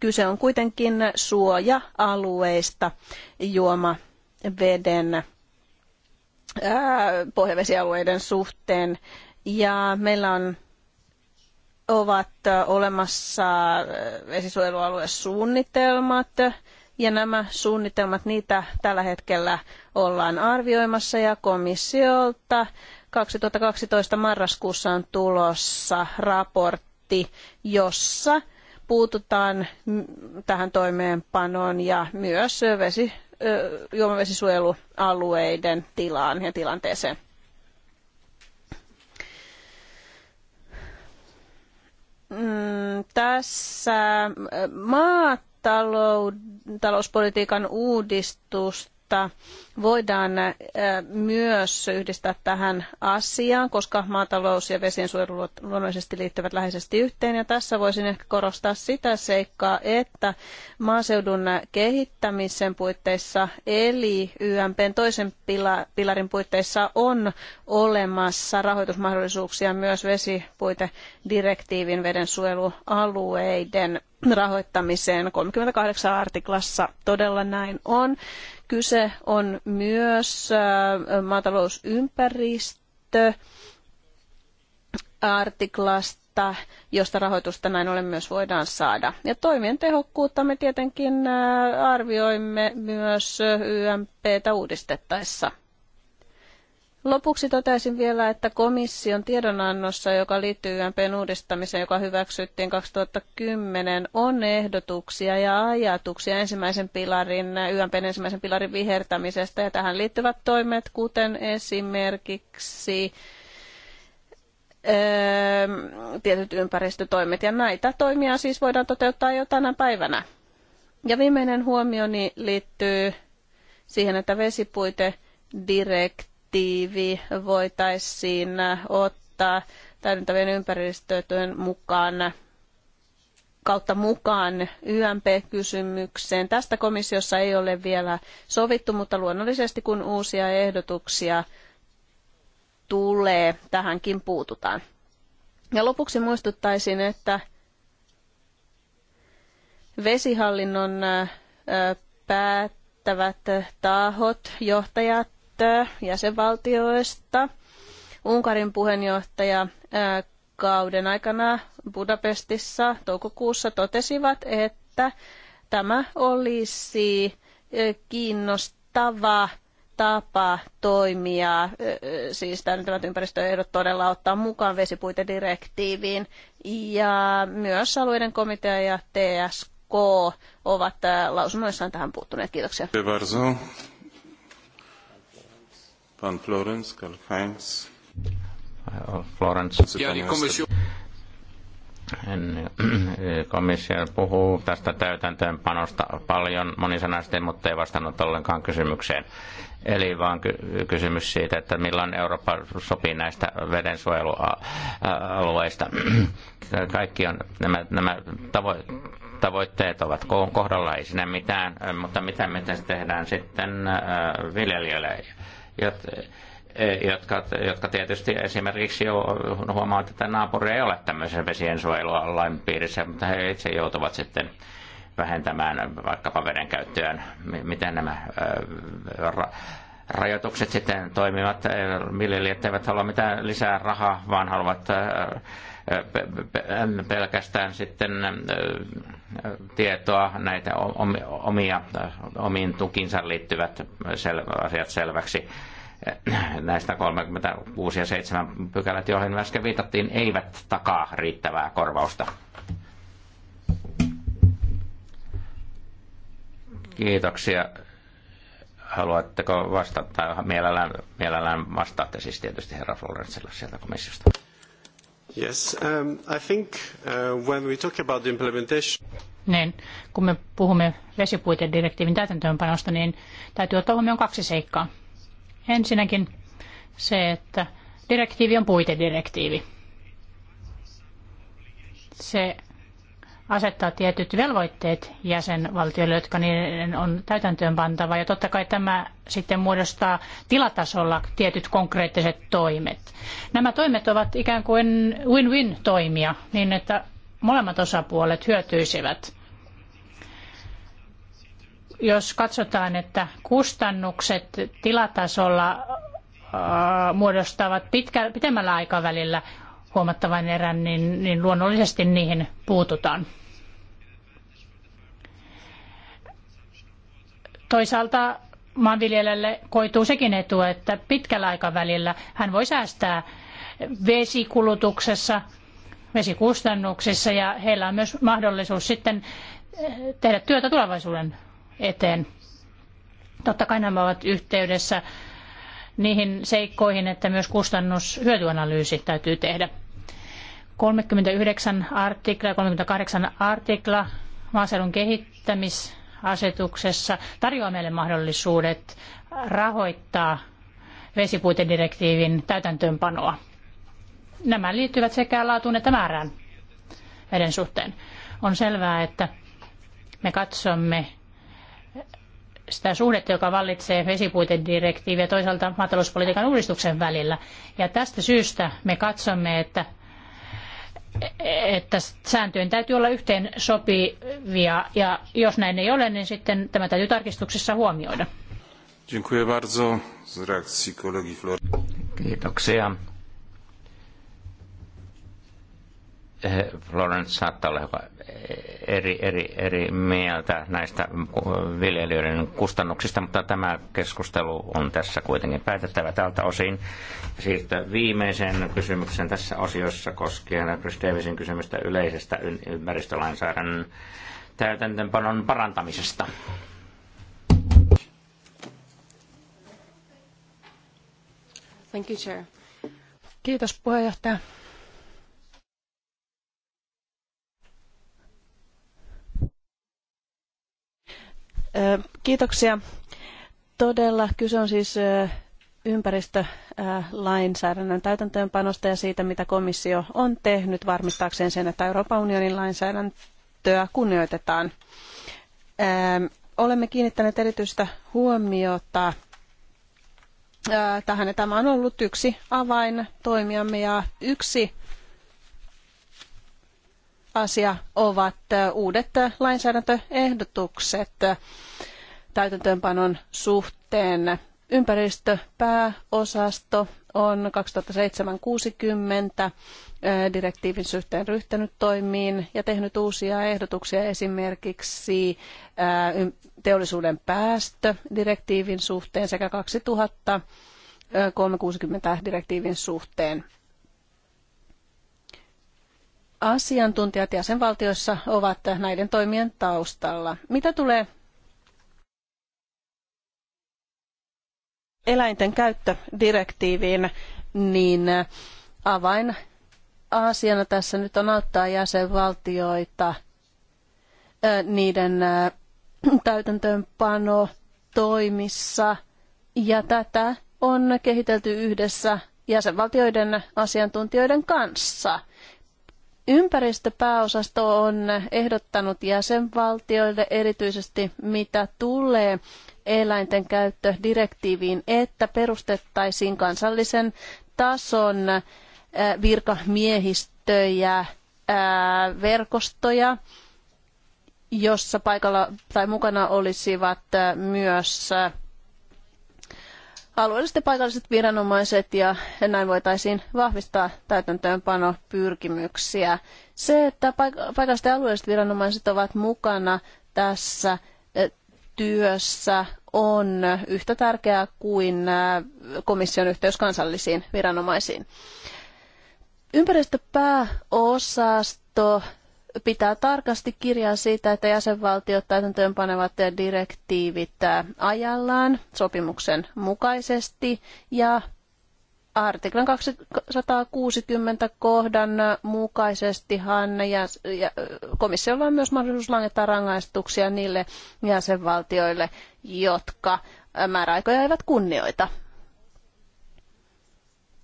Kyse on kuitenkin suoja-alueista juomaveden pohjavesialueiden suhteen. Ja meillä on, ovat olemassa vesisuojelualuesuunnitelmat, ja nämä suunnitelmat, niitä tällä hetkellä ollaan arvioimassa ja komissiolta 2012 marraskuussa on tulossa raportti, jossa puututaan tähän toimeenpanoon ja myös vesi, juomavesisuojelualueiden tilaan ja tilanteeseen. Mm, tässä maatalouspolitiikan uudistus mutta voidaan äh, myös yhdistää tähän asiaan, koska maatalous ja vesiensuojelu luonnollisesti liittyvät läheisesti yhteen. Ja tässä voisin ehkä korostaa sitä seikkaa, että maaseudun kehittämisen puitteissa eli YMPn toisen pilarin puitteissa on olemassa rahoitusmahdollisuuksia myös vesipuitedirektiivin vedensuojelualueiden rahoittamiseen. 38 artiklassa todella näin on. Kyse on myös äh, maatalousympäristö artiklasta, josta rahoitusta näin ollen myös voidaan saada. Ja toimien tehokkuutta me tietenkin äh, arvioimme myös äh, YMPtä uudistettaessa. Lopuksi toteaisin vielä, että komission tiedonannossa, joka liittyy YMPn uudistamiseen, joka hyväksyttiin 2010, on ehdotuksia ja ajatuksia ensimmäisen pilarin, YMPn ensimmäisen pilarin vihertämisestä. Ja tähän liittyvät toimet, kuten esimerkiksi ähm, tietyt ympäristötoimet. Ja näitä toimia siis voidaan toteuttaa jo tänä päivänä. Ja viimeinen huomioni liittyy siihen, että vesipuite direktiivi voitaisiin ottaa täydentävien ympäristötyön mukaan kautta mukaan YMP-kysymykseen. Tästä komissiossa ei ole vielä sovittu, mutta luonnollisesti kun uusia ehdotuksia tulee, tähänkin puututaan. Ja lopuksi muistuttaisin, että vesihallinnon päättävät tahot, johtajat jäsenvaltioista. Unkarin puheenjohtaja kauden aikana Budapestissa toukokuussa totesivat, että tämä olisi kiinnostava tapa toimia, siis täydentävät ympäristöehdot todella ottaa mukaan vesipuitedirektiiviin ja myös alueiden komitea ja TSK ovat lausunnoissaan tähän puuttuneet. Kiitoksia. Kiitos. Pan Florence Kalkhains. Florence. Eh, komissio puhuu tästä täytäntöönpanosta paljon monisanaisesti, mutta ei vastannut ollenkaan kysymykseen. Eli vaan ky- kysymys siitä, että milloin Eurooppa sopii näistä vedensuojelualueista. Kaikki on, nämä, nämä tavo- tavoitteet ovat kohdalla, ei siinä mitään, mutta mitä me tehdään sitten äh, viljelijöille? jotka, jotka tietysti esimerkiksi jo huomaavat, että naapuri ei ole tämmöisen vesiensuojelulain piirissä, mutta he itse joutuvat sitten vähentämään vaikkapa veden Miten nämä rajoitukset sitten toimivat. Eh, viljelijät eivät halua mitään lisää rahaa, vaan haluavat eh, eh, pelkästään sitten tietoa näitä omia, omiin tukinsa liittyvät sel- asiat selväksi. Näistä 36 ja 7 pykälät, joihin äsken viitattiin, eivät takaa riittävää korvausta. Kiitoksia Haluatteko vastata? Mielellään, mielellään vastaatte siis tietysti herra Florentsella sieltä komissiosta. Yes, um, I think uh, when we talk about the implementation... Niin, kun me puhumme vesipuitedirektiivin täytäntöönpanosta, niin täytyy ottaa huomioon kaksi seikkaa. Ensinnäkin se, että direktiivi on puitedirektiivi. Se asettaa tietyt velvoitteet jäsenvaltioille, jotka niiden on täytäntöön pantava. Ja totta kai tämä sitten muodostaa tilatasolla tietyt konkreettiset toimet. Nämä toimet ovat ikään kuin win-win-toimia, niin että molemmat osapuolet hyötyisivät. Jos katsotaan, että kustannukset tilatasolla muodostavat pitkä, pitemmällä aikavälillä huomattavan erän, niin, niin luonnollisesti niihin puututaan. Toisaalta maanviljelijälle koituu sekin etu, että pitkällä aikavälillä hän voi säästää vesikulutuksessa, vesikustannuksissa ja heillä on myös mahdollisuus sitten eh, tehdä työtä tulevaisuuden eteen. Totta kai nämä ovat yhteydessä niihin seikkoihin, että myös kustannus-hyötyanalyysi täytyy tehdä. 39 artikla ja 38 artikla maaseudun kehittämisasetuksessa tarjoaa meille mahdollisuudet rahoittaa vesipuitedirektiivin täytäntöönpanoa. Nämä liittyvät sekä laatuun että määrään veden suhteen. On selvää, että me katsomme sitä suhdetta, joka vallitsee vesipuitedirektiivi ja toisaalta maatalouspolitiikan uudistuksen välillä. Ja tästä syystä me katsomme, että että sääntöjen täytyy olla yhteen sopivia ja jos näin ei ole, niin sitten tämä täytyy tarkistuksessa huomioida. Dziękuję bardzo z reakcji kolegi Flor. Kiitoksia. Eh, Florence saattaa olla eri, eri, eri mieltä näistä äh, viljelijöiden kustannuksista, mutta tämä keskustelu on tässä kuitenkin päätettävä tältä osin. Siirtyä viimeiseen kysymykseen tässä osiossa koskien Chris Davisin kysymystä yleisestä ympäristölainsäädännön täytäntöönpanon parantamisesta. Thank you, Chair. Kiitos puheenjohtaja. Kiitoksia. Todella kyse on siis ympäristölainsäädännön täytäntöönpanosta ja siitä, mitä komissio on tehnyt varmistaakseen sen, että Euroopan unionin lainsäädäntöä kunnioitetaan. Olemme kiinnittäneet erityistä huomiota tähän, ja tämä on ollut yksi avain toimiamme ja yksi asia ovat uudet lainsäädäntöehdotukset täytäntöönpanon suhteen. Ympäristöpääosasto on 2007-60 direktiivin suhteen ryhtynyt toimiin ja tehnyt uusia ehdotuksia esimerkiksi teollisuuden päästödirektiivin suhteen sekä 2000 360 direktiivin suhteen asiantuntijat jäsenvaltioissa ovat näiden toimien taustalla. Mitä tulee eläinten käyttödirektiiviin, niin avain asiana tässä nyt on auttaa jäsenvaltioita niiden täytäntöönpano toimissa ja tätä on kehitelty yhdessä jäsenvaltioiden asiantuntijoiden kanssa – Ympäristöpääosasto on ehdottanut jäsenvaltioille erityisesti mitä tulee eläinten käyttödirektiiviin, että perustettaisiin kansallisen tason virkamiehistöjä, verkostoja, jossa paikalla tai mukana olisivat myös alueelliset ja paikalliset viranomaiset ja näin voitaisiin vahvistaa täytäntöönpanopyrkimyksiä. Se, että paikalliset ja alueelliset viranomaiset ovat mukana tässä eh, työssä on yhtä tärkeää kuin eh, komission yhteys kansallisiin viranomaisiin. Ympäristöpääosasto pitää tarkasti kirjaa siitä, että jäsenvaltiot täytäntöönpanevat direktiivit äh, ajallaan sopimuksen mukaisesti ja artiklan 260 kohdan mukaisestihan ja, ja komissiolla on myös mahdollisuus langettaa rangaistuksia niille jäsenvaltioille, jotka määräaikoja eivät kunnioita.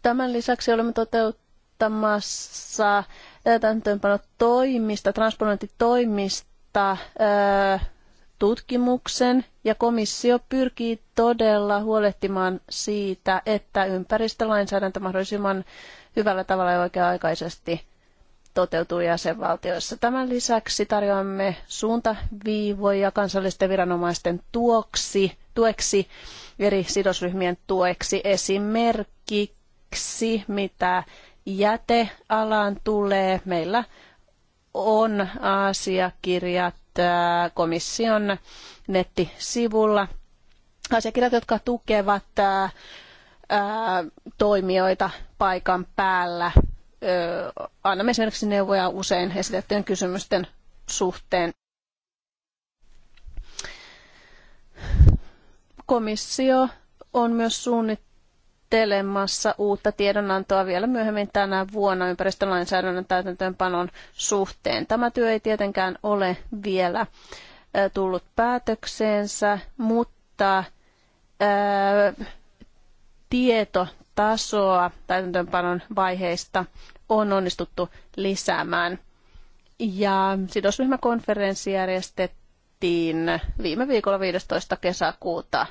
Tämän lisäksi olemme toteuttamassa täytäntöönpanotoimista, transponointitoimista tutkimuksen ja komissio pyrkii todella huolehtimaan siitä, että ympäristölainsäädäntö mahdollisimman hyvällä tavalla ja oikea-aikaisesti toteutuu jäsenvaltioissa. Tämän lisäksi tarjoamme suuntaviivoja kansallisten viranomaisten tuoksi, tueksi, eri sidosryhmien tueksi esimerkiksi, mitä jätealaan tulee, meillä on asiakirjat äh, komission nettisivulla. Asiakirjat, jotka tukevat äh, äh, toimijoita paikan päällä. Annamme esimerkiksi neuvoja usein esitettyjen kysymysten suhteen. Komissio on myös suunnittelut valmistelemassa uutta tiedonantoa vielä myöhemmin tänä vuonna ympäristölainsäädännön täytäntöönpanon suhteen. Tämä työ ei tietenkään ole vielä äh, tullut päätökseensä, mutta äh, tietotasoa täytäntöönpanon vaiheista on onnistuttu lisäämään. Ja sidosryhmäkonferenssi järjestettiin viime viikolla 15. kesäkuuta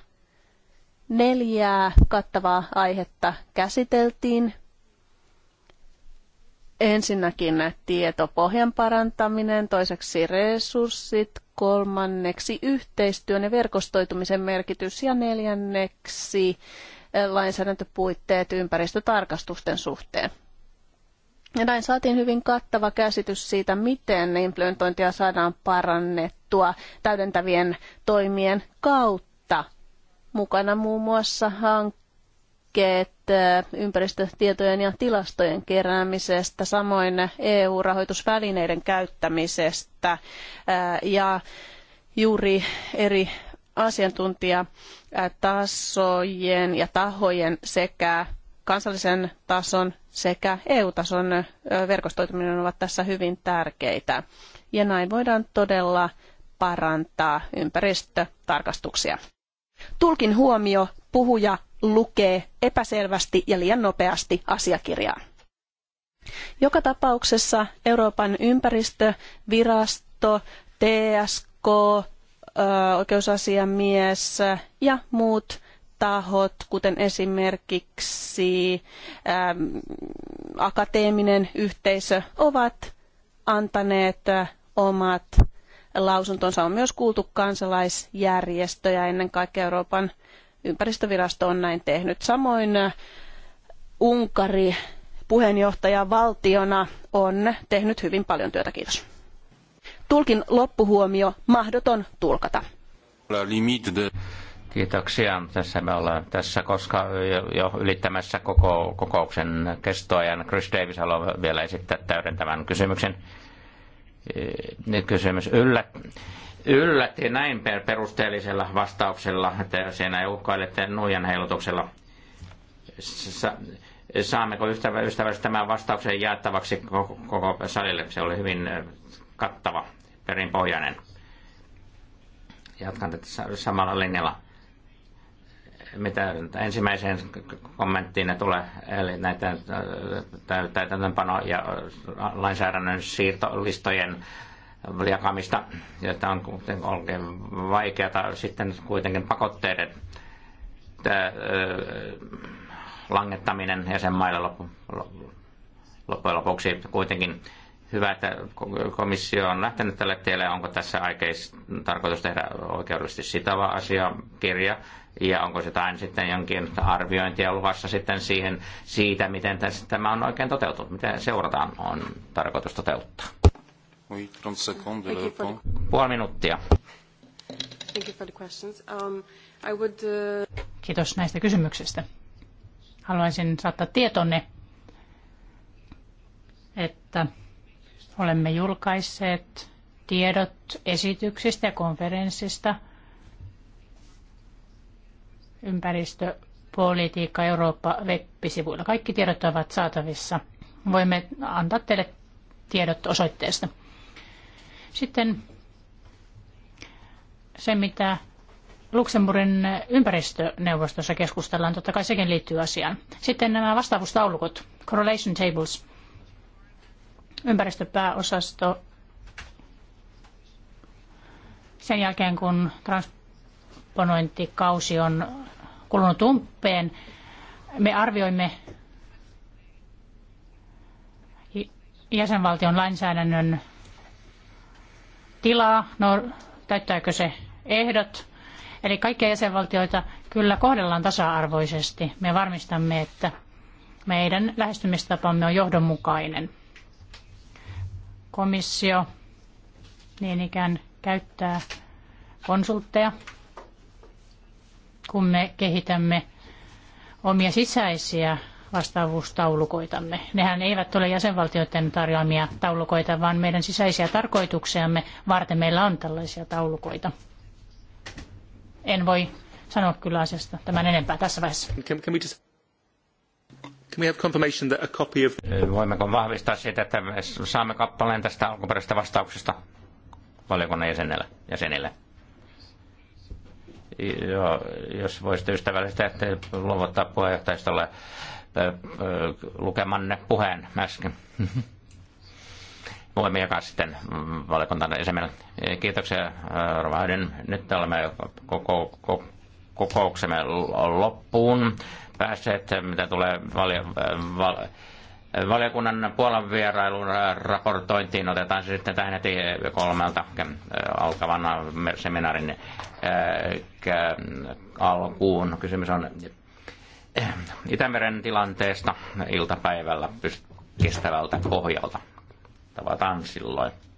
Neljää kattavaa aihetta käsiteltiin. Ensinnäkin tietopohjan parantaminen, toiseksi resurssit, kolmanneksi yhteistyön ja verkostoitumisen merkitys ja neljänneksi eh, lainsäädäntöpuitteet ympäristötarkastusten suhteen. Ja näin saatiin hyvin kattava käsitys siitä, miten implementointia saadaan parannettua täydentävien toimien kautta mukana muun muassa hankkeet ympäristötietojen ja tilastojen keräämisestä, samoin EU-rahoitusvälineiden käyttämisestä ja juuri eri asiantuntijatasojen ja tahojen sekä kansallisen tason sekä EU-tason verkostoituminen ovat tässä hyvin tärkeitä. Ja näin voidaan todella parantaa ympäristötarkastuksia. Tulkin huomio, puhuja lukee epäselvästi ja liian nopeasti asiakirjaa. Joka tapauksessa Euroopan ympäristövirasto, TSK, oikeusasiamies ja muut tahot, kuten esimerkiksi akateeminen yhteisö, ovat antaneet omat lausuntonsa on myös kuultu kansalaisjärjestöjä, ennen kaikkea Euroopan ympäristövirasto on näin tehnyt. Samoin äh, Unkari puheenjohtajavaltiona on tehnyt hyvin paljon työtä. Kiitos. Tulkin loppuhuomio mahdoton tulkata. Kiitoksia. Tässä me ollaan tässä, koska jo ylittämässä koko kokouksen kestoajan. Chris Davis haluaa vielä esittää täydentävän kysymyksen kysymys yllät, yllätti näin perusteellisella vastauksella, että siinä uhkailette nuijan heilutuksella. Sa- saammeko ystävä, ystävästä tämän vastauksen jaettavaksi koko, koko salille? Se oli hyvin kattava, perinpohjainen. Jatkan tätä samalla linjalla mitä ensimmäiseen kommenttiin tulee, eli näitä täytäntöönpano- ja lainsäädännön siirtolistojen jakamista, joita on oikein vaikeata sitten kuitenkin pakotteiden langettaminen jäsenmaille loppujen lopuksi kuitenkin hyvä, että komissio on lähtenyt tälle tielle. Onko tässä aikeis tarkoitus tehdä oikeudellisesti sitava asiakirja? Ja onko jotain sitten jonkin arviointia luvassa sitten siihen, siitä, miten tässä, tämä on oikein toteutunut? Miten seurataan on tarkoitus toteuttaa? Puoli minuuttia. Um, uh, Kiitos näistä kysymyksistä. Haluaisin saattaa tietonne, että Olemme julkaisseet tiedot esityksistä ja konferenssista ympäristöpolitiikka Eurooppa web-sivuilla. Kaikki tiedot ovat saatavissa. Voimme antaa teille tiedot osoitteesta. Sitten se, mitä Luxemburgin ympäristöneuvostossa keskustellaan, totta kai sekin liittyy asiaan. Sitten nämä vastaavuustaulukot, correlation tables ympäristöpääosasto sen jälkeen, kun transponointikausi on kulunut umpeen, me arvioimme jäsenvaltion lainsäädännön tilaa, no täyttääkö se ehdot. Eli kaikkia jäsenvaltioita kyllä kohdellaan tasa-arvoisesti. Me varmistamme, että meidän lähestymistapamme on johdonmukainen. Komissio niin ikään käyttää konsultteja, kun me kehitämme omia sisäisiä vastaavuustaulukoitamme. Nehän eivät ole jäsenvaltioiden tarjoamia taulukoita, vaan meidän sisäisiä tarkoituksiamme varten meillä on tällaisia taulukoita. En voi sanoa kyllä asiasta tämän enempää tässä vaiheessa. Can, can Can we have confirmation that a copy of... Voimmeko vahvistaa siitä, että saamme kappaleen tästä alkuperäisestä vastauksesta valiokunnan jäsenelle? jäsenille? Joo, jos voisitte ystävällisesti että luovuttaa puheenjohtajistolle lukemanne puheen äsken. Voimme jakaa sitten valiokuntaan esimerkiksi. Kiitoksia, Rova Nyt olemme koko, koko, kokouksemme loppuun päässeet, mitä tulee valio, val, valiokunnan Puolan vierailun raportointiin. Otetaan se sitten tähän heti kolmelta äh, alkavan seminaarin äh, alkuun. Kysymys on äh, Itämeren tilanteesta iltapäivällä kestävältä pohjalta. Tavataan silloin.